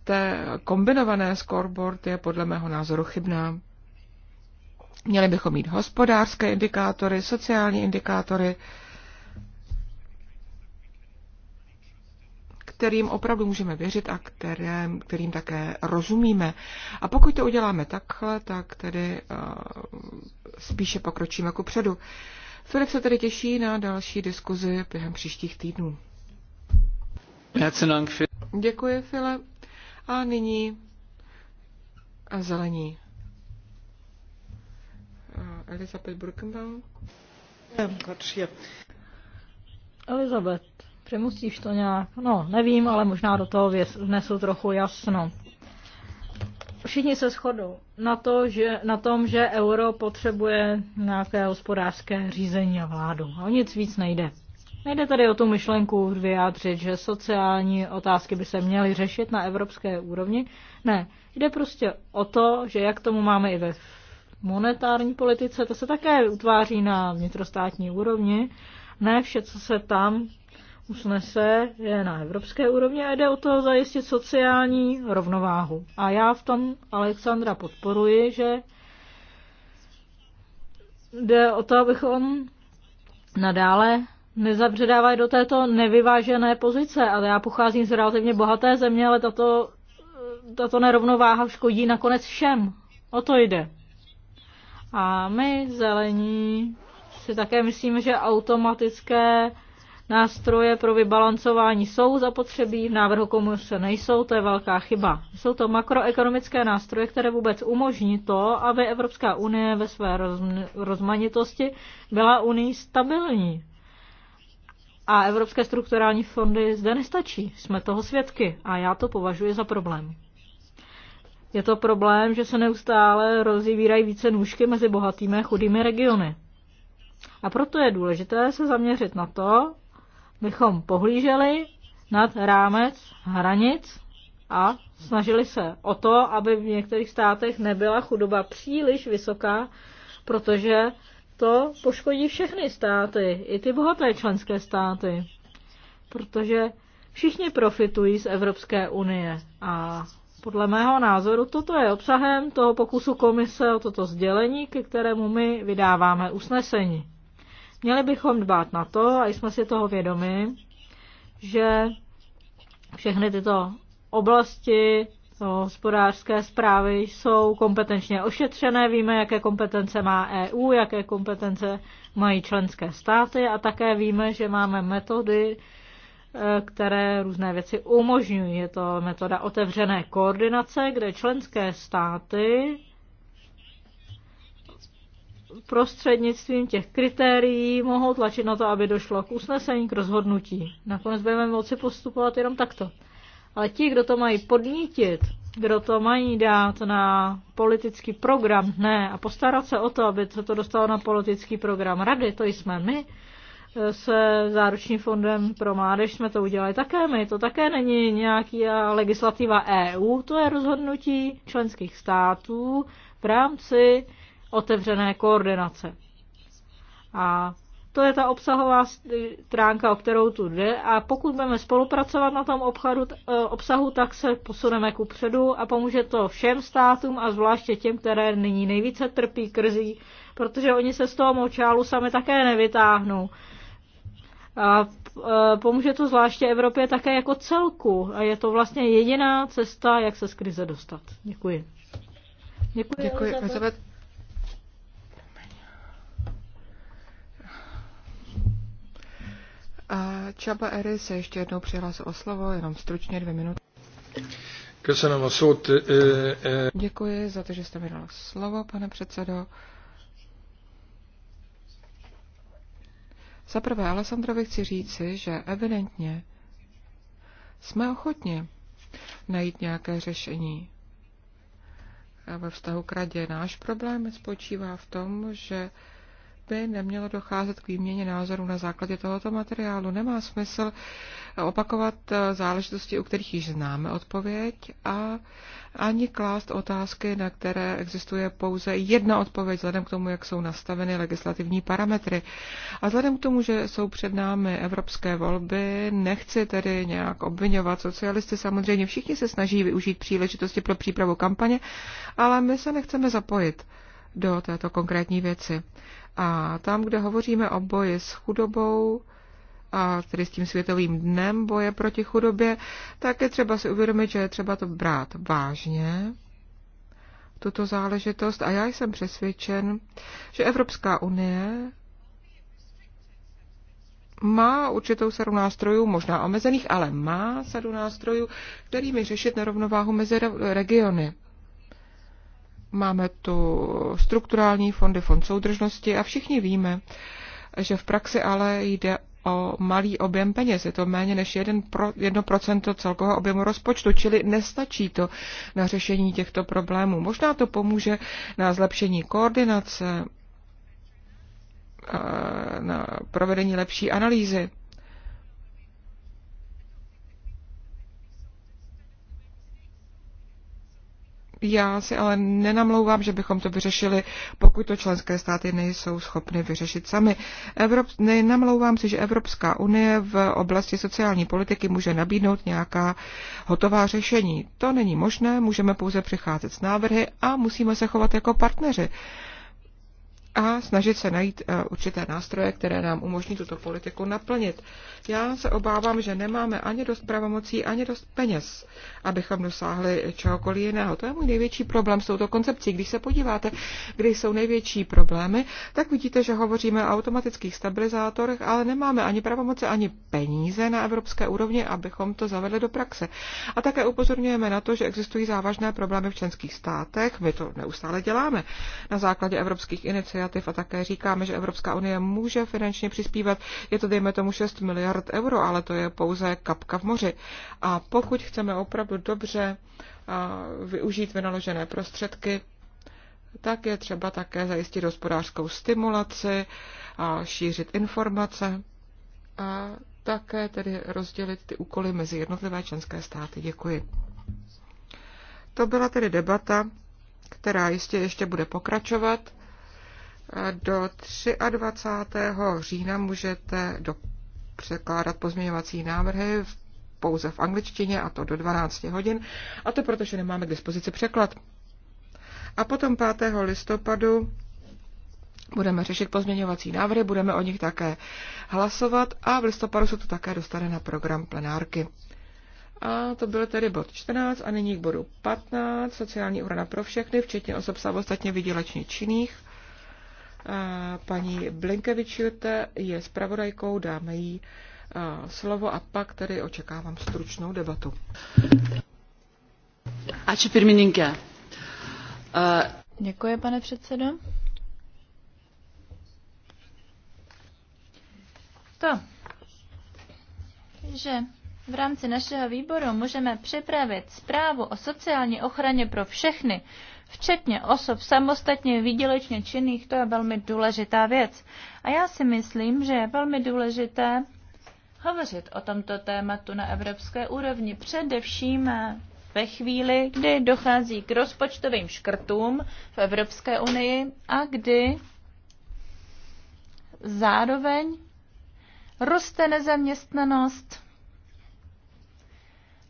té kombinované scoreboard je podle mého názoru chybná. Měli bychom mít hospodářské indikátory, sociální indikátory, kterým opravdu můžeme věřit a kterým, kterým také rozumíme. A pokud to uděláme takhle, tak tedy uh, spíše pokročíme ku předu. Filip se tedy těší na další diskuzi během příštích týdnů. Děkuji, Filip. A nyní a zelení. Elizabeth Brückenbaum. Elizabeth, přemusíš to nějak? No, nevím, ale možná do toho vnesu trochu jasno. Všichni se shodou na, to, že, na tom, že euro potřebuje nějaké hospodářské řízení a vládu. A o nic víc nejde. Nejde tady o tu myšlenku vyjádřit, že sociální otázky by se měly řešit na evropské úrovni. Ne, jde prostě o to, že jak tomu máme i ve monetární politice, to se také utváří na vnitrostátní úrovni. Ne vše, co se tam usnese, je na evropské úrovni a jde o to zajistit sociální rovnováhu. A já v tom Alexandra podporuji, že jde o to, abychom nadále nezabředávají do této nevyvážené pozice. Ale já pocházím z relativně bohaté země, ale tato, tato nerovnováha škodí nakonec všem. O to jde. A my, zelení, si také myslíme, že automatické nástroje pro vybalancování jsou zapotřebí, v návrhu komise nejsou, to je velká chyba. Jsou to makroekonomické nástroje, které vůbec umožní to, aby Evropská unie ve své rozmanitosti byla unii stabilní. A evropské strukturální fondy zde nestačí, jsme toho svědky a já to považuji za problém. Je to problém, že se neustále rozvírají více nůžky mezi bohatými a chudými regiony. A proto je důležité se zaměřit na to, bychom pohlíželi nad rámec hranic a snažili se o to, aby v některých státech nebyla chudoba příliš vysoká, protože to poškodí všechny státy, i ty bohaté členské státy, protože všichni profitují z Evropské unie a podle mého názoru toto je obsahem toho pokusu komise o toto sdělení, ke kterému my vydáváme usnesení. Měli bychom dbát na to, a jsme si toho vědomi, že všechny tyto oblasti hospodářské zprávy jsou kompetenčně ošetřené. Víme, jaké kompetence má EU, jaké kompetence mají členské státy a také víme, že máme metody Eh, které různé věci umožňují. Je to metoda otevřené koordinace, kde členské státy prostřednictvím těch kritérií mohou tlačit na to, aby došlo k usnesení, k rozhodnutí. Nakonec budeme moci postupovat jenom takto. Ale ti, kdo to mají podnítit, kdo to mají dát na politický program, ne, a postarat se o to, aby se to dostalo na politický program rady, to jsme my, se záručním fondem pro mládež jsme to udělali také my. To také není nějaký legislativa EU, to je rozhodnutí členských států v rámci otevřené koordinace. A to je ta obsahová e, stránka, o kterou tu jde a pokud budeme spolupracovat na tom obchadu, e, obsahu, tak se posuneme ku předu a pomůže to všem státům a zvláště těm, které nyní nejvíce trpí krzí, protože oni se z toho močálu sami také nevytáhnou. A e, pomůže to zvláště Evropě také jako celku. A je to vlastně jediná cesta, jak se z krize dostat. Děkuji. Děkuji, Děkuji Elizabeth. Elizabeth. Čaba Eri se ještě jednou přihlásil o slovo, jenom stručně dvě minuty. E, e, Děkuji za to, že jste mi dal slovo, pane předsedo. Za prvé, Alessandrovi chci říci, že evidentně jsme ochotni najít nějaké řešení. A ve vztahu k radě náš problém spočívá v tom, že by nemělo docházet k výměně názorů na základě tohoto materiálu. Nemá smysl opakovat eh, záležitosti, u kterých již známe odpověď a ani klást otázky, na které existuje pouze jedna odpověď, vzhledem k tomu, jak jsou nastaveny legislativní parametry. A vzhledem k tomu, že jsou před námi evropské volby, nechci tedy nějak obvinovat socialisty. Samozřejmě všichni se snaží využít příležitosti pro přípravu kampaně, ale my se nechceme zapojit do této konkrétní věci. A tam, kde hovoříme o boji s chudobou, a tedy s tím světovým dnem boje proti chudobě, tak je třeba si uvědomit, že je třeba to brát vážně, tuto záležitost. A já jsem přesvědčen, že Evropská unie má určitou sadu nástrojů, možná omezených, ale má sadu nástrojů, kterými řešit nerovnováhu mezi regiony. Máme tu strukturální fondy, fond soudržnosti a všichni víme, že v praxi ale jde o malý objem peněz. Je to méně než 1% celkového objemu rozpočtu, čili nestačí to na řešení těchto problémů. Možná to pomůže na zlepšení koordinace, eh, na provedení lepší analýzy. Já si ale nenamlouvám, že bychom to vyřešili, pokud to členské státy nejsou schopny vyřešit sami. Evrop, nenamlouvám si, že Evropská unie v oblasti sociální politiky může nabídnout nějaká hotová řešení. To není možné, můžeme pouze přicházet s návrhy a musíme se chovat jako partneři a snažit se najít eh, určité nástroje, které nám umožní tuto politiku naplnit. Já se obávám, že nemáme ani dost pravomocí, ani dost peněz, abychom dosáhli čehokoliv jiného. To je můj největší problém s touto koncepcí. Když se podíváte, kde jsou největší problémy, tak vidíte, že hovoříme o automatických stabilizátorech, ale nemáme ani pravomoce, ani peníze na evropské úrovni, abychom to zavedli do praxe. A také upozorňujeme na to, že existují závažné problémy v členských státech. My to neustále děláme na základě evropských iniciativ iniciativ a také říkáme, že Evropská unie může finančně přispívat. Je to, dejme tomu, 6 miliard euro, ale to je pouze kapka v moři. A pokud chceme opravdu dobře využít vynaložené prostředky, tak je třeba také zajistit hospodářskou stimulaci, a šířit informace a také tedy rozdělit ty úkoly mezi jednotlivé členské státy. Děkuji. To byla tedy debata, která jistě ještě bude pokračovat. Do 23. října můžete do, překládat pozměňovací návrhy v, pouze v angličtině, a to do 12 hodin, a to protože nemáme k dispozici překlad. A potom 5. listopadu budeme řešit pozměňovací návrhy, budeme o nich také hlasovat a v listopadu se to také dostane na program plenárky. A to byl tedy bod 14 a nyní k bodu 15, sociální úhrada pro všechny, včetně osob samostatně vydělečně činných. Paní Blinkevičilte je zpravodajkou, dáme jí slovo a pak tedy očekávám stručnou debatu. Ači firmininke. Děkuji, pane předsedo. To, že v rámci našeho výboru můžeme připravit zprávu o sociální ochraně pro všechny, včetně osob samostatně výdělečně činných, to je velmi důležitá věc. A já si myslím, že je velmi důležité hovořit o tomto tématu na evropské úrovni, především ve chvíli, kdy dochází k rozpočtovým škrtům v Evropské unii a kdy zároveň roste nezaměstnanost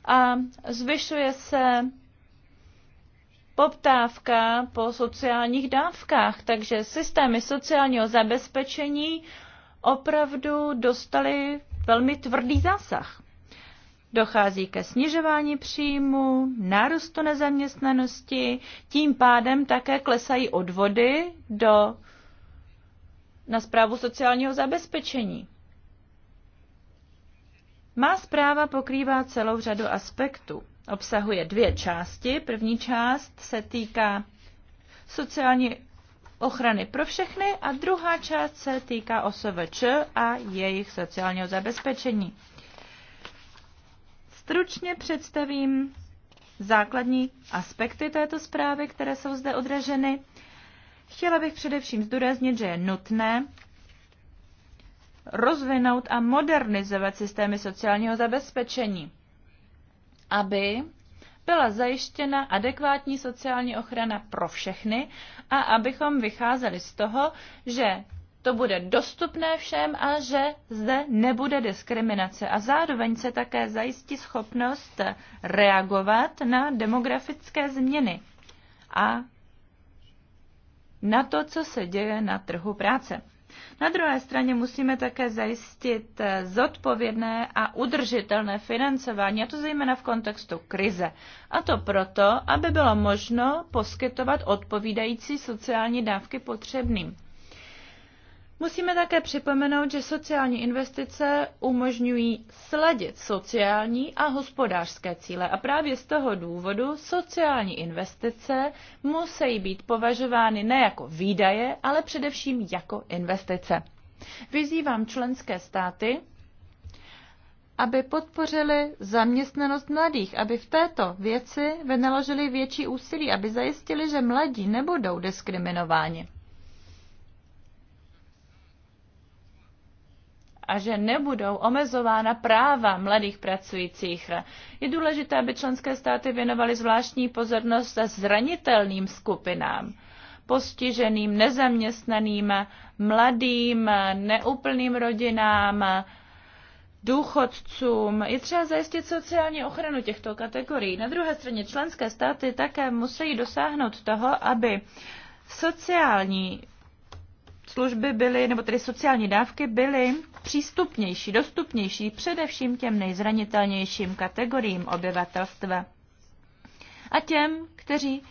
a zvyšuje se poptávka po sociálních dávkách, takže systémy sociálního zabezpečení opravdu dostaly velmi tvrdý zásah. Dochází ke snižování příjmu, nárůstu nezaměstnanosti, tím pádem také klesají odvody do, na zprávu sociálního zabezpečení. Má zpráva pokrývá celou řadu aspektů obsahuje dvě části. První část se týká sociální ochrany pro všechny a druhá část se týká OSVČ a jejich sociálního zabezpečení. Stručně představím základní aspekty této zprávy, které jsou zde odraženy. Chtěla bych především zdůraznit, že je nutné rozvinout a modernizovat systémy sociálního zabezpečení aby byla zajištěna adekvátní sociální ochrana pro všechny a abychom vycházeli z toho, že to bude dostupné všem a že zde nebude diskriminace. A zároveň se také zajistí schopnost reagovat na demografické změny a na to, co se děje na trhu práce. Na druhé straně musíme také zajistit eh, zodpovědné a udržitelné financování, a to zejména v kontextu krize. A to proto, aby bylo možno poskytovat odpovídající sociální dávky potřebným. Musíme také připomenout, že sociální investice umožňují sladit sociální a hospodářské cíle a právě z toho důvodu sociální investice musí být považovány ne jako výdaje, ale především jako investice. Vyzývám členské státy, aby podpořili zaměstnanost mladých, aby v této věci vynaložili větší úsilí, aby zajistili, že mladí nebudou diskriminováni. a že nebudou omezována práva mladých pracujících. Je důležité, aby členské státy věnovaly zvláštní pozornost zranitelným skupinám postiženým, nezaměstnaným, mladým, neúplným rodinám, důchodcům. Je třeba zajistit sociální ochranu těchto kategorií. Na druhé straně členské státy také musí dosáhnout toho, aby sociální služby byly, nebo tedy sociální dávky byly přístupnější, dostupnější především těm nejzranitelnějším kategoriím obyvatelstva a těm, kteří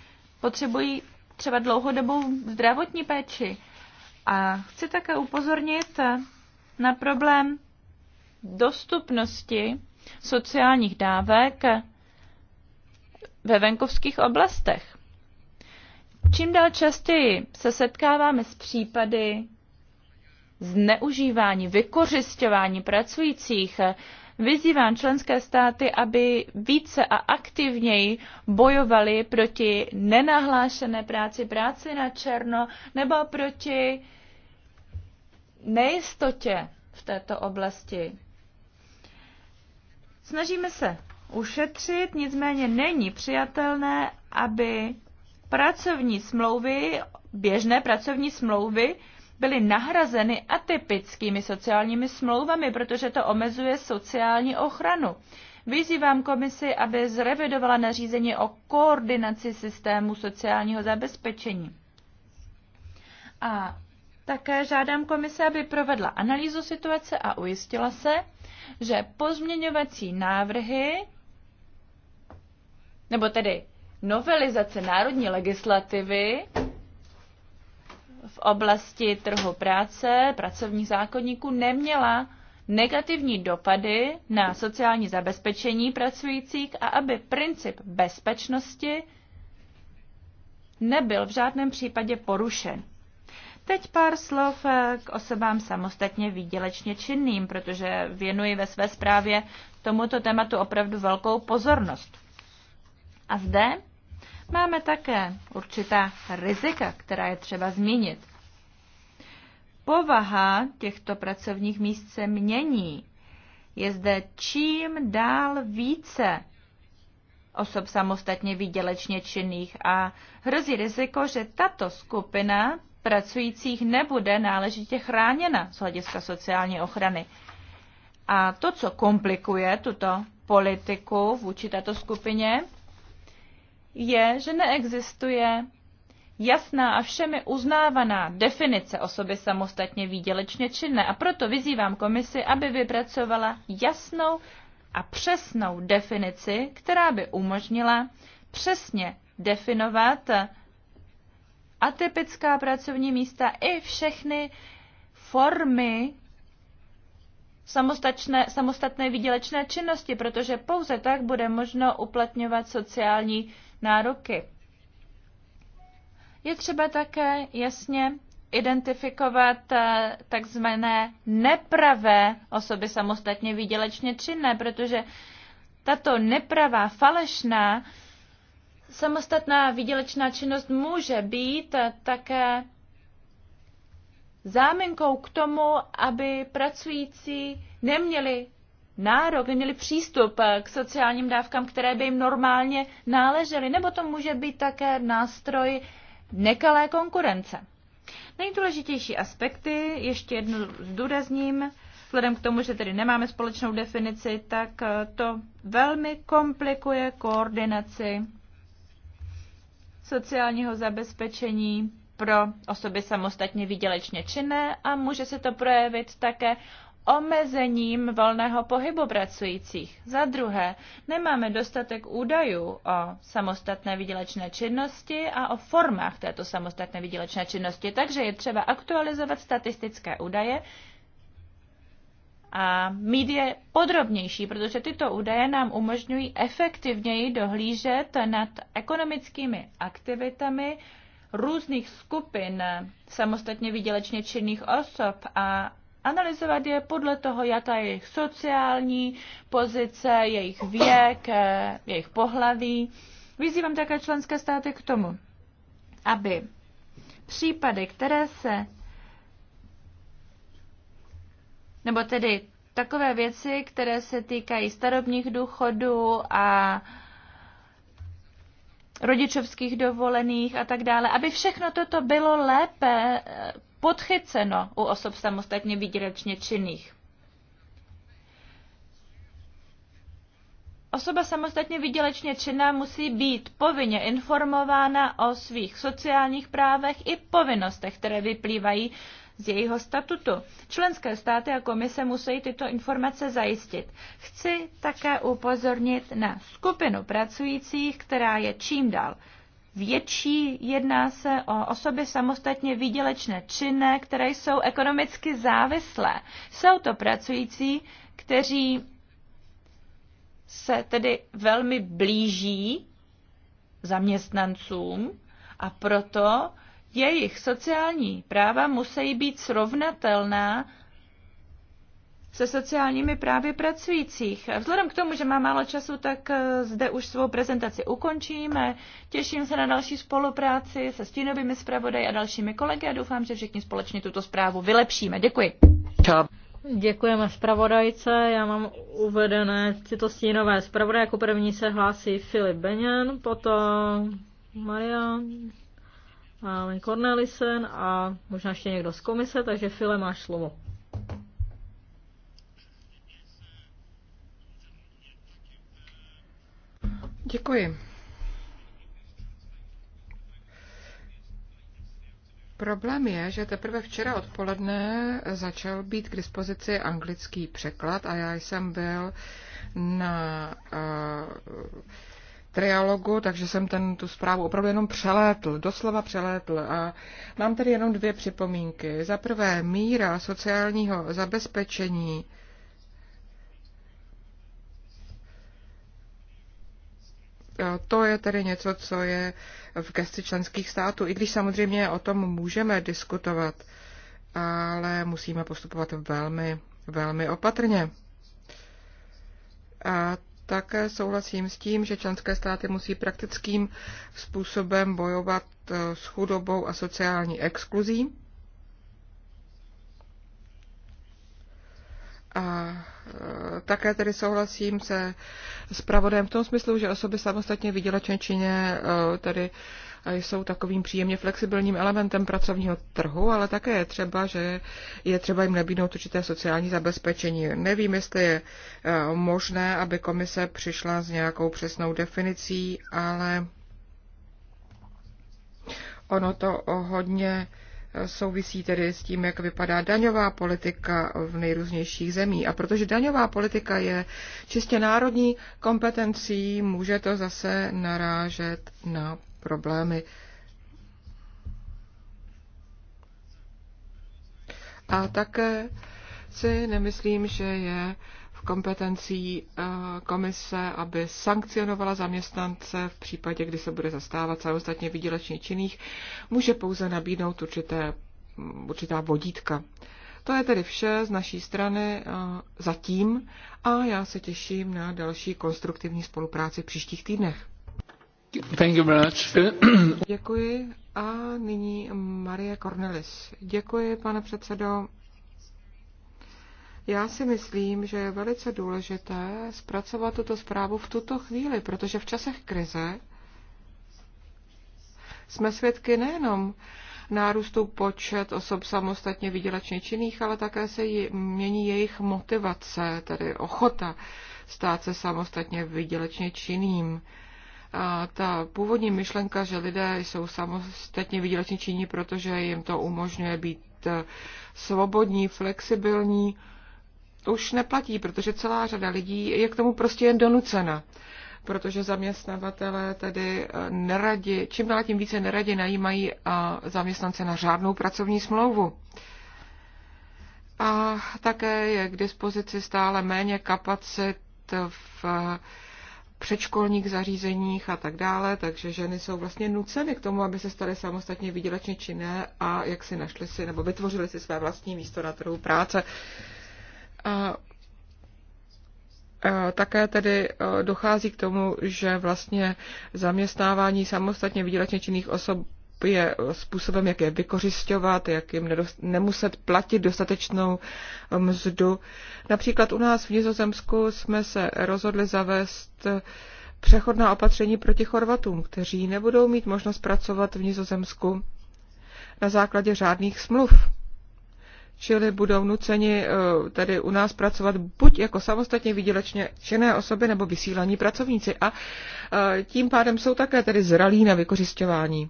potřebují třeba dlouhodobou zdravotní péči. A chci také upozornit na problém dostupnosti sociálních dávek ve venkovských oblastech. Čím dál častěji se setkáváme s případy zneužívání, vykořišťování pracujících, vyzývám členské státy, aby více a aktivněji bojovali proti nenahlášené práci, práci na černo nebo proti nejistotě v této oblasti. Snažíme se ušetřit, nicméně není přijatelné, aby pracovní smlouvy, běžné pracovní smlouvy, byly nahrazeny atypickými sociálními smlouvami, protože to omezuje sociální ochranu. Vyzývám komisi, aby zrevidovala nařízení o koordinaci systému sociálního zabezpečení. A také žádám komise, aby provedla analýzu situace a ujistila se, že pozměňovací návrhy, nebo tedy novelizace národní legislativy, v oblasti trhu práce, pracovních zákonníků neměla negativní dopady na sociální zabezpečení pracujících a aby princip bezpečnosti nebyl v žádném případě porušen. Teď pár slov eh, k osobám samostatně výdělečně činným, protože věnuji ve své zprávě tomuto tématu opravdu velkou pozornost. A zde máme také určitá rizika, která je třeba změnit. Povaha těchto pracovních míst se mění. Je zde čím dál více osob samostatně výdělečně činných a hrozí riziko, že tato skupina pracujících nebude náležitě chráněna z hlediska sociální ochrany. A to, co komplikuje tuto politiku vůči této skupině, je, že neexistuje jasná a všemi uznávaná definice osoby samostatně výdělečně činné a proto vyzývám komisi, aby vypracovala jasnou a přesnou definici, která by umožnila přesně definovat atypická pracovní místa i všechny formy samostatné, samostatné výdělečné činnosti, protože pouze tak bude možno uplatňovat sociální nároky. Je třeba také jasně identifikovat eh, takzvané nepravé osoby samostatně výdělečně činné, protože tato nepravá, falešná, samostatná výdělečná činnost může být eh, také záminkou k tomu, aby pracující neměli nárok, neměli přístup eh, k sociálním dávkám, které by jim normálně náležely, nebo to může být také nástroj nekalé konkurence. Nejdůležitější aspekty, ještě jednu zdůrazním, vzhledem k tomu, že tedy nemáme společnou definici, tak eh, to velmi komplikuje koordinaci sociálního zabezpečení pro osoby samostatně výdělečně činné a může se to projevit také omezením volného pohybu pracujících. Za druhé, nemáme dostatek údajů o samostatné výdělečné činnosti a o formách této samostatné výdělečné činnosti, takže je třeba aktualizovat statistické údaje a mít je podrobnější, protože tyto údaje nám umožňují efektivněji dohlížet nad ekonomickými aktivitami různých skupin samostatně výdělečně činných osob a Analyzovat je podle toho, jaká je jejich sociální pozice, jejich věk, eh, jejich pohlaví. Vyzývám také členské státy k tomu, aby případy, které se nebo tedy takové věci, které se týkají starobních důchodů a rodičovských dovolených a tak dále, aby všechno toto bylo lépe eh, podchyceno u osob samostatně výdělečně činných. Osoba samostatně výdělečně činná musí být povinně informována o svých sociálních právech i povinnostech, které vyplývají z jejího statutu. Členské státy a komise musí tyto informace zajistit. Chci také upozornit na skupinu pracujících, která je čím dál větší. Jedná se o osoby samostatně výdělečné činné, které jsou ekonomicky závislé. Jsou to pracující, kteří se tedy velmi blíží zaměstnancům a proto jejich sociální práva musí být srovnatelná se sociálními právy pracujících. Vzhledem k tomu, že mám málo času, tak eh, zde už svou prezentaci ukončíme. Těším se na další spolupráci se stínovými zpravodaji a dalšími kolegy a doufám, že všichni společně tuto zprávu vylepšíme. Děkuji. Čau. Děkujeme zpravodajce. Já mám uvedené tyto stínové zpravodaje. Jako první se hlásí Filip Beněn, potom Marian, a Cornelisen a možná ještě někdo z komise, takže File máš slovo. Děkuji. Problém je, že teprve včera odpoledne začal být k dispozici anglický překlad a já jsem byl na uh, trialogu, takže jsem ten, tu zprávu opravdu jenom přelétl, doslova přelétl. A mám tady jenom dvě připomínky. Za prvé, míra sociálního zabezpečení Eh, to je tedy něco, co je v gesti členských států, i když samozřejmě o tom můžeme diskutovat, ale musíme postupovat velmi, velmi opatrně. A také souhlasím s tím, že členské státy musí praktickým způsobem bojovat eh, s chudobou a sociální exkluzí. A e, také tedy souhlasím se s pravodem v tom smyslu, že osoby samostatně výdělečně činné e, tedy e, jsou takovým příjemně flexibilním elementem pracovního trhu, ale také je třeba, že je třeba jim nabídnout určité sociální zabezpečení. Nevím, jestli je možné, aby komise přišla s nějakou přesnou definicí, ale ono to hodně souvisí tedy s tím, jak vypadá daňová politika v nejrůznějších zemí. A protože daňová politika je čistě národní kompetencí, může to zase narážet na problémy. A také si nemyslím, že je kompetencí eh, komise, aby sankcionovala zaměstnance v případě, kdy se bude zastávat samostatně výdělečně činných, může pouze nabídnout určité, mm, určitá vodítka. To je tedy vše z naší strany eh, zatím a já se těším na další konstruktivní spolupráci v příštích týdnech. Thank you very much. Děkuji a nyní Marie Cornelis. Děkuji, pane předsedo. Já si myslím, že je velice důležité zpracovat tuto zprávu v tuto chvíli, protože v časech krize jsme svědky nejenom nárůstu počet osob samostatně výdělečně činných, ale také se mění jejich motivace, tedy ochota stát se samostatně výdělečně činným. A ta původní myšlenka, že lidé jsou samostatně výdělečně činní, protože jim to umožňuje být eh, svobodní, flexibilní, to už neplatí, protože celá řada lidí je k tomu prostě jen donucena protože zaměstnavatele tedy eh, neradi, čím dál tím více neradi najímají eh, zaměstnance na řádnou pracovní smlouvu. A také je k dispozici stále méně kapacit v eh, předškolních zařízeních a tak dále, takže ženy jsou vlastně nuceny k tomu, aby se staly samostatně výdělečně činné a jak si našly si nebo vytvořily si své vlastní místo na trhu práce. A také tedy e, dochází k tomu, že vlastně zaměstnávání samostatně výdělečně činných osob je způsobem, jak je vykořišťovat, jak jim nemuset platit dostatečnou mzdu. Například u nás v Nizozemsku jsme se rozhodli zavést přechodná opatření proti Chorvatům, kteří nebudou mít možnost pracovat v Nizozemsku na základě řádných smluv čili budou nuceni eh, tady u nás pracovat buď jako samostatně výdělečně činné osoby nebo vysílaní pracovníci a eh, tím pádem jsou také tedy zralí na vykořišťování.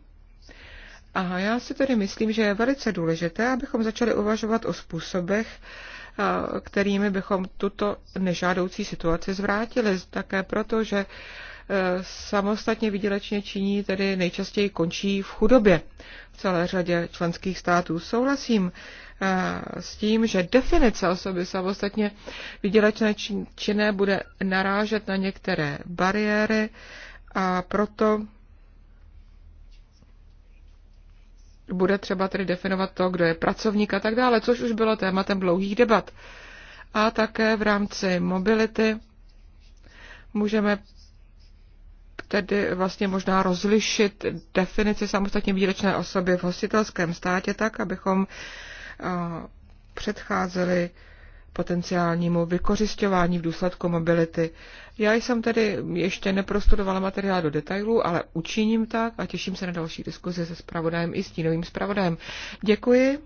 A já si tedy myslím, že je velice důležité, abychom začali uvažovat o způsobech, eh, kterými bychom tuto nežádoucí situaci zvrátili. Také proto, že samostatně výdělečně činí tedy nejčastěji končí v chudobě v celé řadě členských států. Souhlasím s tím, že definice osoby samostatně výdělečné činné bude narážet na některé bariéry a proto bude třeba tedy definovat to, kdo je pracovník a tak dále, což už bylo tématem dlouhých debat. A také v rámci mobility můžeme tedy vlastně možná rozlišit definici samostatně výdělečné osoby v hostitelském státě tak, abychom předcházely potenciálnímu vykořišťování v důsledku mobility. Já jsem tedy ještě neprostudovala materiál do detailů, ale učiním tak a těším se na další diskuzi se spravodajem i stínovým spravodajem. Děkuji.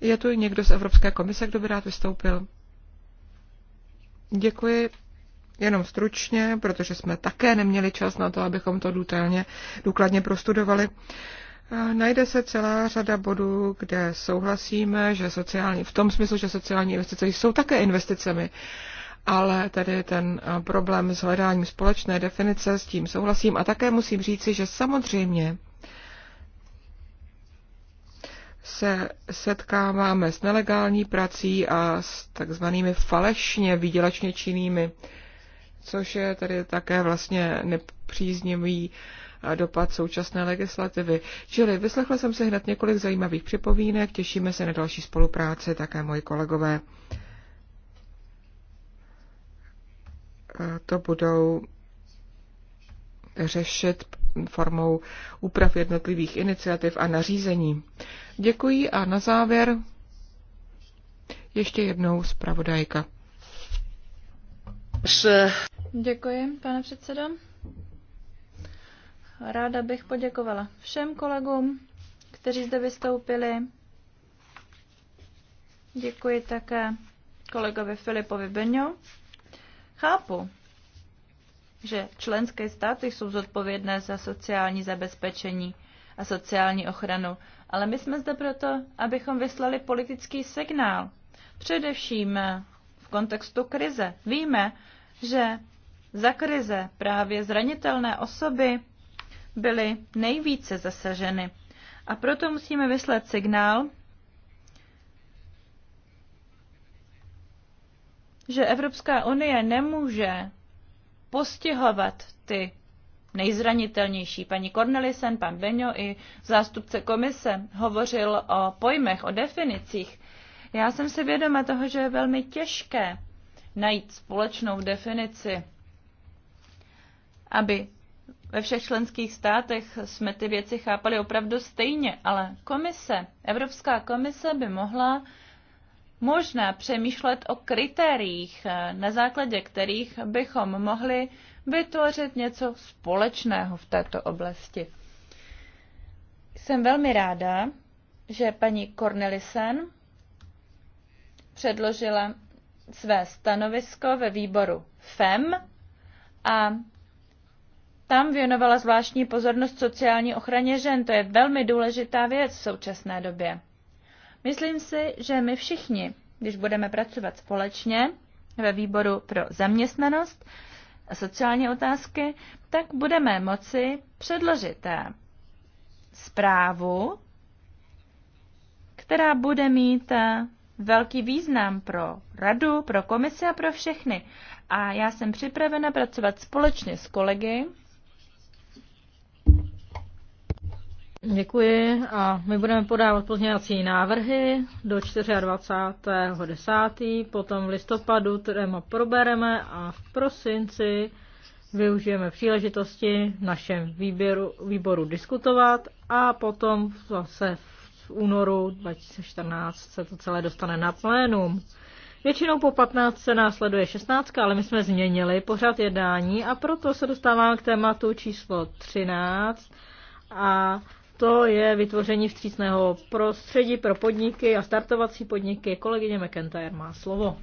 Je tu někdo z Evropské komise, kdo by rád vystoupil? Děkuji. Jenom stručně, protože jsme také neměli čas na to, abychom to důtelně, důkladně prostudovali. Najde se celá řada bodů, kde souhlasíme, že sociální, v tom smyslu, že sociální investice jsou také investicemi, ale tedy ten problém s hledáním společné definice, s tím souhlasím a také musím říci, že samozřejmě se setkáváme s nelegální prací a s takzvanými falešně výdělečně činnými, což je tedy také vlastně nepříznivý uh, dopad současné legislativy. Čili vyslechla jsem se hned několik zajímavých připomínek, těšíme se na další spolupráci, také moji kolegové. To budou řešit formou úprav jednotlivých iniciativ a nařízení. Děkuji a na závěr ještě jednou zpravodajka. Děkuji, pane předsedo. Ráda bych poděkovala všem kolegům, kteří zde vystoupili. Děkuji také kolegovi Filipovi Beňo. Chápu, že členské státy jsou zodpovědné za sociální zabezpečení a sociální ochranu, ale my jsme zde proto, abychom vyslali politický signál. Především v kontextu krize. Víme, že za krize právě zranitelné osoby byly nejvíce zasaženy. A proto musíme vyslat signál, že Evropská unie nemůže postihovat ty nejzranitelnější. Paní Cornelisen, pan Beňo i zástupce komise hovořil o pojmech, o definicích. Já jsem si vědoma toho, že je velmi těžké najít společnou definici, aby ve všech členských státech jsme ty věci chápali opravdu stejně, ale komise, Evropská komise by mohla možná přemýšlet o kritériích, eh, na základě kterých bychom mohli vytvořit něco společného v této oblasti. Jsem velmi ráda, že paní Cornelisen předložila své stanovisko ve výboru FEM a tam věnovala zvláštní pozornost sociální ochraně žen. To je velmi důležitá věc v současné době. Myslím si, že my všichni, když budeme pracovat společně ve výboru pro zaměstnanost a sociální otázky, tak budeme moci předložit eh, zprávu, která bude mít eh, velký význam pro radu, pro komisi a pro všechny. A já jsem připravena pracovat společně s kolegy Děkuji a my budeme podávat pozměňovací návrhy do 24.10. Potom v listopadu téma probereme a v prosinci využijeme příležitosti v našem výběru, výboru diskutovat a potom zase v únoru 2014 se to celé dostane na plénum. Většinou po 15 se následuje 16, ale my jsme změnili pořád jednání a proto se dostáváme k tématu číslo 13 a to je vytvoření vstřícného prostředí pro podniky a startovací podniky. Kolegyně McIntyre má slovo.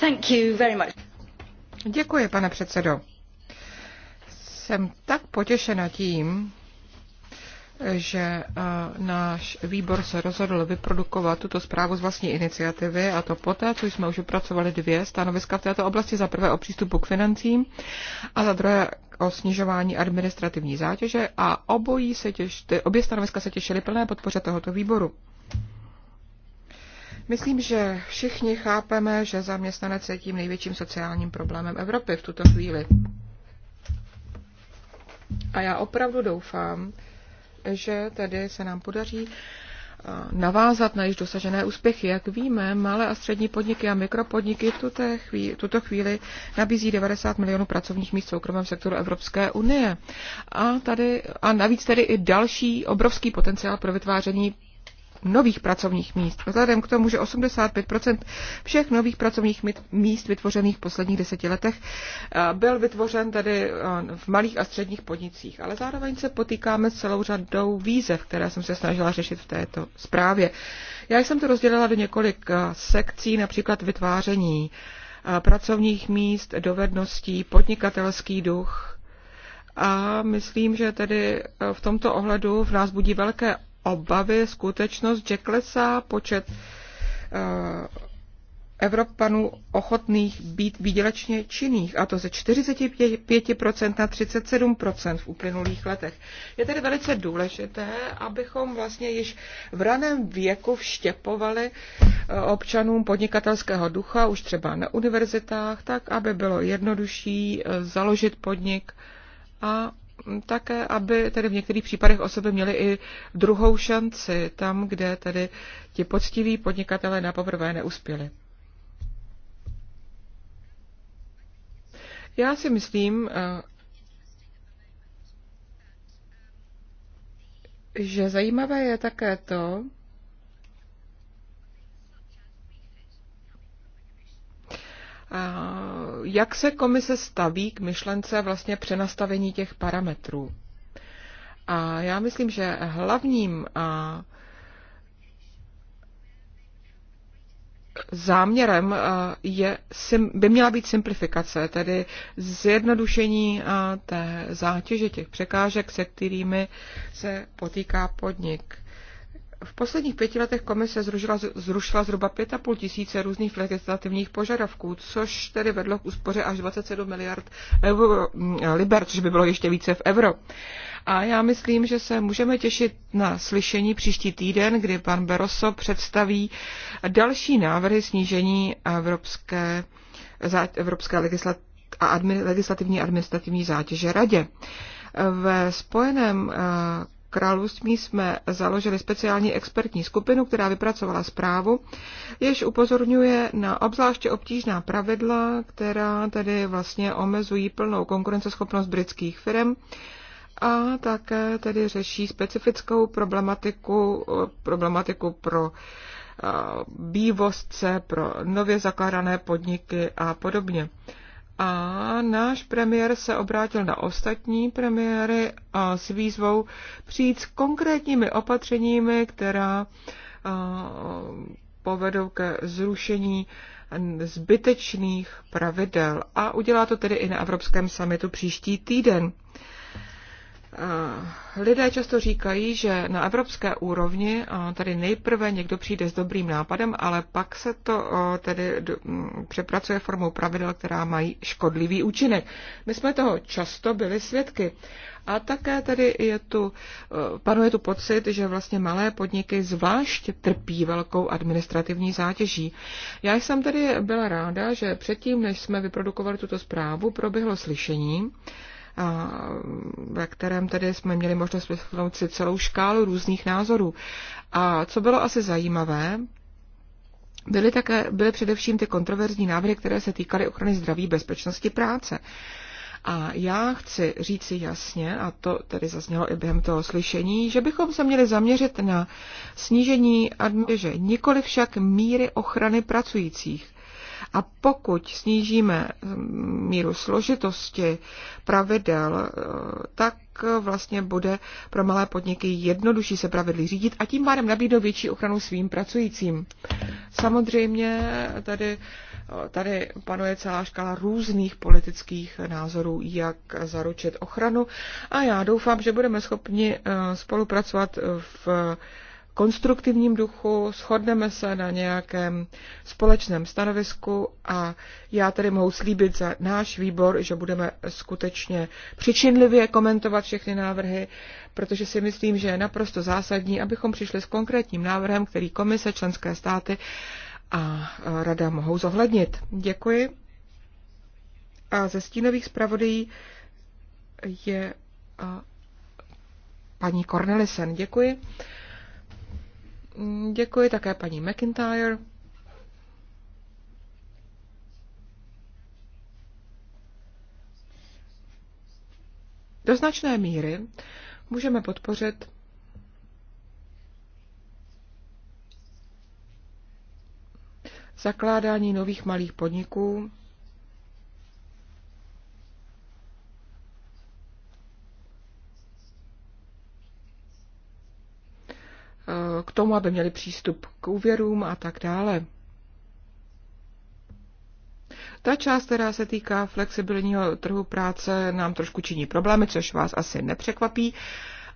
Thank you very much. Děkuji, pane předsedo. Jsem tak potěšena tím, že náš výbor se rozhodl vyprodukovat tuto zprávu z vlastní iniciativy a to poté, co jsme už opracovali dvě stanoviska v této oblasti, za prvé o přístupu k financím a za druhé o snižování administrativní zátěže a obojí se těšty, obě stanoviska se těšily plné podpoře tohoto výboru. Myslím, že všichni chápeme, že zaměstnanec je tím největším sociálním problémem Evropy v tuto chvíli. A já opravdu doufám, že tedy se nám podaří eh, navázat na již dosažené úspěchy. Jak víme, malé a střední podniky a mikropodniky tuto chvíli, tuto chvíli nabízí 90 milionů pracovních míst v soukromém sektoru Evropské unie. A, tady, a navíc tedy i další obrovský potenciál pro vytváření nových pracovních míst. Vzhledem k tomu, že 85% všech nových pracovních míst vytvořených v posledních deseti letech eh, byl vytvořen tedy eh, v malých a středních podnicích. Ale zároveň se potýkáme s celou řadou výzev, které jsem se snažila řešit v této zprávě. Já jsem to rozdělila do několik eh, sekcí, například vytváření pracovních míst, dovedností, podnikatelský duch, a myslím, že tedy v tomto ohledu v nás budí velké obavy skutečnost, že klesá počet eh, Evropanů ochotných být výdělečně činných, a to ze 45% na 37% v uplynulých letech. Je tedy velice důležité, abychom vlastně již v raném věku vštěpovali eh, občanům podnikatelského ducha, už třeba na univerzitách, tak, aby bylo jednodušší eh, založit podnik a také, aby tedy v některých případech osoby měly i druhou šanci tam, kde tedy ti poctiví podnikatelé na poprvé neuspěli. Já si myslím, eh, že zajímavé je také to, eh, jak se komise staví k myšlence vlastně přenastavení těch parametrů. A já myslím, že hlavním a záměrem je, by měla být simplifikace, tedy zjednodušení té zátěže těch překážek, se kterými se potýká podnik. V posledních pěti letech komise zrušila, zrušila zhruba 5,5 tisíce různých legislativních požadavků, což tedy vedlo k úspoře až 27 miliard euro, mm, liber, což by bylo ještě více v euro. A já myslím, že se můžeme těšit na slyšení příští týden, kdy pan Beroso představí další návrhy snížení evropské, evropské legislat, a legislativní administrativní zátěže radě. Ve Spojeném eh, království jsme založili speciální expertní skupinu, která vypracovala zprávu, jež upozorňuje na obzvláště obtížná pravidla, která tedy vlastně omezují plnou konkurenceschopnost britských firm a také tedy řeší specifickou problematiku, problematiku pro bývozce, eh, pro nově zakládané podniky a podobně. A náš premiér se obrátil na ostatní premiéry a s výzvou přijít s konkrétními opatřeními, která povedou ke zrušení zbytečných pravidel. A udělá to tedy i na Evropském samitu příští týden. Eh, lidé často říkají, že na evropské úrovni eh, tady nejprve někdo přijde s dobrým nápadem, ale pak se to eh, tedy mm, přepracuje formou pravidel, která mají škodlivý účinek. My jsme toho často byli svědky. A také tedy je tu, panuje tu pocit, že vlastně malé podniky zvlášť trpí velkou administrativní zátěží. Já jsem tedy byla ráda, že předtím, než jsme vyprodukovali tuto zprávu, proběhlo slyšení, ve kterém tedy jsme měli možnost vyslechnout si celou škálu různých názorů. A co bylo asi zajímavé, byly, také, byly především ty kontroverzní návrhy, které se týkaly ochrany zdraví, bezpečnosti práce. A já chci říci jasně, a to tedy zaznělo i během toho slyšení, že bychom se měli zaměřit na snížení, admiže, nikoli však míry ochrany pracujících. A pokud snížíme mm, míru složitosti pravidel, eh, tak vlastně bude pro malé podniky jednodušší se pravidly řídit a tím pádem nabídnout větší ochranu svým pracujícím. Samozřejmě tady, tady panuje celá škala různých politických názorů, jak zaručit ochranu a já doufám, že budeme schopni eh, spolupracovat v konstruktivním duchu, shodneme se na nějakém společném stanovisku a já tedy mohu slíbit za náš výbor, že budeme skutečně přičinlivě komentovat všechny návrhy, protože si myslím, že je naprosto zásadní, abychom přišli s konkrétním návrhem, který komise, členské státy a e, rada mohou zohlednit. Děkuji. A ze stínových zpravodají je paní Cornelisen. Děkuji. Mm, děkuji také paní McIntyre. Do značné míry můžeme podpořit zakládání nových malých podniků, Eh, k tomu, aby měli přístup k úvěrům a tak dále. Ta část, která se týká flexibilního trhu práce, nám trošku činí problémy, což vás asi nepřekvapí.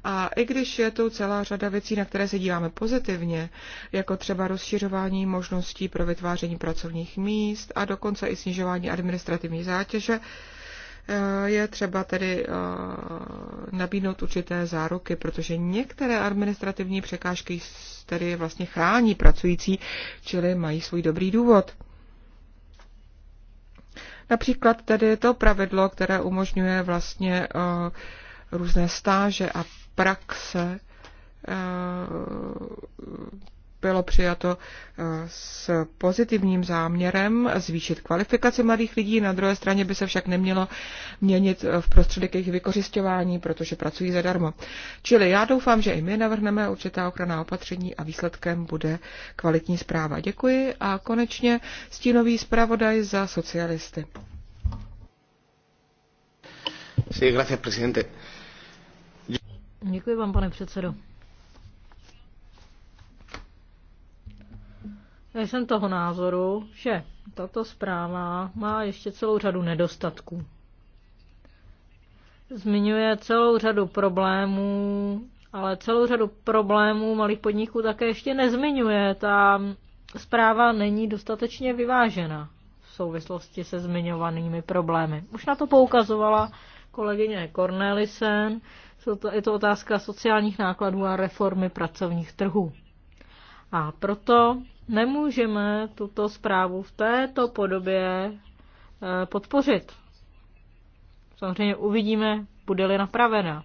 A i když je tu celá řada věcí, na které se díváme pozitivně, jako třeba rozšiřování možností pro vytváření pracovních míst a dokonce i snižování administrativní zátěže, Eh, je třeba tedy eh, nabídnout určité záruky, protože některé administrativní překážky tedy vlastně chrání pracující, čili mají svůj dobrý důvod. Například tedy to pravidlo, které umožňuje vlastně eh, různé stáže a praxe bylo přijato eh, s pozitivním záměrem zvýšit kvalifikaci mladých lidí, na druhé straně by se však nemělo měnit eh, v prostředek jejich vykořišťování, protože pracují zadarmo. Čili já doufám, že i my navrhneme určitá ochranná opatření a výsledkem bude kvalitní zpráva. Děkuji a konečně stínový zpravodaj za socialisty. Sí, gracias, presidente. Děkuji vám, pane předsedo. Já jsem toho názoru, že tato zpráva má ještě celou řadu nedostatků. Zmiňuje celou řadu problémů, ale celou řadu problémů malých podniků také ještě nezmiňuje. Ta zpráva není dostatečně vyvážena v souvislosti se zmiňovanými problémy. Už na to poukazovala kolegyně Cornelisen. Je to otázka sociálních nákladů a reformy pracovních trhů. A proto nemůžeme tuto zprávu v této podobě eh, podpořit. Samozřejmě uvidíme, bude-li napravena.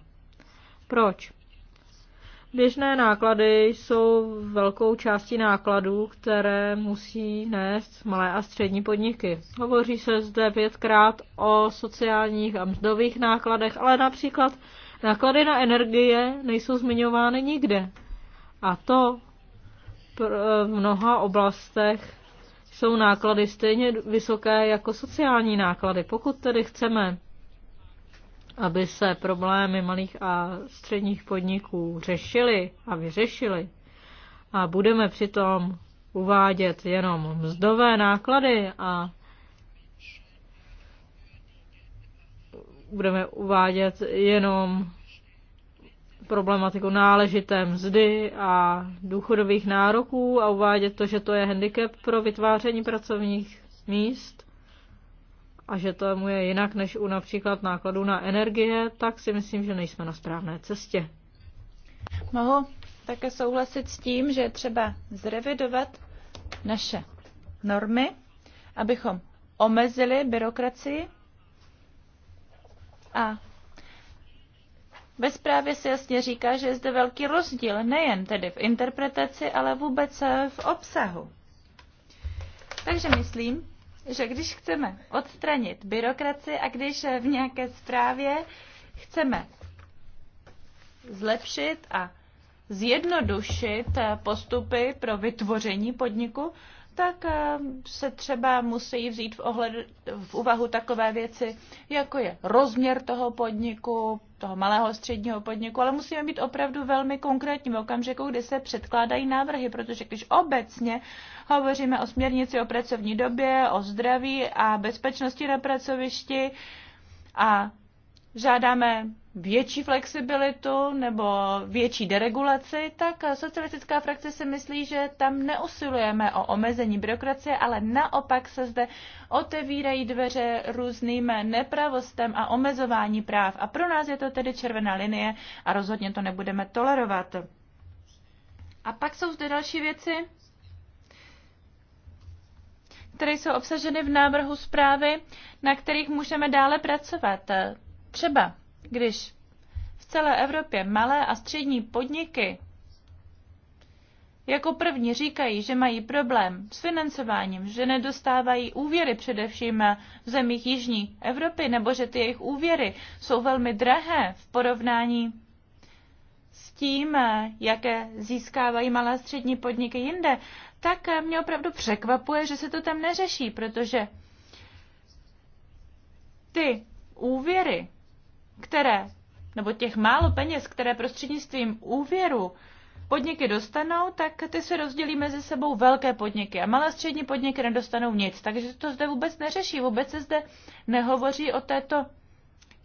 Proč? Běžné náklady jsou velkou částí nákladů, které musí nést malé a střední podniky. Hovoří se zde pětkrát o sociálních a mzdových nákladech, ale například náklady na energie nejsou zmiňovány nikde. A to v mnoha oblastech jsou náklady stejně vysoké jako sociální náklady. Pokud tedy chceme, aby se problémy malých a středních podniků řešily a vyřešily, a budeme přitom uvádět jenom mzdové náklady a budeme uvádět jenom problematiku náležité mzdy a důchodových nároků a uvádět to, že to je handicap pro vytváření pracovních míst a že mu je jinak než u například nákladů na energie, tak si myslím, že nejsme na správné cestě. Mohu také souhlasit s tím, že je třeba zrevidovat naše normy, abychom omezili byrokracii a ve zprávě se jasně říká, že je zde velký rozdíl nejen tedy v interpretaci, ale vůbec eh, v obsahu. Takže myslím, že když chceme odstranit byrokraci a když eh, v nějaké zprávě chceme zlepšit a zjednodušit eh, postupy pro vytvoření podniku, tak eh, se třeba musí vzít v, ohled, v úvahu takové věci, jako je rozměr toho podniku, toho malého středního podniku, ale musíme být opravdu velmi konkrétní v okamžiku, kdy se předkládají návrhy, protože když obecně hovoříme o směrnici o pracovní době, o zdraví a bezpečnosti na pracovišti a žádáme větší flexibilitu nebo větší deregulaci, tak socialistická frakce si myslí, že tam neusilujeme o omezení byrokracie, ale naopak se zde otevírají dveře různým nepravostem a omezování práv. A pro nás je to tedy červená linie a rozhodně to nebudeme tolerovat. A pak jsou zde další věci, které jsou obsaženy v návrhu zprávy, na kterých můžeme dále pracovat. Třeba když v celé Evropě malé a střední podniky jako první říkají, že mají problém s financováním, že nedostávají úvěry především v zemích Jižní Evropy, nebo že ty jejich úvěry jsou velmi drahé v porovnání s tím, jaké získávají malé a střední podniky jinde, tak mě opravdu překvapuje, že se to tam neřeší, protože ty úvěry které, nebo těch málo peněz, které prostřednictvím úvěru podniky dostanou, tak ty se rozdělí mezi sebou velké podniky a malé a střední podniky nedostanou nic. Takže to zde vůbec neřeší, vůbec se zde nehovoří o této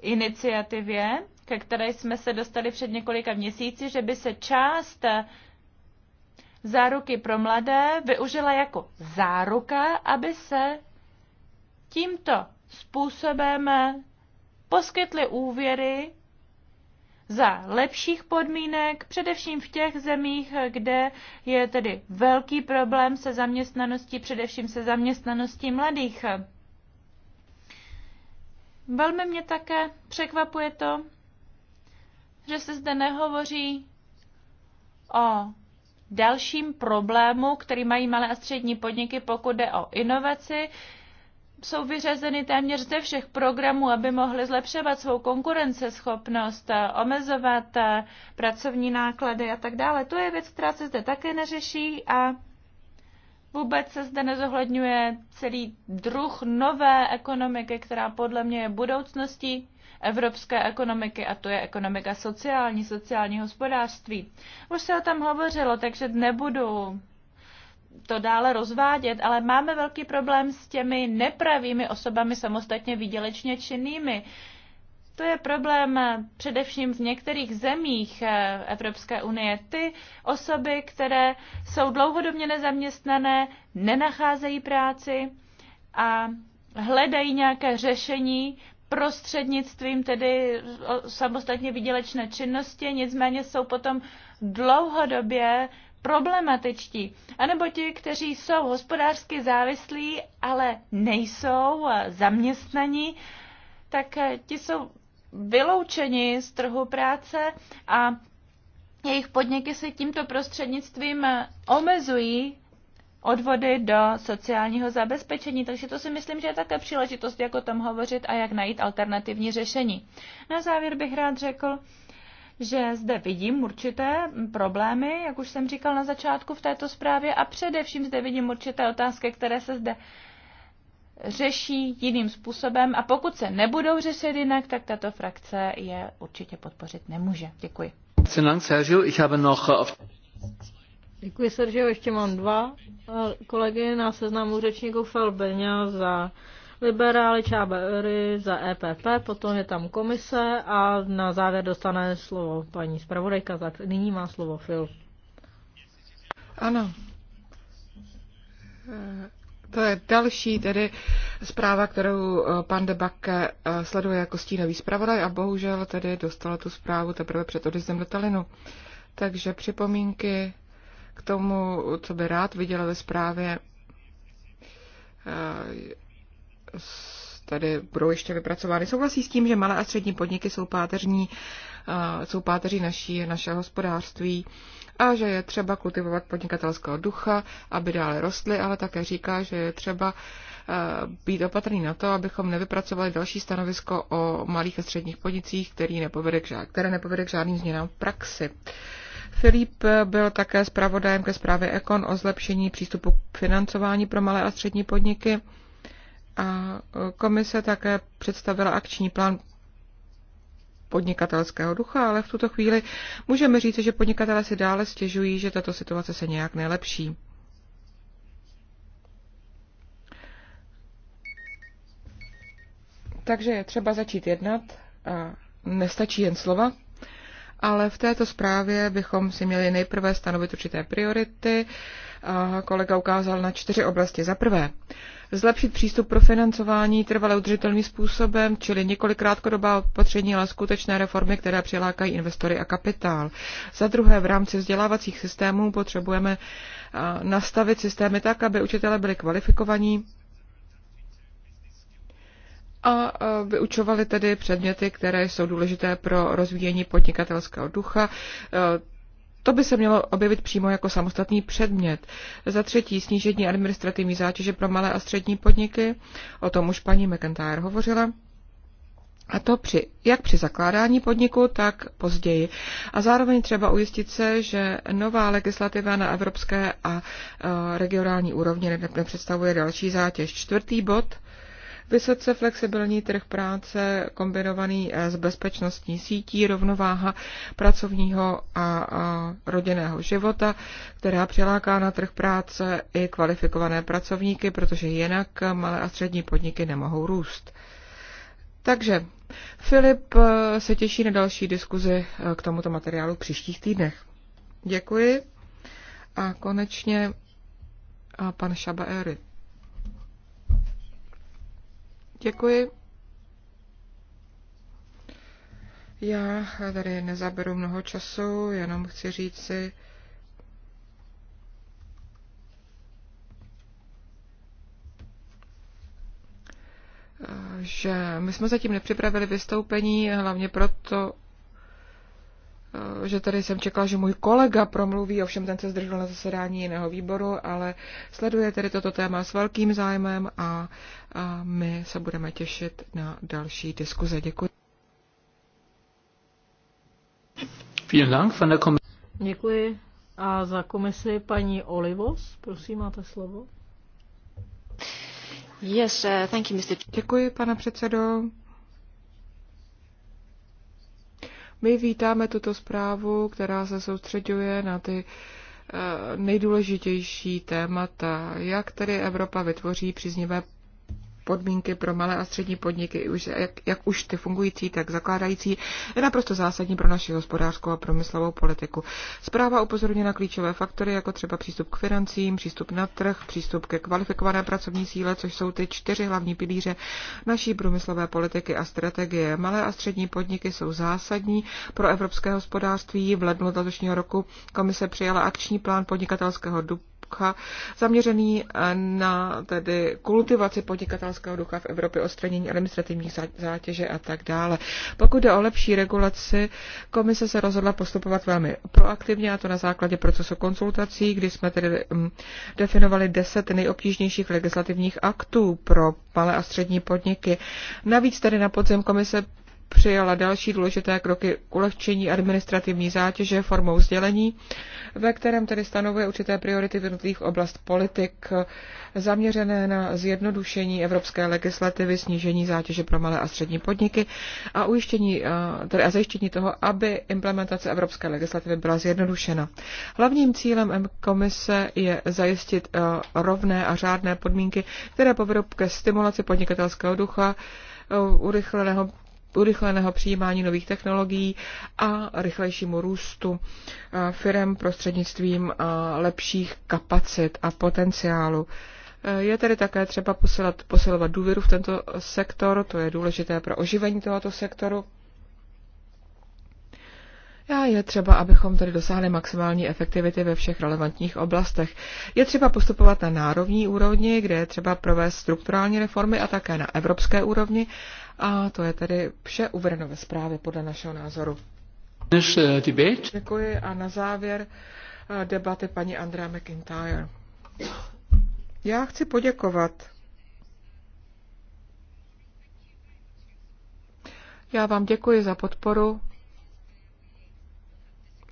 iniciativě, ke které jsme se dostali před několika měsíci, že by se část záruky pro mladé využila jako záruka, aby se tímto způsobem poskytli úvěry za lepších podmínek, především v těch zemích, kde je tedy velký problém se zaměstnaností, především se zaměstnaností mladých. Velmi mě také překvapuje to, že se zde nehovoří o dalším problému, který mají malé a střední podniky, pokud jde o inovaci, jsou vyřazeny téměř ze všech programů, aby mohly zlepšovat svou konkurenceschopnost, eh, omezovat eh, pracovní náklady a tak dále. To je věc, která se zde také neřeší a vůbec se zde nezohledňuje celý druh nové ekonomiky, která podle mě je budoucností evropské ekonomiky a to je ekonomika sociální, sociální hospodářství. Už se o tom hovořilo, takže nebudu to dále rozvádět, ale máme velký problém s těmi nepravými osobami samostatně výdělečně činnými. To je problém především v některých zemích eh, Evropské unie. Ty osoby, které jsou dlouhodobě nezaměstnané, nenacházejí práci a hledají nějaké řešení prostřednictvím tedy samostatně výdělečné činnosti, nicméně jsou potom dlouhodobě problematičtí, anebo ti, kteří jsou hospodářsky závislí, ale nejsou zaměstnaní, tak e, ti jsou vyloučeni z trhu práce a jejich podniky se tímto prostřednictvím e, omezují odvody do sociálního zabezpečení. Takže to si myslím, že je také příležitost, jak o tom hovořit a jak najít alternativní řešení. Na závěr bych rád řekl, že zde vidím určité problémy, jak už jsem říkal na začátku v této zprávě, a především zde vidím určité otázky, které se zde řeší jiným způsobem a pokud se nebudou řešit jinak, tak tato frakce je určitě podpořit nemůže. Děkuji. Děkuji, Sergio. Ještě mám dva eh, kolegy na seznamu řečníků Felbenia za liberály Čábery za EPP, potom je tam komise a na závěr dostane slovo paní zpravodajka. Nyní má slovo Phil. Ano. To je další tedy zpráva, kterou eh, pan Debake eh, sleduje jako stínový zpravodaj a bohužel tedy dostala tu zprávu teprve před odjezdem do Talinu. Takže připomínky k tomu, co by rád viděla ve zprávě, eh, tady budou ještě vypracovány. Souhlasí s tím, že malé a střední podniky jsou páteřní, jsou páteří naší, našeho hospodářství a že je třeba kultivovat podnikatelského ducha, aby dále rostly, ale také říká, že je třeba být opatrný na to, abychom nevypracovali další stanovisko o malých a středních podnicích, který nepovede k žád, které nepovede k žádným změnám v praxi. Filip byl také zpravodajem ke zprávě Ekon o zlepšení přístupu k financování pro malé a střední podniky. A e, komise také představila akční plán podnikatelského ducha, ale v tuto chvíli můžeme říct, že podnikatelé si dále stěžují, že tato situace se nějak nelepší. Takže je třeba začít jednat a nestačí jen slova, ale v této zprávě bychom si měli nejprve stanovit určité priority, kolega ukázal na čtyři oblasti. Za prvé, zlepšit přístup pro financování trvale udržitelným způsobem, čili několik krátkodobá opatření, ale skutečné reformy, které přilákají investory a kapitál. Za druhé, v rámci vzdělávacích systémů potřebujeme nastavit systémy tak, aby učitelé byli kvalifikovaní, a vyučovali tedy předměty, které jsou důležité pro rozvíjení podnikatelského ducha, to by se mělo objevit přímo jako samostatný předmět. Za třetí snížení administrativní zátěže pro malé a střední podniky, o tom už paní McIntyre hovořila. A to při, jak při zakládání podniku, tak později. A zároveň třeba ujistit se, že nová legislativa na evropské a e, regionální úrovni nepředstavuje další zátěž. Čtvrtý bod Vysoce flexibilní trh práce kombinovaný eh, s bezpečnostní sítí, rovnováha pracovního a, a rodinného života, která přiláká na trh práce i kvalifikované pracovníky, protože jinak malé a střední podniky nemohou růst. Takže Filip eh, se těší na další diskuzi eh, k tomuto materiálu v příštích týdnech. Děkuji. A konečně a pan Šaba Děkuji. Já tady nezaberu mnoho času, jenom chci říct si, že my jsme zatím nepřipravili vystoupení, hlavně proto, Eh, že tady jsem čekala, že můj kolega promluví, ovšem ten se zdržel na zasedání jiného výboru, ale sleduje tedy toto téma s velkým zájmem a, a my se budeme těšit na další diskuze. Děkuji. Děkuji. A za komisi paní Olivos, prosím, máte slovo. Yes, uh, thank you, Mr. Děkuji, pane předsedo. My vítáme tuto zprávu, která se soustředuje na ty eh, nejdůležitější témata, jak tedy Evropa vytvoří příznivé podmínky pro malé a střední podniky, jak, jak už ty fungující, tak zakládající, je naprosto zásadní pro naši hospodářskou a promyslovou politiku. Zpráva upozorňuje na klíčové faktory, jako třeba přístup k financím, přístup na trh, přístup ke kvalifikované pracovní síle, což jsou ty čtyři hlavní pilíře naší průmyslové politiky a strategie. Malé a střední podniky jsou zásadní pro evropské hospodářství. V lednu letošního roku komise přijala akční plán podnikatelského dupu ducha, zaměřený eh, na tedy kultivaci podnikatelského ducha v Evropě, odstranění administrativních zátěže a tak dále. Pokud jde o lepší regulaci, komise se rozhodla postupovat velmi proaktivně a to na základě procesu konsultací, kdy jsme tedy mm, definovali deset nejobtížnějších legislativních aktů pro malé a střední podniky. Navíc tedy na podzim komise přijala další důležité kroky k ulehčení administrativní zátěže formou sdělení, ve kterém tedy stanovuje určité priority v jednotlivých oblast politik zaměřené na zjednodušení evropské legislativy, snížení zátěže pro malé a střední podniky a, ujištění, tedy a zajištění toho, aby implementace evropské legislativy byla zjednodušena. Hlavním cílem komise je zajistit rovné a řádné podmínky, které povedou ke stimulaci podnikatelského ducha, urychleného urychleného přijímání nových technologií a rychlejšímu růstu eh, firm prostřednictvím eh, lepších kapacit a potenciálu. Eh, je tedy také třeba posilat, posilovat důvěru v tento sektor, to je důležité pro oživení tohoto sektoru. A je třeba, abychom tedy dosáhli maximální efektivity ve všech relevantních oblastech. Je třeba postupovat na národní úrovni, kde je třeba provést strukturální reformy a také na evropské úrovni a to je tedy vše uvedeno ve zprávě podle našeho názoru. Eh, děkuji a na závěr eh, debaty paní Andrea McIntyre. Já chci poděkovat. Já vám děkuji za podporu.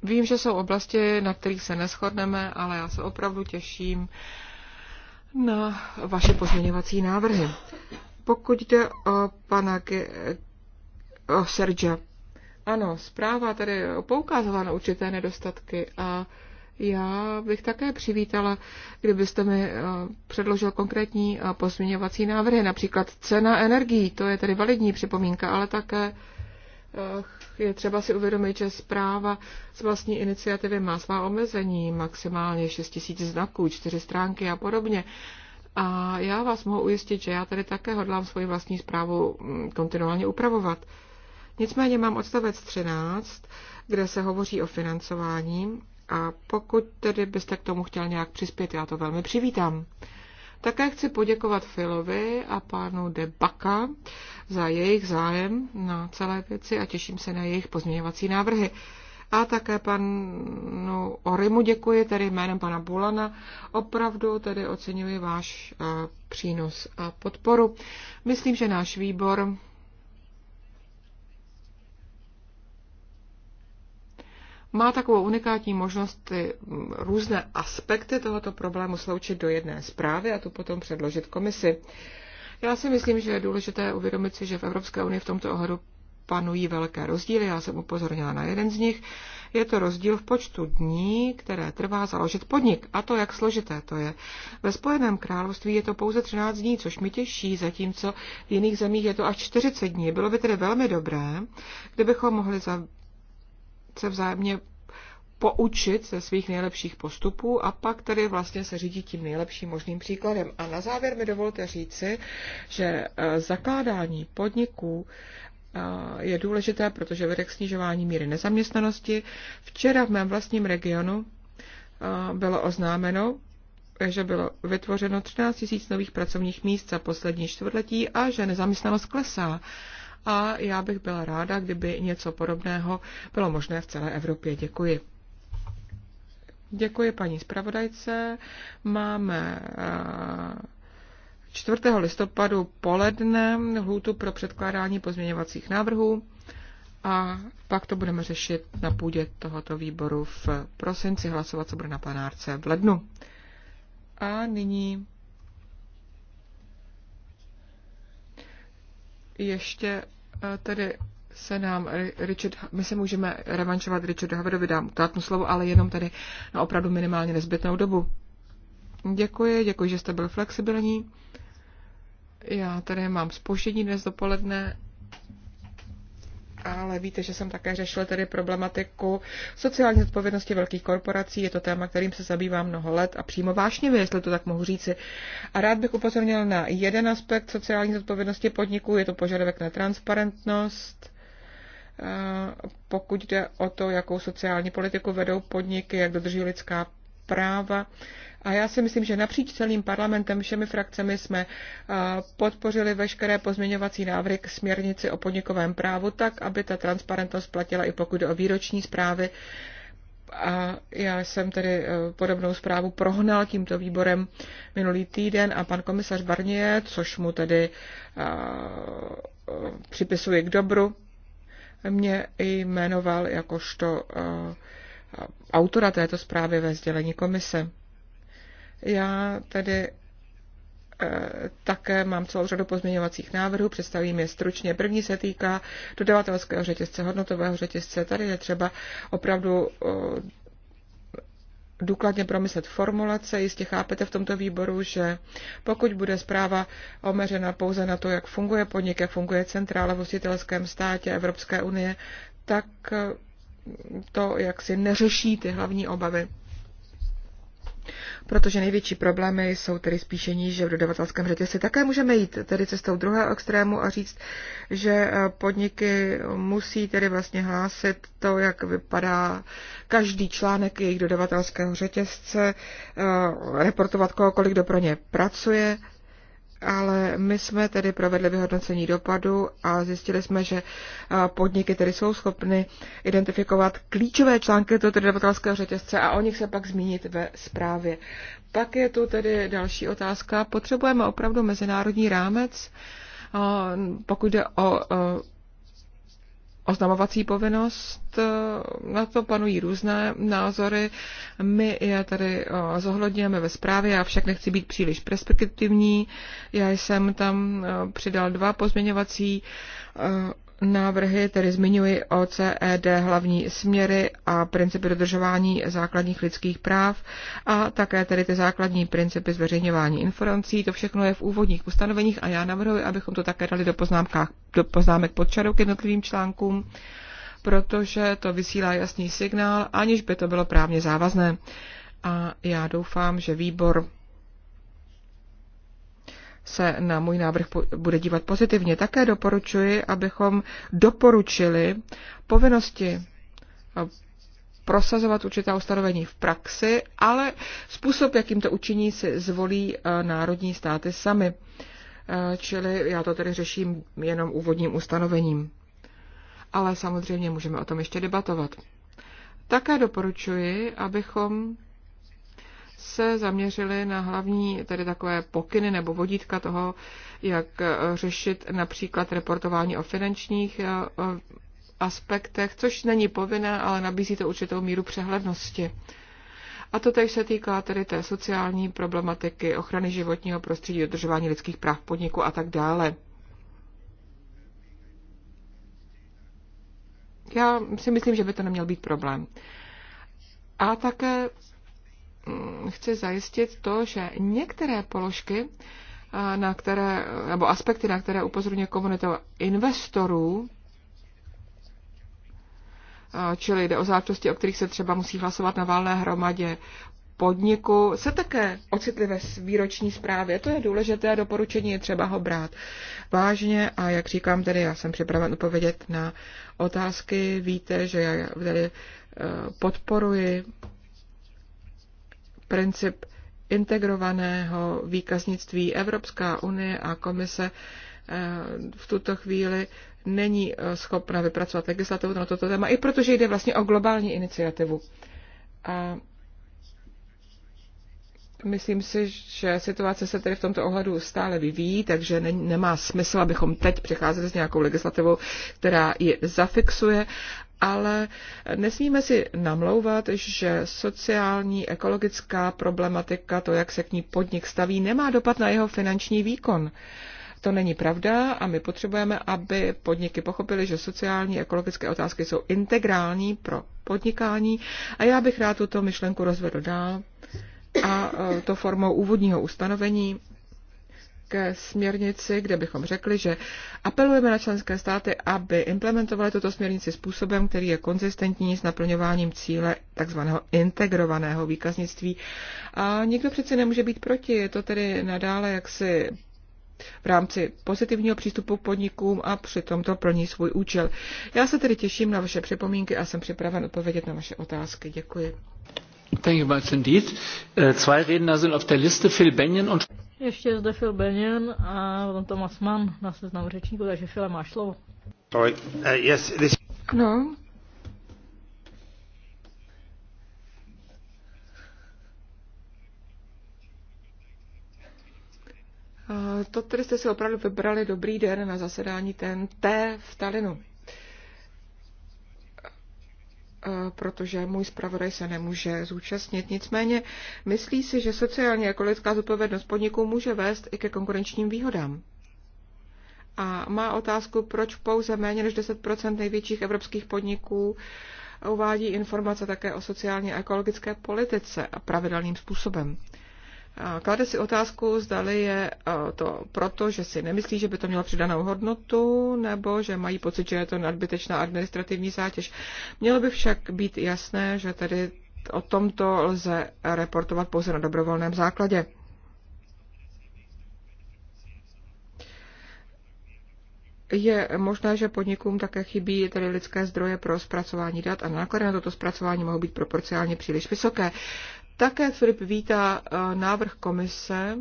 Vím, že jsou oblasti, na kterých se neschodneme, ale já se opravdu těším na vaše pozměňovací návrhy. Pokud jde o pana Ge- o Sergia. Ano, zpráva tady poukázala na určité nedostatky a já bych také přivítala, kdybyste mi eh, předložil konkrétní eh, pozměňovací návrhy, například cena energií, to je tedy validní připomínka, ale také eh, je třeba si uvědomit, že zpráva z vlastní iniciativy má svá omezení, maximálně 6 000 znaků, 4 stránky a podobně. A já vás mohu ujistit, že já tady také hodlám svoji vlastní zprávu mm, kontinuálně upravovat. Nicméně mám odstavec 13, kde se hovoří o financování a pokud tedy byste k tomu chtěl nějak přispět, já to velmi přivítám. Také chci poděkovat Filovi a pánu Debaka za jejich zájem na celé věci a těším se na jejich pozměňovací návrhy. A také panu Orimu děkuji, tedy jménem pana Bulana. Opravdu tedy oceňuji váš eh, přínos a podporu. Myslím, že náš výbor má takovou unikátní možnost ty mm, různé aspekty tohoto problému sloučit do jedné zprávy a tu potom předložit komisi. Já si myslím, že je důležité uvědomit si, že v Evropské unii v tomto ohledu panují velké rozdíly, já jsem upozornila na jeden z nich. Je to rozdíl v počtu dní, které trvá založit podnik. A to, jak složité to je. Ve Spojeném království je to pouze 13 dní, což mi těší, zatímco v jiných zemích je to až 40 dní. Bylo by tedy velmi dobré, kdybychom mohli za, se vzájemně poučit ze svých nejlepších postupů a pak tedy vlastně se řídit tím nejlepším možným příkladem. A na závěr mi dovolte říci, že eh, zakládání podniků je důležité, protože vede k snižování míry nezaměstnanosti. Včera v mém vlastním regionu bylo oznámeno, že bylo vytvořeno 13 000 nových pracovních míst za poslední čtvrtletí a že nezaměstnanost klesá. A já bych byla ráda, kdyby něco podobného bylo možné v celé Evropě. Děkuji. Děkuji paní zpravodajce. Máme 4. listopadu poledne hlutu pro předkládání pozměňovacích návrhů a pak to budeme řešit na půdě tohoto výboru v prosinci. Hlasovat co bude na plenárce v lednu. A nyní ještě eh, tedy se nám eh, Richard, my se můžeme revančovat Richard Havedovi, dám tátnu slovo, ale jenom tady na opravdu minimálně nezbytnou dobu. Děkuji, děkuji, že jste byl flexibilní. Já tady mám spoždění dnes dopoledne, ale víte, že jsem také řešila tedy problematiku sociální odpovědnosti velkých korporací. Je to téma, kterým se zabývám mnoho let a přímo vášnivě, jestli to tak mohu říci. A rád bych upozornil na jeden aspekt sociální odpovědnosti podniků, je to požadavek na transparentnost pokud jde o to, jakou sociální politiku vedou podniky, jak dodržují lidská práva. A já si myslím, že napříč celým parlamentem, všemi frakcemi jsme podpořili veškeré pozměňovací návrhy k směrnici o podnikovém právu tak, aby ta transparentnost platila i pokud o výroční zprávy. A já jsem tedy e, podobnou zprávu prohnal tímto výborem minulý týden a pan komisař Barnier, což mu tedy e, e, připisuji k dobru, mě jmenoval jakožto autora této zprávy ve sdělení komise. Já tedy eh, také mám celou řadu pozměňovacích návrhů, představím je stručně. První se týká dodavatelského řetězce, hodnotového řetězce. Tady je třeba opravdu eh, důkladně promyslet formulace. Jistě chápete v tomto výboru, že pokud bude zpráva omeřena pouze na to, jak funguje podnik, jak funguje centrála v hostitelském státě Evropské unie, tak eh, to jaksi neřeší ty hlavní obavy protože největší problémy jsou tedy spíše níže v dodavatelském řetězci. Také můžeme jít tedy cestou druhého extrému a říct, že eh, podniky musí tedy vlastně hlásit to, jak vypadá každý článek jejich dodavatelského řetězce, eh, reportovat kohokoliv, kdo pro ně pracuje, ale my jsme tedy provedli vyhodnocení dopadu a zjistili jsme, že podniky tedy jsou schopny identifikovat klíčové články toho dodavatelského řetězce a o nich se pak zmínit ve zprávě. Pak je tu tedy další otázka. Potřebujeme opravdu mezinárodní rámec, pokud jde o oznamovací povinnost, eh, na to panují různé názory. My je tady eh, zohledňujeme ve zprávě, já však nechci být příliš perspektivní. Já jsem tam eh, přidal dva pozměňovací návrhy, tedy zmiňuji o CED hlavní směry a principy dodržování základních lidských práv a také tedy ty základní principy zveřejňování informací. To všechno je v úvodních ustanoveních a já navrhuji, abychom to také dali do, poznámkách, do poznámek pod čarou k jednotlivým článkům, protože to vysílá jasný signál, aniž by to bylo právně závazné. A já doufám, že výbor se na můj návrh bude dívat pozitivně. Také doporučuji, abychom doporučili povinnosti eh, prosazovat určitá ustanovení v praxi, ale způsob, jakým to učiní, si zvolí eh, národní státy sami. Eh, čili já to tedy řeším jenom úvodním ustanovením. Ale samozřejmě můžeme o tom ještě debatovat. Také doporučuji, abychom se zaměřili na hlavní tedy takové pokyny nebo vodítka toho, jak eh, řešit například reportování o finančních eh, eh, aspektech, což není povinné, ale nabízí to určitou míru přehlednosti. A to teď se týká tedy té sociální problematiky, ochrany životního prostředí, dodržování lidských práv podniku a tak dále. Já si myslím, že by to neměl být problém. A také Mm, chci zajistit to, že některé položky, na které, nebo aspekty, na které upozorňuje komunita investorů, čili jde o záležitosti, o kterých se třeba musí hlasovat na válné hromadě podniku, se také ocitli ve výroční zprávě. To je důležité doporučení, je třeba ho brát vážně a jak říkám, tedy já jsem připraven odpovědět na otázky. Víte, že já tedy e, podporuji princip integrovaného výkaznictví Evropská unie a komise eh, v tuto chvíli není eh, schopna vypracovat legislativu na toto téma, i protože jde vlastně o globální iniciativu. A myslím si, že situace se tedy v tomto ohledu stále vyvíjí, takže ne, nemá smysl, abychom teď přicházeli s nějakou legislativou, která ji zafixuje, ale nesmíme si namlouvat, že sociální, ekologická problematika, to, jak se k ní podnik staví, nemá dopad na jeho finanční výkon. To není pravda a my potřebujeme, aby podniky pochopili, že sociální ekologické otázky jsou integrální pro podnikání a já bych rád tuto myšlenku rozvedl dál a e, to formou úvodního ustanovení ke směrnici, kde bychom řekli, že apelujeme na členské státy, aby implementovaly tuto směrnici způsobem, který je konzistentní s naplňováním cíle tzv. integrovaného výkaznictví. A nikdo přeci nemůže být proti, je to tedy nadále jaksi v rámci pozitivního přístupu k podnikům a přitom to plní svůj účel. Já se tedy těším na vaše připomínky a jsem připraven odpovědět na vaše otázky. Děkuji. Thank you much indeed. Äh, zwei Redner sind auf der Liste, Phil Benyon und ještě zde Phil Benjen a potom Thomas Mann na seznamu řečníků, takže Phil, máš slovo. Sorry. Uh, yes, No. Uh, to, který jste si opravdu vybrali dobrý den na zasedání TNT v Talinu. Eh, protože můj zpravodaj se nemůže zúčastnit. Nicméně myslí si, že sociálně ekologická zodpovědnost podniků může vést i ke konkurenčním výhodám. A má otázku, proč pouze méně než 10 největších evropských podniků uvádí informace také o sociálně ekologické politice a pravidelným způsobem. Klade si otázku, zdali je e, to proto, že si nemyslí, že by to mělo přidanou hodnotu, nebo že mají pocit, že je to nadbytečná administrativní zátěž. Mělo by však být jasné, že tedy o tomto lze reportovat pouze na dobrovolném základě. Je možné, že podnikům také chybí tedy lidské zdroje pro zpracování dat a náklady na toto zpracování mohou být proporcionálně příliš vysoké. Také Filip vítá eh, návrh komise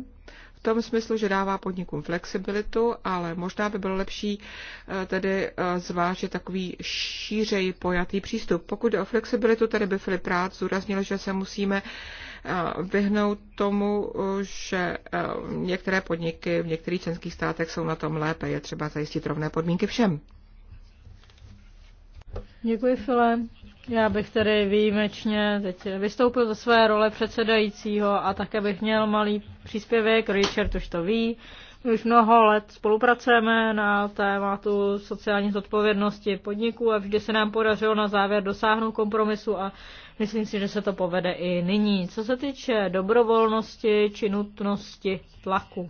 v tom smyslu, že dává podnikům flexibilitu, ale možná by bylo lepší eh, tedy eh, zvážit takový šířej pojatý přístup. Pokud jde o flexibilitu, tady by Filip rád zúraznil, že se musíme vyhnout tomu, že některé podniky v některých členských státech jsou na tom lépe. Je třeba zajistit rovné podmínky všem. Děkuji, File. Já bych tedy výjimečně teď vystoupil ze své role předsedajícího a také bych měl malý příspěvek, Richard už to ví. My už mnoho let spolupracujeme na tématu sociální zodpovědnosti podniků a vždy se nám podařilo na závěr dosáhnout kompromisu a myslím si, že se to povede i nyní. Co se týče dobrovolnosti či nutnosti tlaku.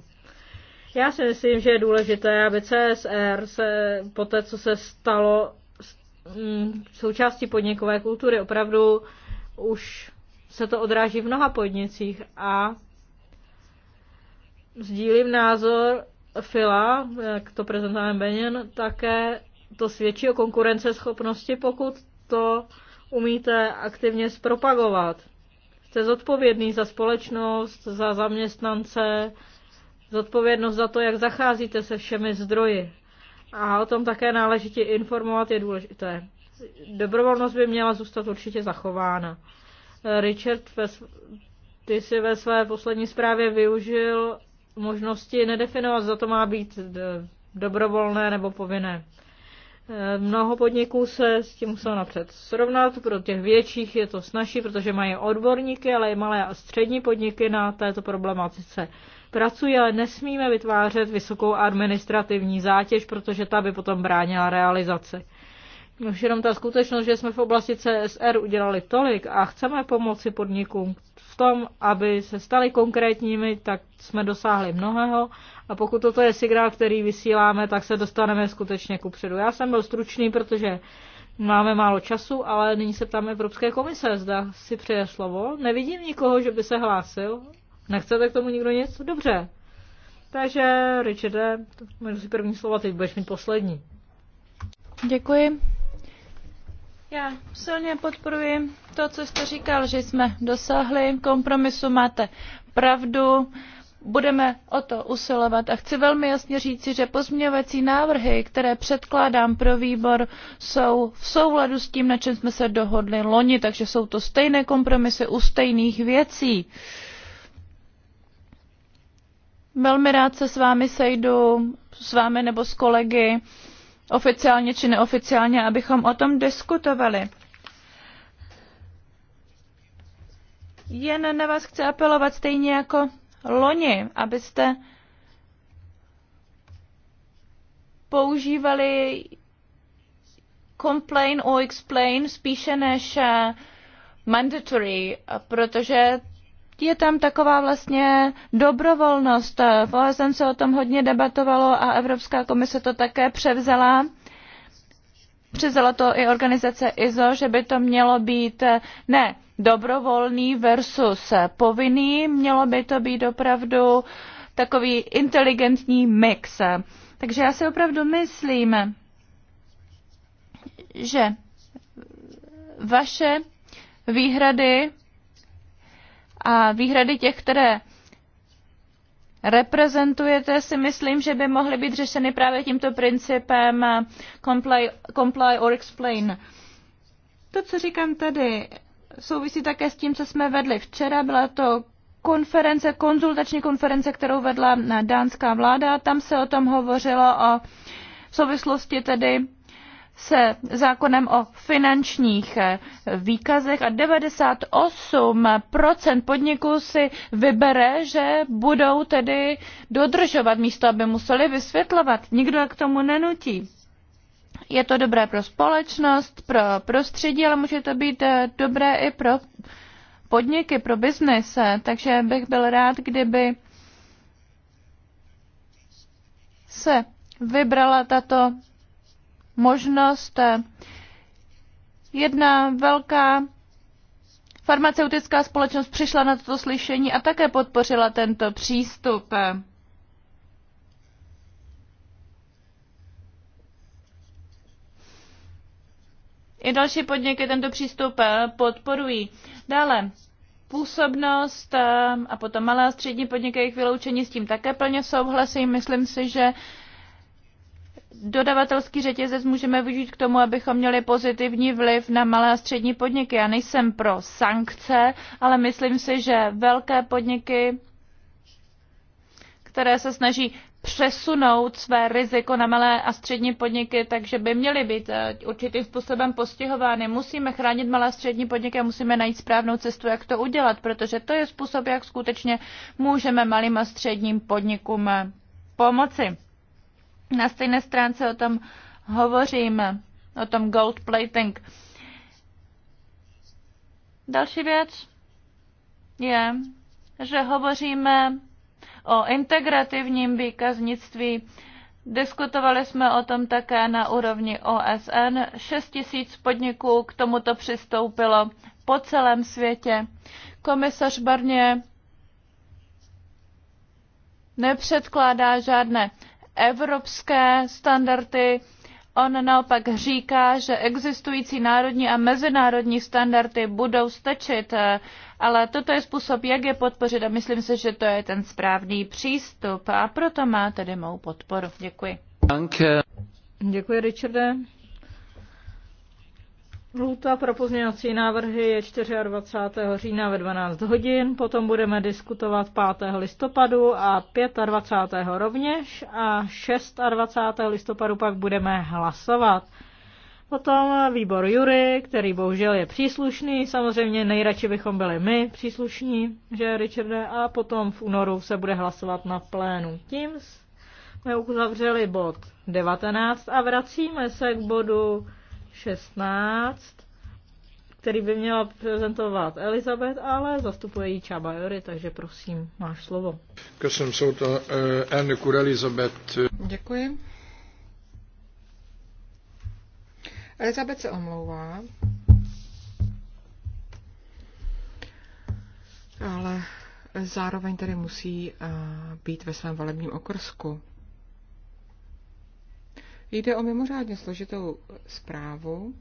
Já si myslím, že je důležité, aby CSR se po té, co se stalo, Mm, součástí podnikové kultury. Opravdu už se to odráží v mnoha podnicích a sdílím názor Fila, jak to prezentuje Benjen, také to svědčí o konkurenceschopnosti, pokud to umíte aktivně zpropagovat. Jste zodpovědný za společnost, za zaměstnance, zodpovědnost za to, jak zacházíte se všemi zdroji a o tom také náležitě informovat je důležité. Dobrovolnost by měla zůstat určitě zachována. Richard ty si ve své poslední zprávě využil možnosti nedefinovat, za to má být dobrovolné nebo povinné. E, mnoho podniků se s tím muselo napřed srovnat, pro těch větších je to snažší, protože mají odborníky, ale i malé a střední podniky na této problematice pracují, ale nesmíme vytvářet vysokou administrativní zátěž, protože ta by potom bránila realizaci. Už jenom ta skutečnost, že jsme v oblasti CSR udělali tolik a chceme pomoci podnikům v tom, aby se stali konkrétními, tak jsme dosáhli mnohého. A pokud toto je signál, který vysíláme, tak se dostaneme skutečně ku předu. Já jsem byl stručný, protože máme málo času, ale nyní se ptám Evropské komise. Zda si přeje slovo. Nevidím nikoho, že by se hlásil. Nechcete k tomu nikdo nic? Dobře. Takže, Richarde, můžu si první slova, teď budeš mít poslední. Děkuji. Já silně podporuji to, co jste říkal, že jsme dosáhli kompromisu, máte pravdu, budeme o to usilovat. A chci velmi jasně říci, že pozměňovací návrhy, které předkládám pro výbor, jsou v souladu s tím, na čem jsme se dohodli loni, takže jsou to stejné kompromisy u stejných věcí. Uh, Velmi rád se s vámi sejdu, s vámi nebo s kolegy, oficiálně či neoficiálně, abychom o tom diskutovali. Jen na vás chci apelovat stejně jako loni, abyste používali complain or explain spíše než eh, mandatory, protože je tam taková vlastně dobrovolnost. V OSN se o tom hodně debatovalo a Evropská komise to také převzala. Převzala to i organizace ISO, že by to mělo být eh, ne dobrovolný versus eh, povinný, mělo by to být opravdu takový inteligentní mix. Takže já si opravdu myslím, že vaše výhrady a výhrady těch, které reprezentujete, si myslím, že by mohly být řešeny právě tímto principem eh, comply, comply or explain. To, co říkám tady, souvisí také s tím, co jsme vedli včera. Byla to konference, konzultační konference, kterou vedla eh, dánská vláda. Tam se o tom hovořilo o souvislosti tedy se zákonem o finančních eh, výkazech a 98% podniků si vybere, že budou tedy dodržovat místo, aby museli vysvětlovat. Nikdo k tomu nenutí. Je to dobré pro společnost, pro prostředí, ale může to být eh, dobré i pro podniky, pro biznis. Eh, takže bych byl rád, kdyby se vybrala tato možnost. Eh, jedna velká farmaceutická společnost přišla na toto slyšení a také podpořila tento přístup. I další podniky tento přístup eh, podporují. Dále působnost eh, a potom malé a střední podniky, jejich vyloučení s tím také plně souhlasím. Myslím si, že dodavatelský řetězec můžeme využít k tomu, abychom měli pozitivní vliv na malé a střední podniky. Já nejsem pro sankce, ale myslím si, že velké podniky, které se snaží přesunout své riziko na malé a střední podniky, takže by měly být eh, určitým způsobem postihovány. Musíme chránit malé a střední podniky a musíme najít správnou cestu, jak to udělat, protože to je způsob, jak skutečně můžeme malým a středním podnikům eh, pomoci. Na stejné stránce o tom hovoříme, o tom gold plating. Další věc je, že hovoříme o integrativním výkaznictví. Diskutovali jsme o tom také na úrovni OSN. 6 tisíc podniků k tomuto přistoupilo po celém světě. Komisař Barně nepředkládá žádné evropské standardy. On naopak říká, že existující národní a mezinárodní standardy budou stačit, eh, ale toto je způsob, jak je podpořit a myslím si, že to je ten správný přístup a proto má tedy mou podporu. Děkuji. Danke. Děkuji, Richarde. Lhůta pro pozměňovací návrhy je 24. října ve 12 hodin, potom budeme diskutovat 5. listopadu a 25. rovněž a 26. listopadu pak budeme hlasovat. Potom výbor Jury, který bohužel je příslušný, samozřejmě nejradši bychom byli my příslušní, že Richarde, a potom v únoru se bude hlasovat na plénu. Tím jsme uzavřeli bod 19 a vracíme se k bodu 16, který by měla prezentovat Elizabeth, ale zastupuje ji Čaba Jory, takže prosím, máš slovo. E, Děkuji. Elizabeth se omlouvá. Ale zároveň tedy musí e, být ve svém volebním okrsku. Jde o mimořádně složitou zprávu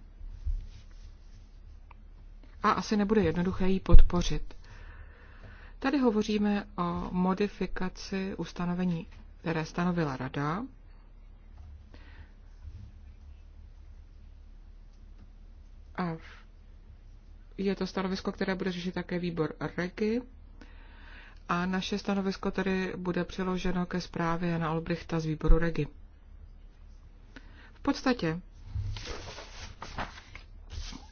a asi nebude jednoduché ji podpořit. Tady hovoříme o modifikaci ustanovení, které stanovila Rada. A je to stanovisko, které bude řešit také výbor REGI. A naše stanovisko tedy bude přiloženo ke zprávě na Olbrichta z výboru REGI. V podstatě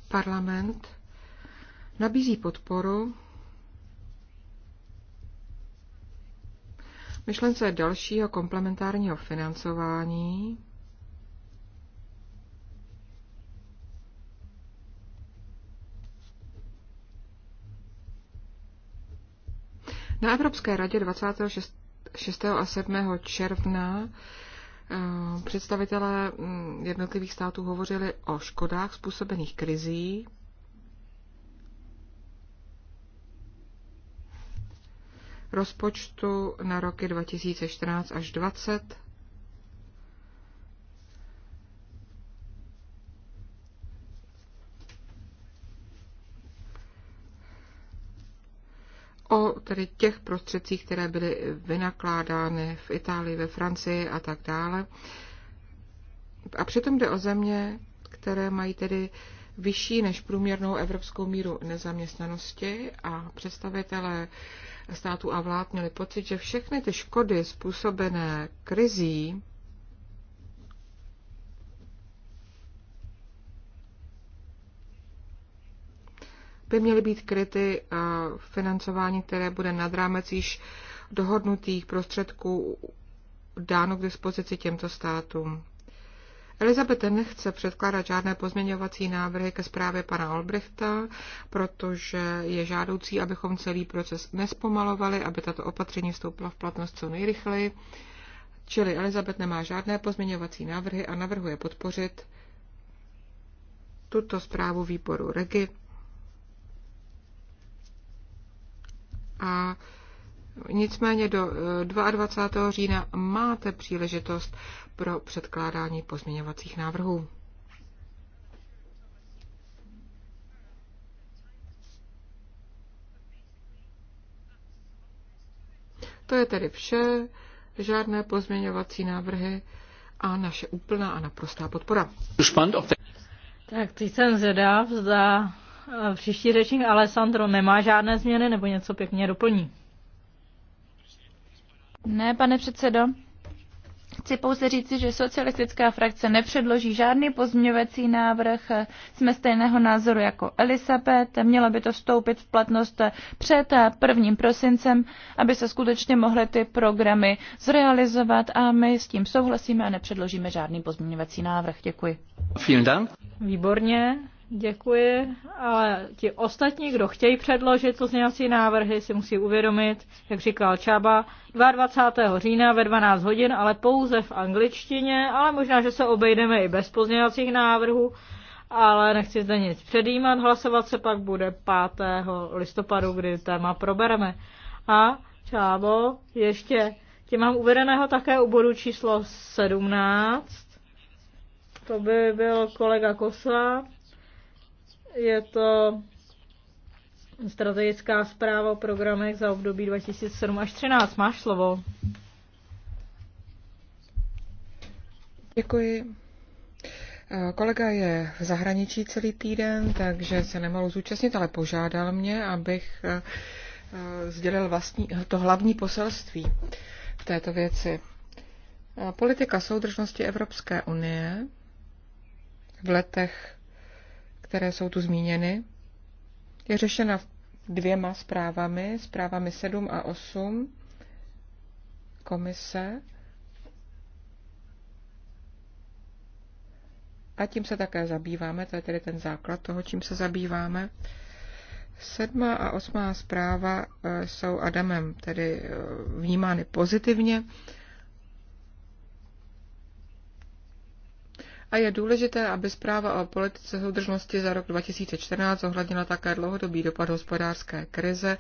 parlament nabízí podporu myšlence dalšího komplementárního financování Na Evropské radě 26. a 7. června Eh, představitelé mm, jednotlivých států hovořili o škodách způsobených krizí. rozpočtu na roky 2014 až 2020 o tedy těch prostředcích, které byly vynakládány v Itálii, ve Francii a tak dále. A přitom jde o země, které mají tedy vyšší než průměrnou evropskou míru nezaměstnanosti a představitelé států a vlád měli pocit, že všechny ty škody způsobené krizí by měly být kryty eh, financování, které bude nad rámec již dohodnutých prostředků dáno k dispozici těmto státům. Elizabeth nechce předkládat žádné pozměňovací návrhy ke zprávě pana Albrechta, protože je žádoucí, abychom celý proces nespomalovali, aby tato opatření vstoupila v platnost co nejrychleji. Čili Elizabeth nemá žádné pozměňovací návrhy a navrhuje podpořit tuto zprávu výboru REGI A nicméně do 22. Eh, října máte příležitost pro předkládání pozměňovacích návrhů. To je tedy vše, žádné pozměňovací návrhy a naše úplná a naprostá podpora. Tak teď jsem zvědav, zda Eh, příští řečník Alessandro nemá žádné změny nebo něco pěkně doplní. Ne, pane předsedo. Chci pouze říci, že socialistická frakce nepředloží žádný pozměňovací návrh. Jsme stejného názoru jako Elisabeth. Mělo by to vstoupit v platnost před prvním prosincem, aby se skutečně mohly ty programy zrealizovat a my s tím souhlasíme a nepředložíme žádný pozměňovací návrh. Děkuji. Vielen Dank. Výborně. Děkuji, ale ti ostatní, kdo chtějí předložit pozměňovací návrhy, si musí uvědomit, jak říkal Čaba, 22. října ve 12 hodin, ale pouze v angličtině, ale možná, že se obejdeme i bez pozměňovacích návrhů, ale nechci zde nic předjímat, hlasovat se pak bude 5. listopadu, kdy téma probereme. A Čábo, ještě ti mám uvedeného také u bodu číslo 17, to by byl kolega Kosa, je to strategická zpráva o programech za období 2007 až 2013. Máš slovo. Děkuji. Kolega je v zahraničí celý týden, takže se nemohl zúčastnit, ale požádal mě, abych eh, sdělil vlastní, to hlavní poselství v této věci. Politika soudržnosti Evropské unie v letech které jsou tu zmíněny, je řešena dvěma zprávami, zprávami 7 a 8 komise. A tím se také zabýváme, to je tedy ten základ toho, čím se zabýváme. Sedmá a osmá zpráva eh, jsou Adamem tedy eh, vnímány pozitivně. a je důležité, aby zpráva o politice soudržnosti za rok 2014 zohlednila také dlouhodobý dopad hospodářské krize,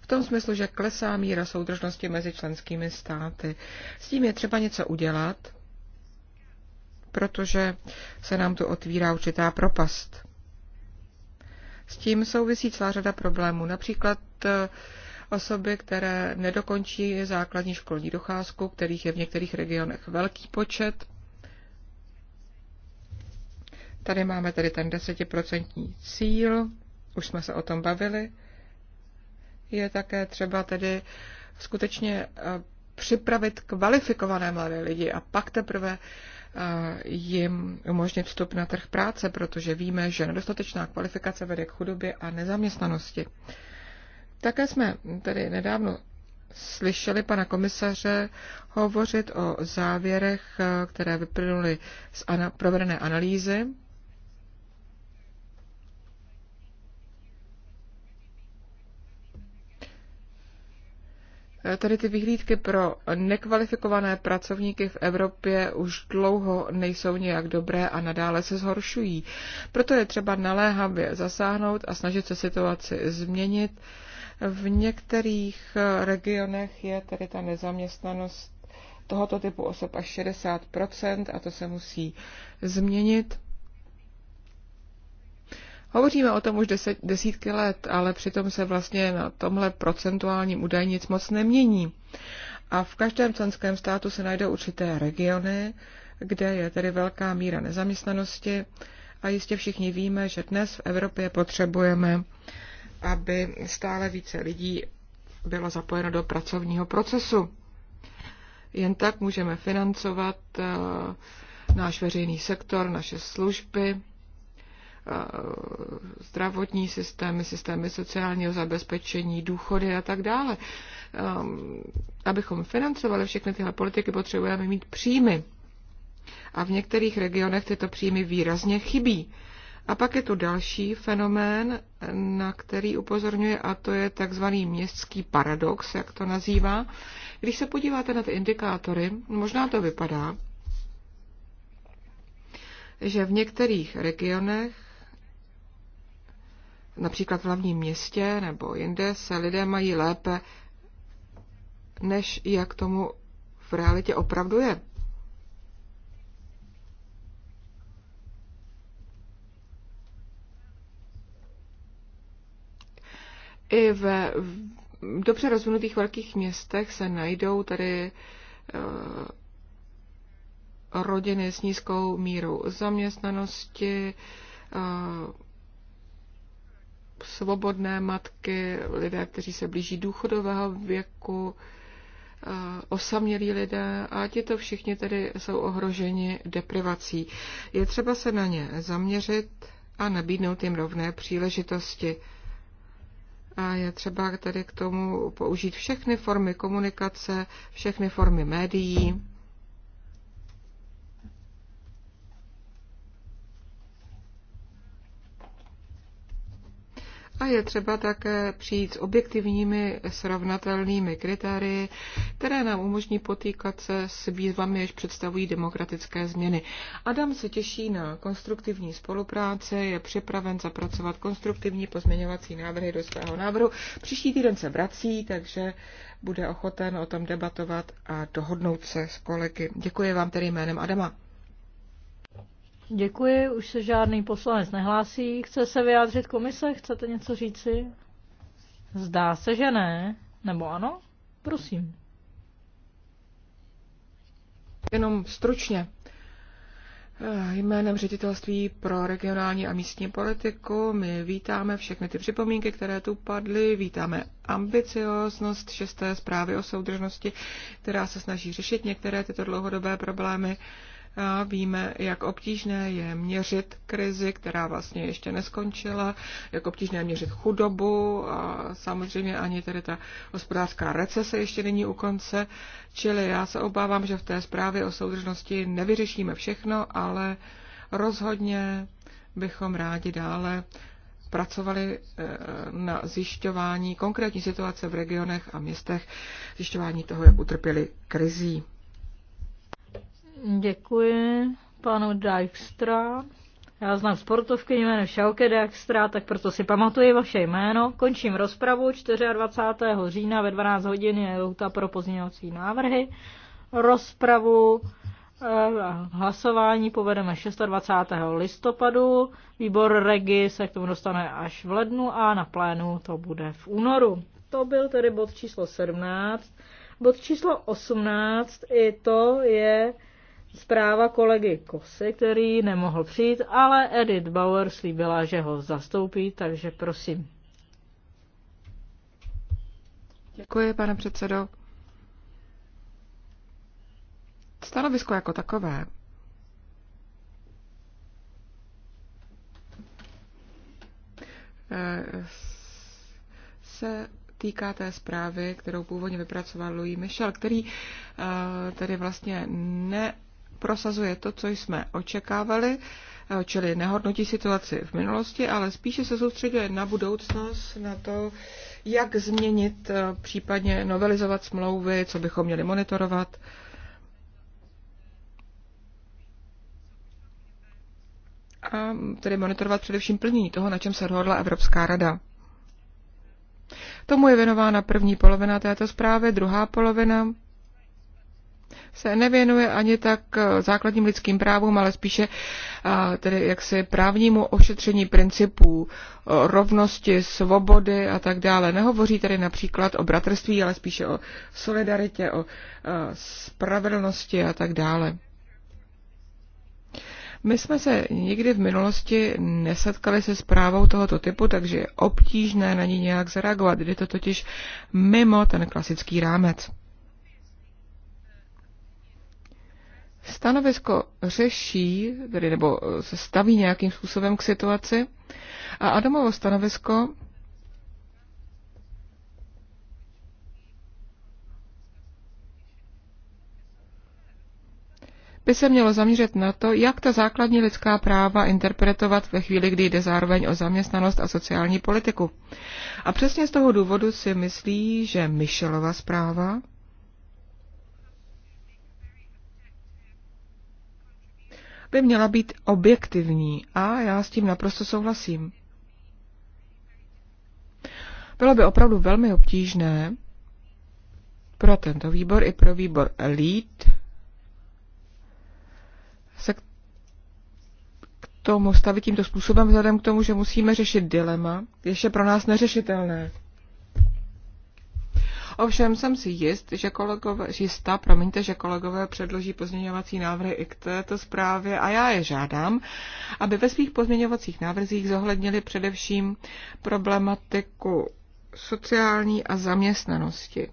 v tom smyslu, že klesá míra soudržnosti mezi členskými státy. S tím je třeba něco udělat, protože se nám tu otvírá určitá propast. S tím souvisí celá řada problémů, například eh, osoby, které nedokončí základní školní docházku, kterých je v některých regionech velký počet, Tady máme tedy ten desetiprocentní cíl, už jsme se o tom bavili. Je také třeba tedy skutečně eh, připravit kvalifikované mladé lidi a pak teprve eh, jim umožnit vstup na trh práce, protože víme, že nedostatečná kvalifikace vede k chudobě a nezaměstnanosti. Také jsme tedy nedávno slyšeli pana komisaře hovořit o závěrech, eh, které vyplynuly z provedené analýzy Eh, tady ty vyhlídky pro nekvalifikované pracovníky v Evropě už dlouho nejsou nějak dobré a nadále se zhoršují. Proto je třeba naléhavě zasáhnout a snažit se situaci změnit. V některých eh, regionech je tedy ta nezaměstnanost tohoto typu osob až 60 a to se musí změnit. Hovoříme o tom už deset, desítky let, ale přitom se vlastně na tomhle procentuálním údaji nic moc nemění. A v každém členském státu se najdou určité regiony, kde je tedy velká míra nezaměstnanosti. A jistě všichni víme, že dnes v Evropě potřebujeme, aby stále více lidí bylo zapojeno do pracovního procesu. Jen tak můžeme financovat eh, náš veřejný sektor, naše služby E, zdravotní systémy, systémy sociálního zabezpečení, důchody a tak dále. Ehm, abychom financovali všechny tyhle politiky, potřebujeme mít příjmy. A v některých regionech tyto příjmy výrazně chybí. A pak je tu další fenomén, na který upozorňuje, a to je takzvaný městský paradox, jak to nazývá. Když se podíváte na ty indikátory, možná to vypadá, že v některých regionech například v hlavním městě nebo jinde se lidé mají lépe, než jak tomu v realitě opravdu je. I v dobře rozvinutých velkých městech se najdou tady eh, rodiny s nízkou mírou zaměstnanosti, eh, svobodné matky, lidé, kteří se blíží důchodového věku, osamělí lidé a to všichni tedy jsou ohroženi deprivací. Je třeba se na ně zaměřit a nabídnout jim rovné příležitosti. A je třeba tedy k tomu použít všechny formy komunikace, všechny formy médií, A je třeba také přijít s objektivními srovnatelnými kritérii, které nám umožní potýkat se s výzvami, jež představují demokratické změny. Adam se těší na konstruktivní spolupráci, je připraven zapracovat konstruktivní pozměňovací návrhy do svého návrhu. Příští týden se vrací, takže bude ochoten o tom debatovat a dohodnout se s kolegy. Děkuji vám tedy jménem Adama. Děkuji, už se žádný poslanec nehlásí. Chce se vyjádřit komise? Chcete něco říci? Zdá se, že ne. Nebo ano? Prosím. Jenom stručně. Eh, jménem ředitelství pro regionální a místní politiku my vítáme všechny ty připomínky, které tu padly, vítáme ambicioznost šesté zprávy o soudržnosti, která se snaží řešit některé tyto dlouhodobé problémy. Víme, jak obtížné je měřit krizi, která vlastně ještě neskončila, jak obtížné je měřit chudobu a samozřejmě ani tedy ta hospodářská recese ještě není u konce. Čili já se obávám, že v té zprávě o soudržnosti nevyřešíme všechno, ale rozhodně bychom rádi dále pracovali eh, na zjišťování konkrétní situace v regionech a městech, zjišťování toho, jak utrpěli krizí. Děkuji panu Dijkstra. Já znám sportovky jméno Šauke Dijkstra, tak proto si pamatuji vaše jméno. Končím rozpravu 24. října ve 12 hodin je lhuta pro pozměňovací návrhy. Rozpravu eh, hlasování povedeme 26. listopadu, výbor Regi se k tomu dostane až v lednu a na plénu to bude v únoru. To byl tedy bod číslo 17. Bod číslo 18 i to je zpráva kolegy Kose, který nemohl přijít, ale Edith Bauer slíbila, že ho zastoupí, takže prosím. Děkuji, pane předsedo. Stanovisko jako takové se týká té zprávy, kterou původně vypracoval Louis Michel, který eh, tedy vlastně ne prosazuje to, co jsme očekávali, eh, čili nehodnotí situaci v minulosti, ale spíše se soustředuje na budoucnost, na to, jak změnit, eh, případně novelizovat smlouvy, co bychom měli monitorovat. A tedy monitorovat především plnění toho, na čem se dohodla Evropská rada. Tomu je věnována první polovina této zprávy, druhá polovina se nevěnuje ani tak eh, základním lidským právům, ale spíše eh, tedy jaksi právnímu ošetření principů eh, rovnosti, svobody a tak dále. Nehovoří tedy například o bratrství, ale spíše o solidaritě, o spravedlnosti a tak dále. My jsme se nikdy v minulosti nesetkali se zprávou tohoto typu, takže je obtížné na ní nějak zareagovat, jde to totiž mimo ten klasický rámec. Stanovisko řeší, tedy nebo eh, se staví nějakým způsobem k situaci a Adamovo stanovisko by se mělo zaměřit na to, jak ta základní lidská práva interpretovat ve chvíli, kdy jde zároveň o zaměstnanost a sociální politiku. A přesně z toho důvodu si myslí, že Michelova zpráva by měla být objektivní a já s tím naprosto souhlasím. Bylo by opravdu velmi obtížné pro tento výbor i pro výbor elit se k tomu stavit tímto způsobem, vzhledem k tomu, že musíme řešit dilema, ještě je pro nás neřešitelné. Ovšem jsem si jist, že kolegové, jistá, promiňte, že kolegové předloží pozměňovací návrhy i k této zprávě a já je žádám, aby ve svých pozměňovacích návrzích zohlednili především problematiku sociální a zaměstnanosti.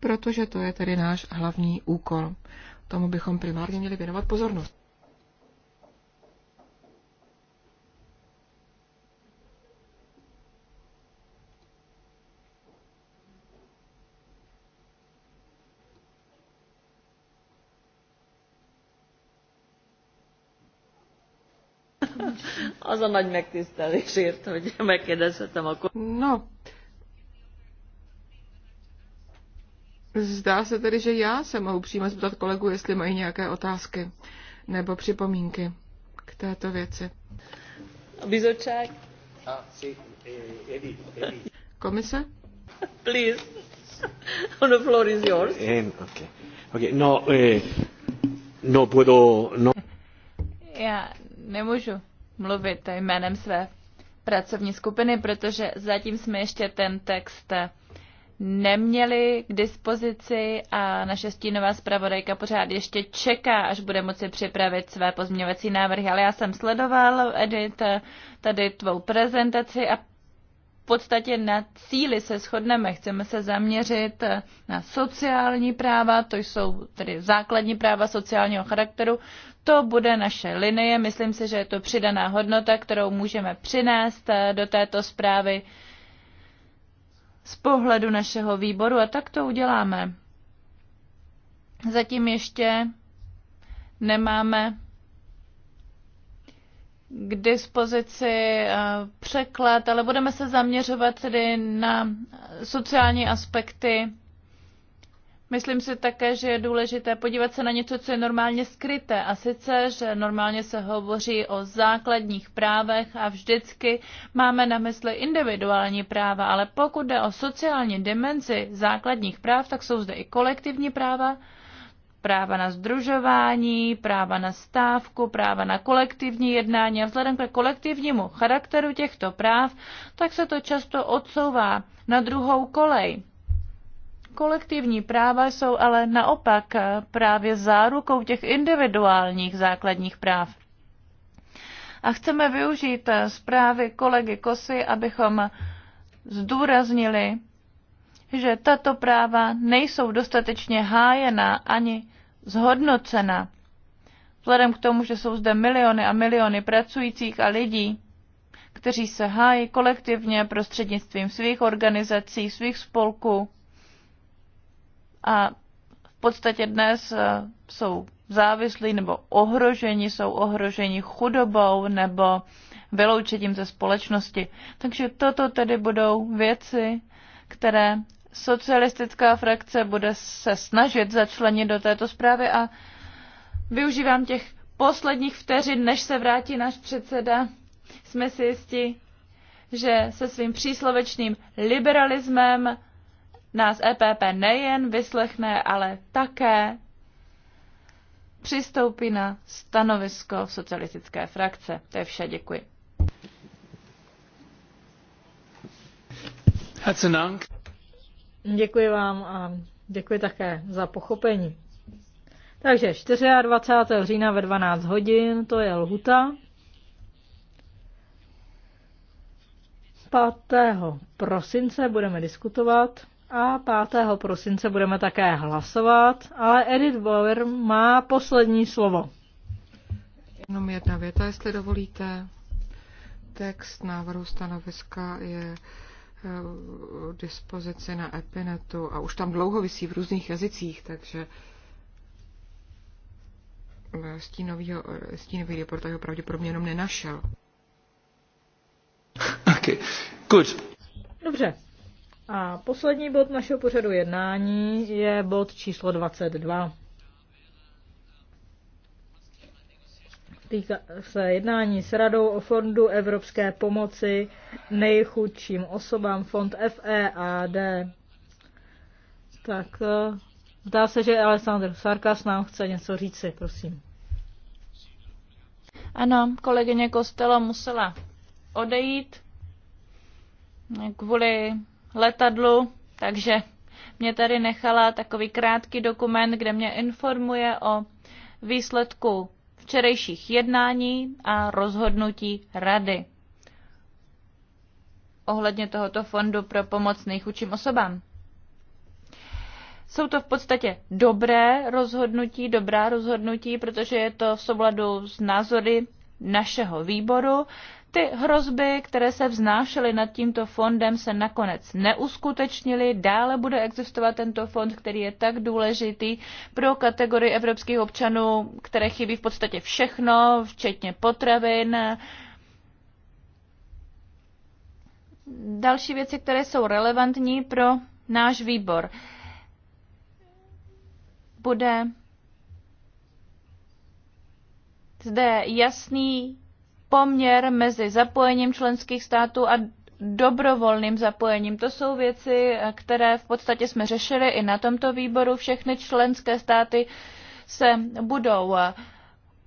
Protože to je tedy náš hlavní úkol. Tomu bychom primárně měli věnovat pozornost. Az a nagy megtisztelésért, hogy megkérdezhetem a... No. Zdá se tedy, že já se mohu přímo zeptat kolegu, jestli mají nějaké otázky nebo připomínky k této věci. Bizočák? E, Komise? Please. On the floor is yours. Eh, okay. Okay. No, eh, no puedo... No. Já nemůžu mluvit jménem své pracovní skupiny, protože zatím jsme ještě ten text neměli k dispozici a naše stínová zpravodajka pořád ještě čeká, až bude moci připravit své pozměňovací návrhy. Ale já jsem sledoval, Edit, tady tvou prezentaci a podstatě na cíli se shodneme. Chceme se zaměřit eh, na sociální práva, to jsou tedy základní práva sociálního charakteru. To bude naše linie. Myslím si, že je to přidaná hodnota, kterou můžeme přinést eh, do této zprávy z pohledu našeho výboru a tak to uděláme. Zatím ještě nemáme k dispozici eh, překlad, ale budeme se zaměřovat tedy na sociální aspekty. Myslím si také, že je důležité podívat se na něco, co je normálně skryté. A sice, že normálně se hovoří o základních právech a vždycky máme na mysli individuální práva, ale pokud jde o sociální dimenzi základních práv, tak jsou zde i kolektivní práva práva na združování, práva na stávku, práva na kolektivní jednání a vzhledem ke kolektivnímu charakteru těchto práv, tak se to často odsouvá na druhou kolej. Kolektivní práva jsou ale naopak právě zárukou těch individuálních základních práv. A chceme využít zprávy kolegy Kosy, abychom zdůraznili že tato práva nejsou dostatečně hájena ani zhodnocena. Vzhledem k tomu, že jsou zde miliony a miliony pracujících a lidí, kteří se hájí kolektivně prostřednictvím svých organizací, svých spolků a v podstatě dnes eh, jsou závislí nebo ohroženi, jsou ohroženi chudobou nebo vyloučením ze společnosti. Takže toto tedy budou věci, které socialistická frakce bude se snažit začlenit do této zprávy a využívám těch posledních vteřin, než se vrátí náš předseda. Jsme si jistí, že se svým příslovečným liberalismem nás EPP nejen vyslechne, ale také přistoupí na stanovisko socialistické frakce. To je vše, děkuji. Herzlichen Dank. Děkuji vám a děkuji také za pochopení. Takže 24. října ve 12 hodin, to je lhuta. 5. prosince budeme diskutovat a 5. prosince budeme také hlasovat, ale Edith Bauer má poslední slovo. Jenom jedna věta, jestli dovolíte. Text návrhu stanoviska je Eh, dispozici na Epinetu a už tam dlouho vysí v různých jazycích, takže eh, stínový reportáž ho pravděpodobně jenom nenašel. Okay. Good. Dobře. A poslední bod našeho pořadu jednání je bod číslo 22. týká se jednání s Radou o Fondu Evropské pomoci nejchudším osobám, fond FEAD. Tak eh, zdá se, že Alessandr Sarkas nám chce něco říci, prosím. Ano, kolegyně Kostelo musela odejít kvůli letadlu, takže mě tady nechala takový krátký dokument, kde mě informuje o výsledku včerejších jednání a rozhodnutí rady ohledně tohoto fondu pro pomoc nejchudším osobám. Jsou to v podstatě dobré rozhodnutí, dobrá rozhodnutí, protože je to v souladu s názory našeho výboru ty hrozby, které se vznášely nad tímto fondem, se nakonec neuskutečnily. Dále bude existovat tento fond, který je tak důležitý pro kategorii evropských občanů, které chybí v podstatě všechno, včetně potravin, další věci, které jsou relevantní pro náš výbor. Bude zde jasný poměr mezi zapojením členských států a dobrovolným zapojením. To jsou věci, které v podstatě jsme řešili i na tomto výboru. Všechny členské státy se budou eh,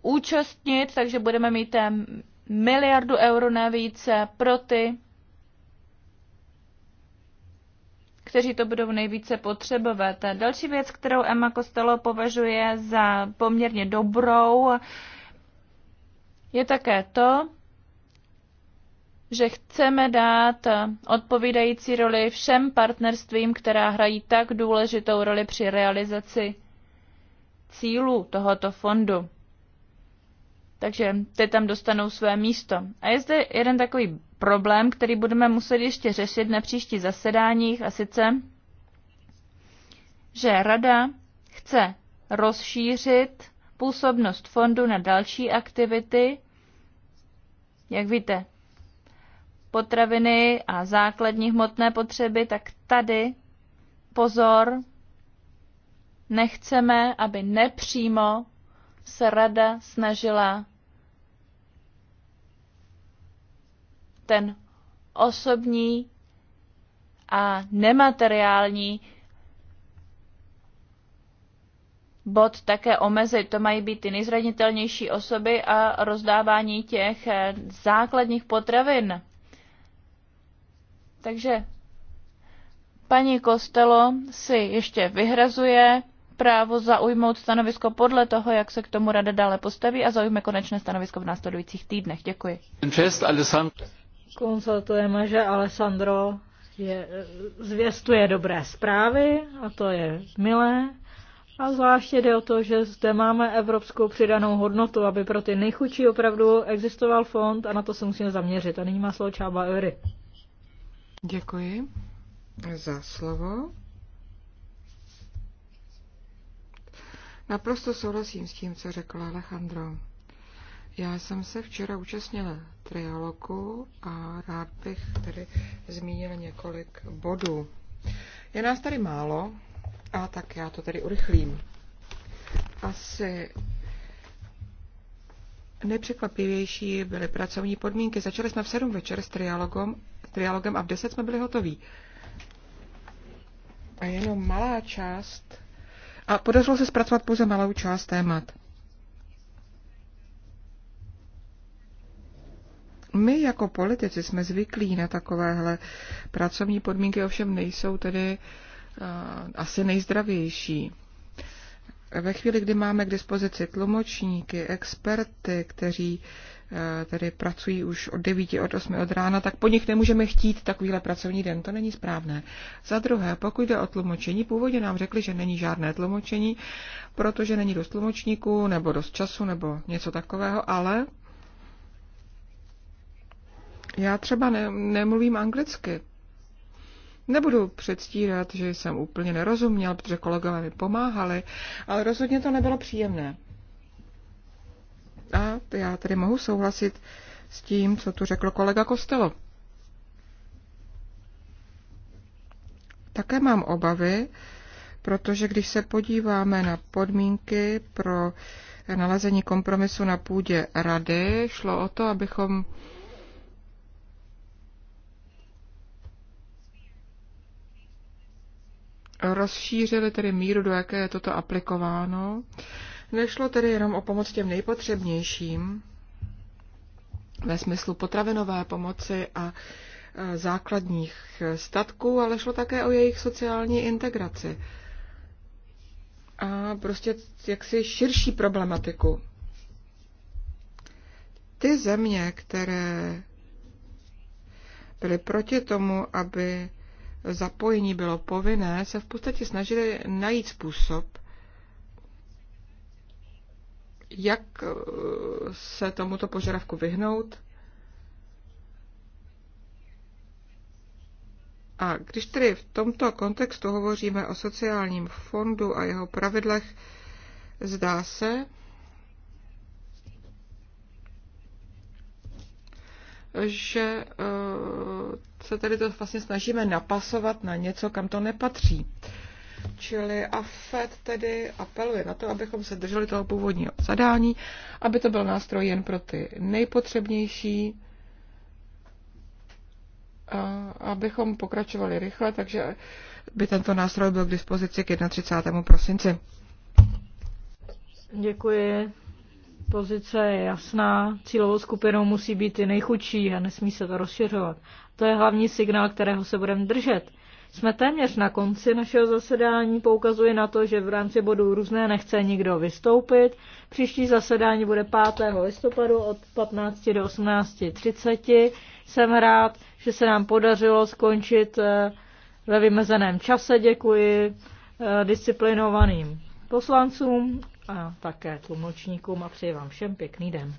účastnit, takže budeme mít eh, miliardu euro navíc eh, pro ty, kteří to budou nejvíce potřebovat. Další věc, kterou Emma Costello považuje za poměrně dobrou, je také to, že chceme dát odpovídající roli všem partnerstvím, která hrají tak důležitou roli při realizaci cílů tohoto fondu. Takže ty tam dostanou své místo. A je zde jeden takový problém, který budeme muset ještě řešit na příští zasedáních, a sice, že Rada chce rozšířit působnost fondu na další aktivity. Jak víte, potraviny a základní hmotné potřeby, tak tady pozor, nechceme, aby nepřímo se rada snažila ten osobní a nemateriální bod také omezit. To mají být ty nejzranitelnější osoby a rozdávání těch eh, základních potravin. Takže paní Kostelo si ještě vyhrazuje právo zaujmout stanovisko podle toho, jak se k tomu rada dále postaví a zaujme konečné stanovisko v následujících týdnech. Děkuji. Konstatujeme, že Alessandro je, zvěstuje dobré zprávy a to je milé. A zvláště jde o to, že zde máme evropskou přidanou hodnotu, aby pro ty nejchudší opravdu existoval fond a na to se musíme zaměřit. A nyní má slovo Čába Öry. Děkuji za slovo. Naprosto souhlasím s tím, co řekl Alejandro. Já jsem se včera účastnila trialogu a rád bych tedy zmínil několik bodů. Je nás tady málo, a tak já to tedy urychlím. Asi nejpřekvapivější byly pracovní podmínky. Začali jsme v 7 večer s trialogem, trialogem a v 10 jsme byli hotoví. A jenom malá část. A podařilo se zpracovat pouze malou část témat. My jako politici jsme zvyklí na takovéhle pracovní podmínky, ovšem nejsou tedy uh, asi nejzdravější. Ve chvíli, kdy máme k dispozici tlumočníky, experty, kteří e, tedy pracují už od 9, od 8 od rána, tak po nich nemůžeme chtít takovýhle pracovní den. To není správné. Za druhé, pokud jde o tlumočení, původně nám řekli, že není žádné tlumočení, protože není dost tlumočníků, nebo dost času, nebo něco takového, ale já třeba ne, nemluvím anglicky. Nebudu předstírat, že jsem úplně nerozuměl, protože kolegové mi pomáhali, ale rozhodně to nebylo příjemné. A já tedy mohu souhlasit s tím, co tu řekl kolega Kostelo. Také mám obavy, protože když se podíváme na podmínky pro nalezení kompromisu na půdě rady, šlo o to, abychom rozšířili tedy míru, do jaké je toto aplikováno. Nešlo tedy jenom o pomoc těm nejpotřebnějším, ve smyslu potravinové pomoci a základních statků, ale šlo také o jejich sociální integraci a prostě jaksi širší problematiku. Ty země, které byly proti tomu, aby zapojení bylo povinné, se v podstatě snažili najít způsob, jak eh, se tomuto požadavku vyhnout. A když tedy v tomto kontextu hovoříme o sociálním fondu a jeho pravidlech, zdá se, že eh, se tady to vlastně snažíme napasovat na něco, kam to nepatří. Čili FED tedy apeluje na to, abychom se drželi toho původního zadání, aby to byl nástroj jen pro ty nejpotřebnější, abychom pokračovali rychle, takže by tento nástroj byl k dispozici k 31. prosinci. Děkuji pozice je jasná, cílovou skupinou musí být i nejchudší a nesmí se to rozšiřovat. To je hlavní signál, kterého se budeme držet. Jsme téměř na konci našeho zasedání, poukazuje na to, že v rámci bodů různé nechce nikdo vystoupit. Příští zasedání bude 5. listopadu od 15 do 18.30. Jsem rád, že se nám podařilo skončit eh, ve vymezeném čase. Děkuji eh, disciplinovaným poslancům a také tlumočníkům a přeji vám všem pěkný den.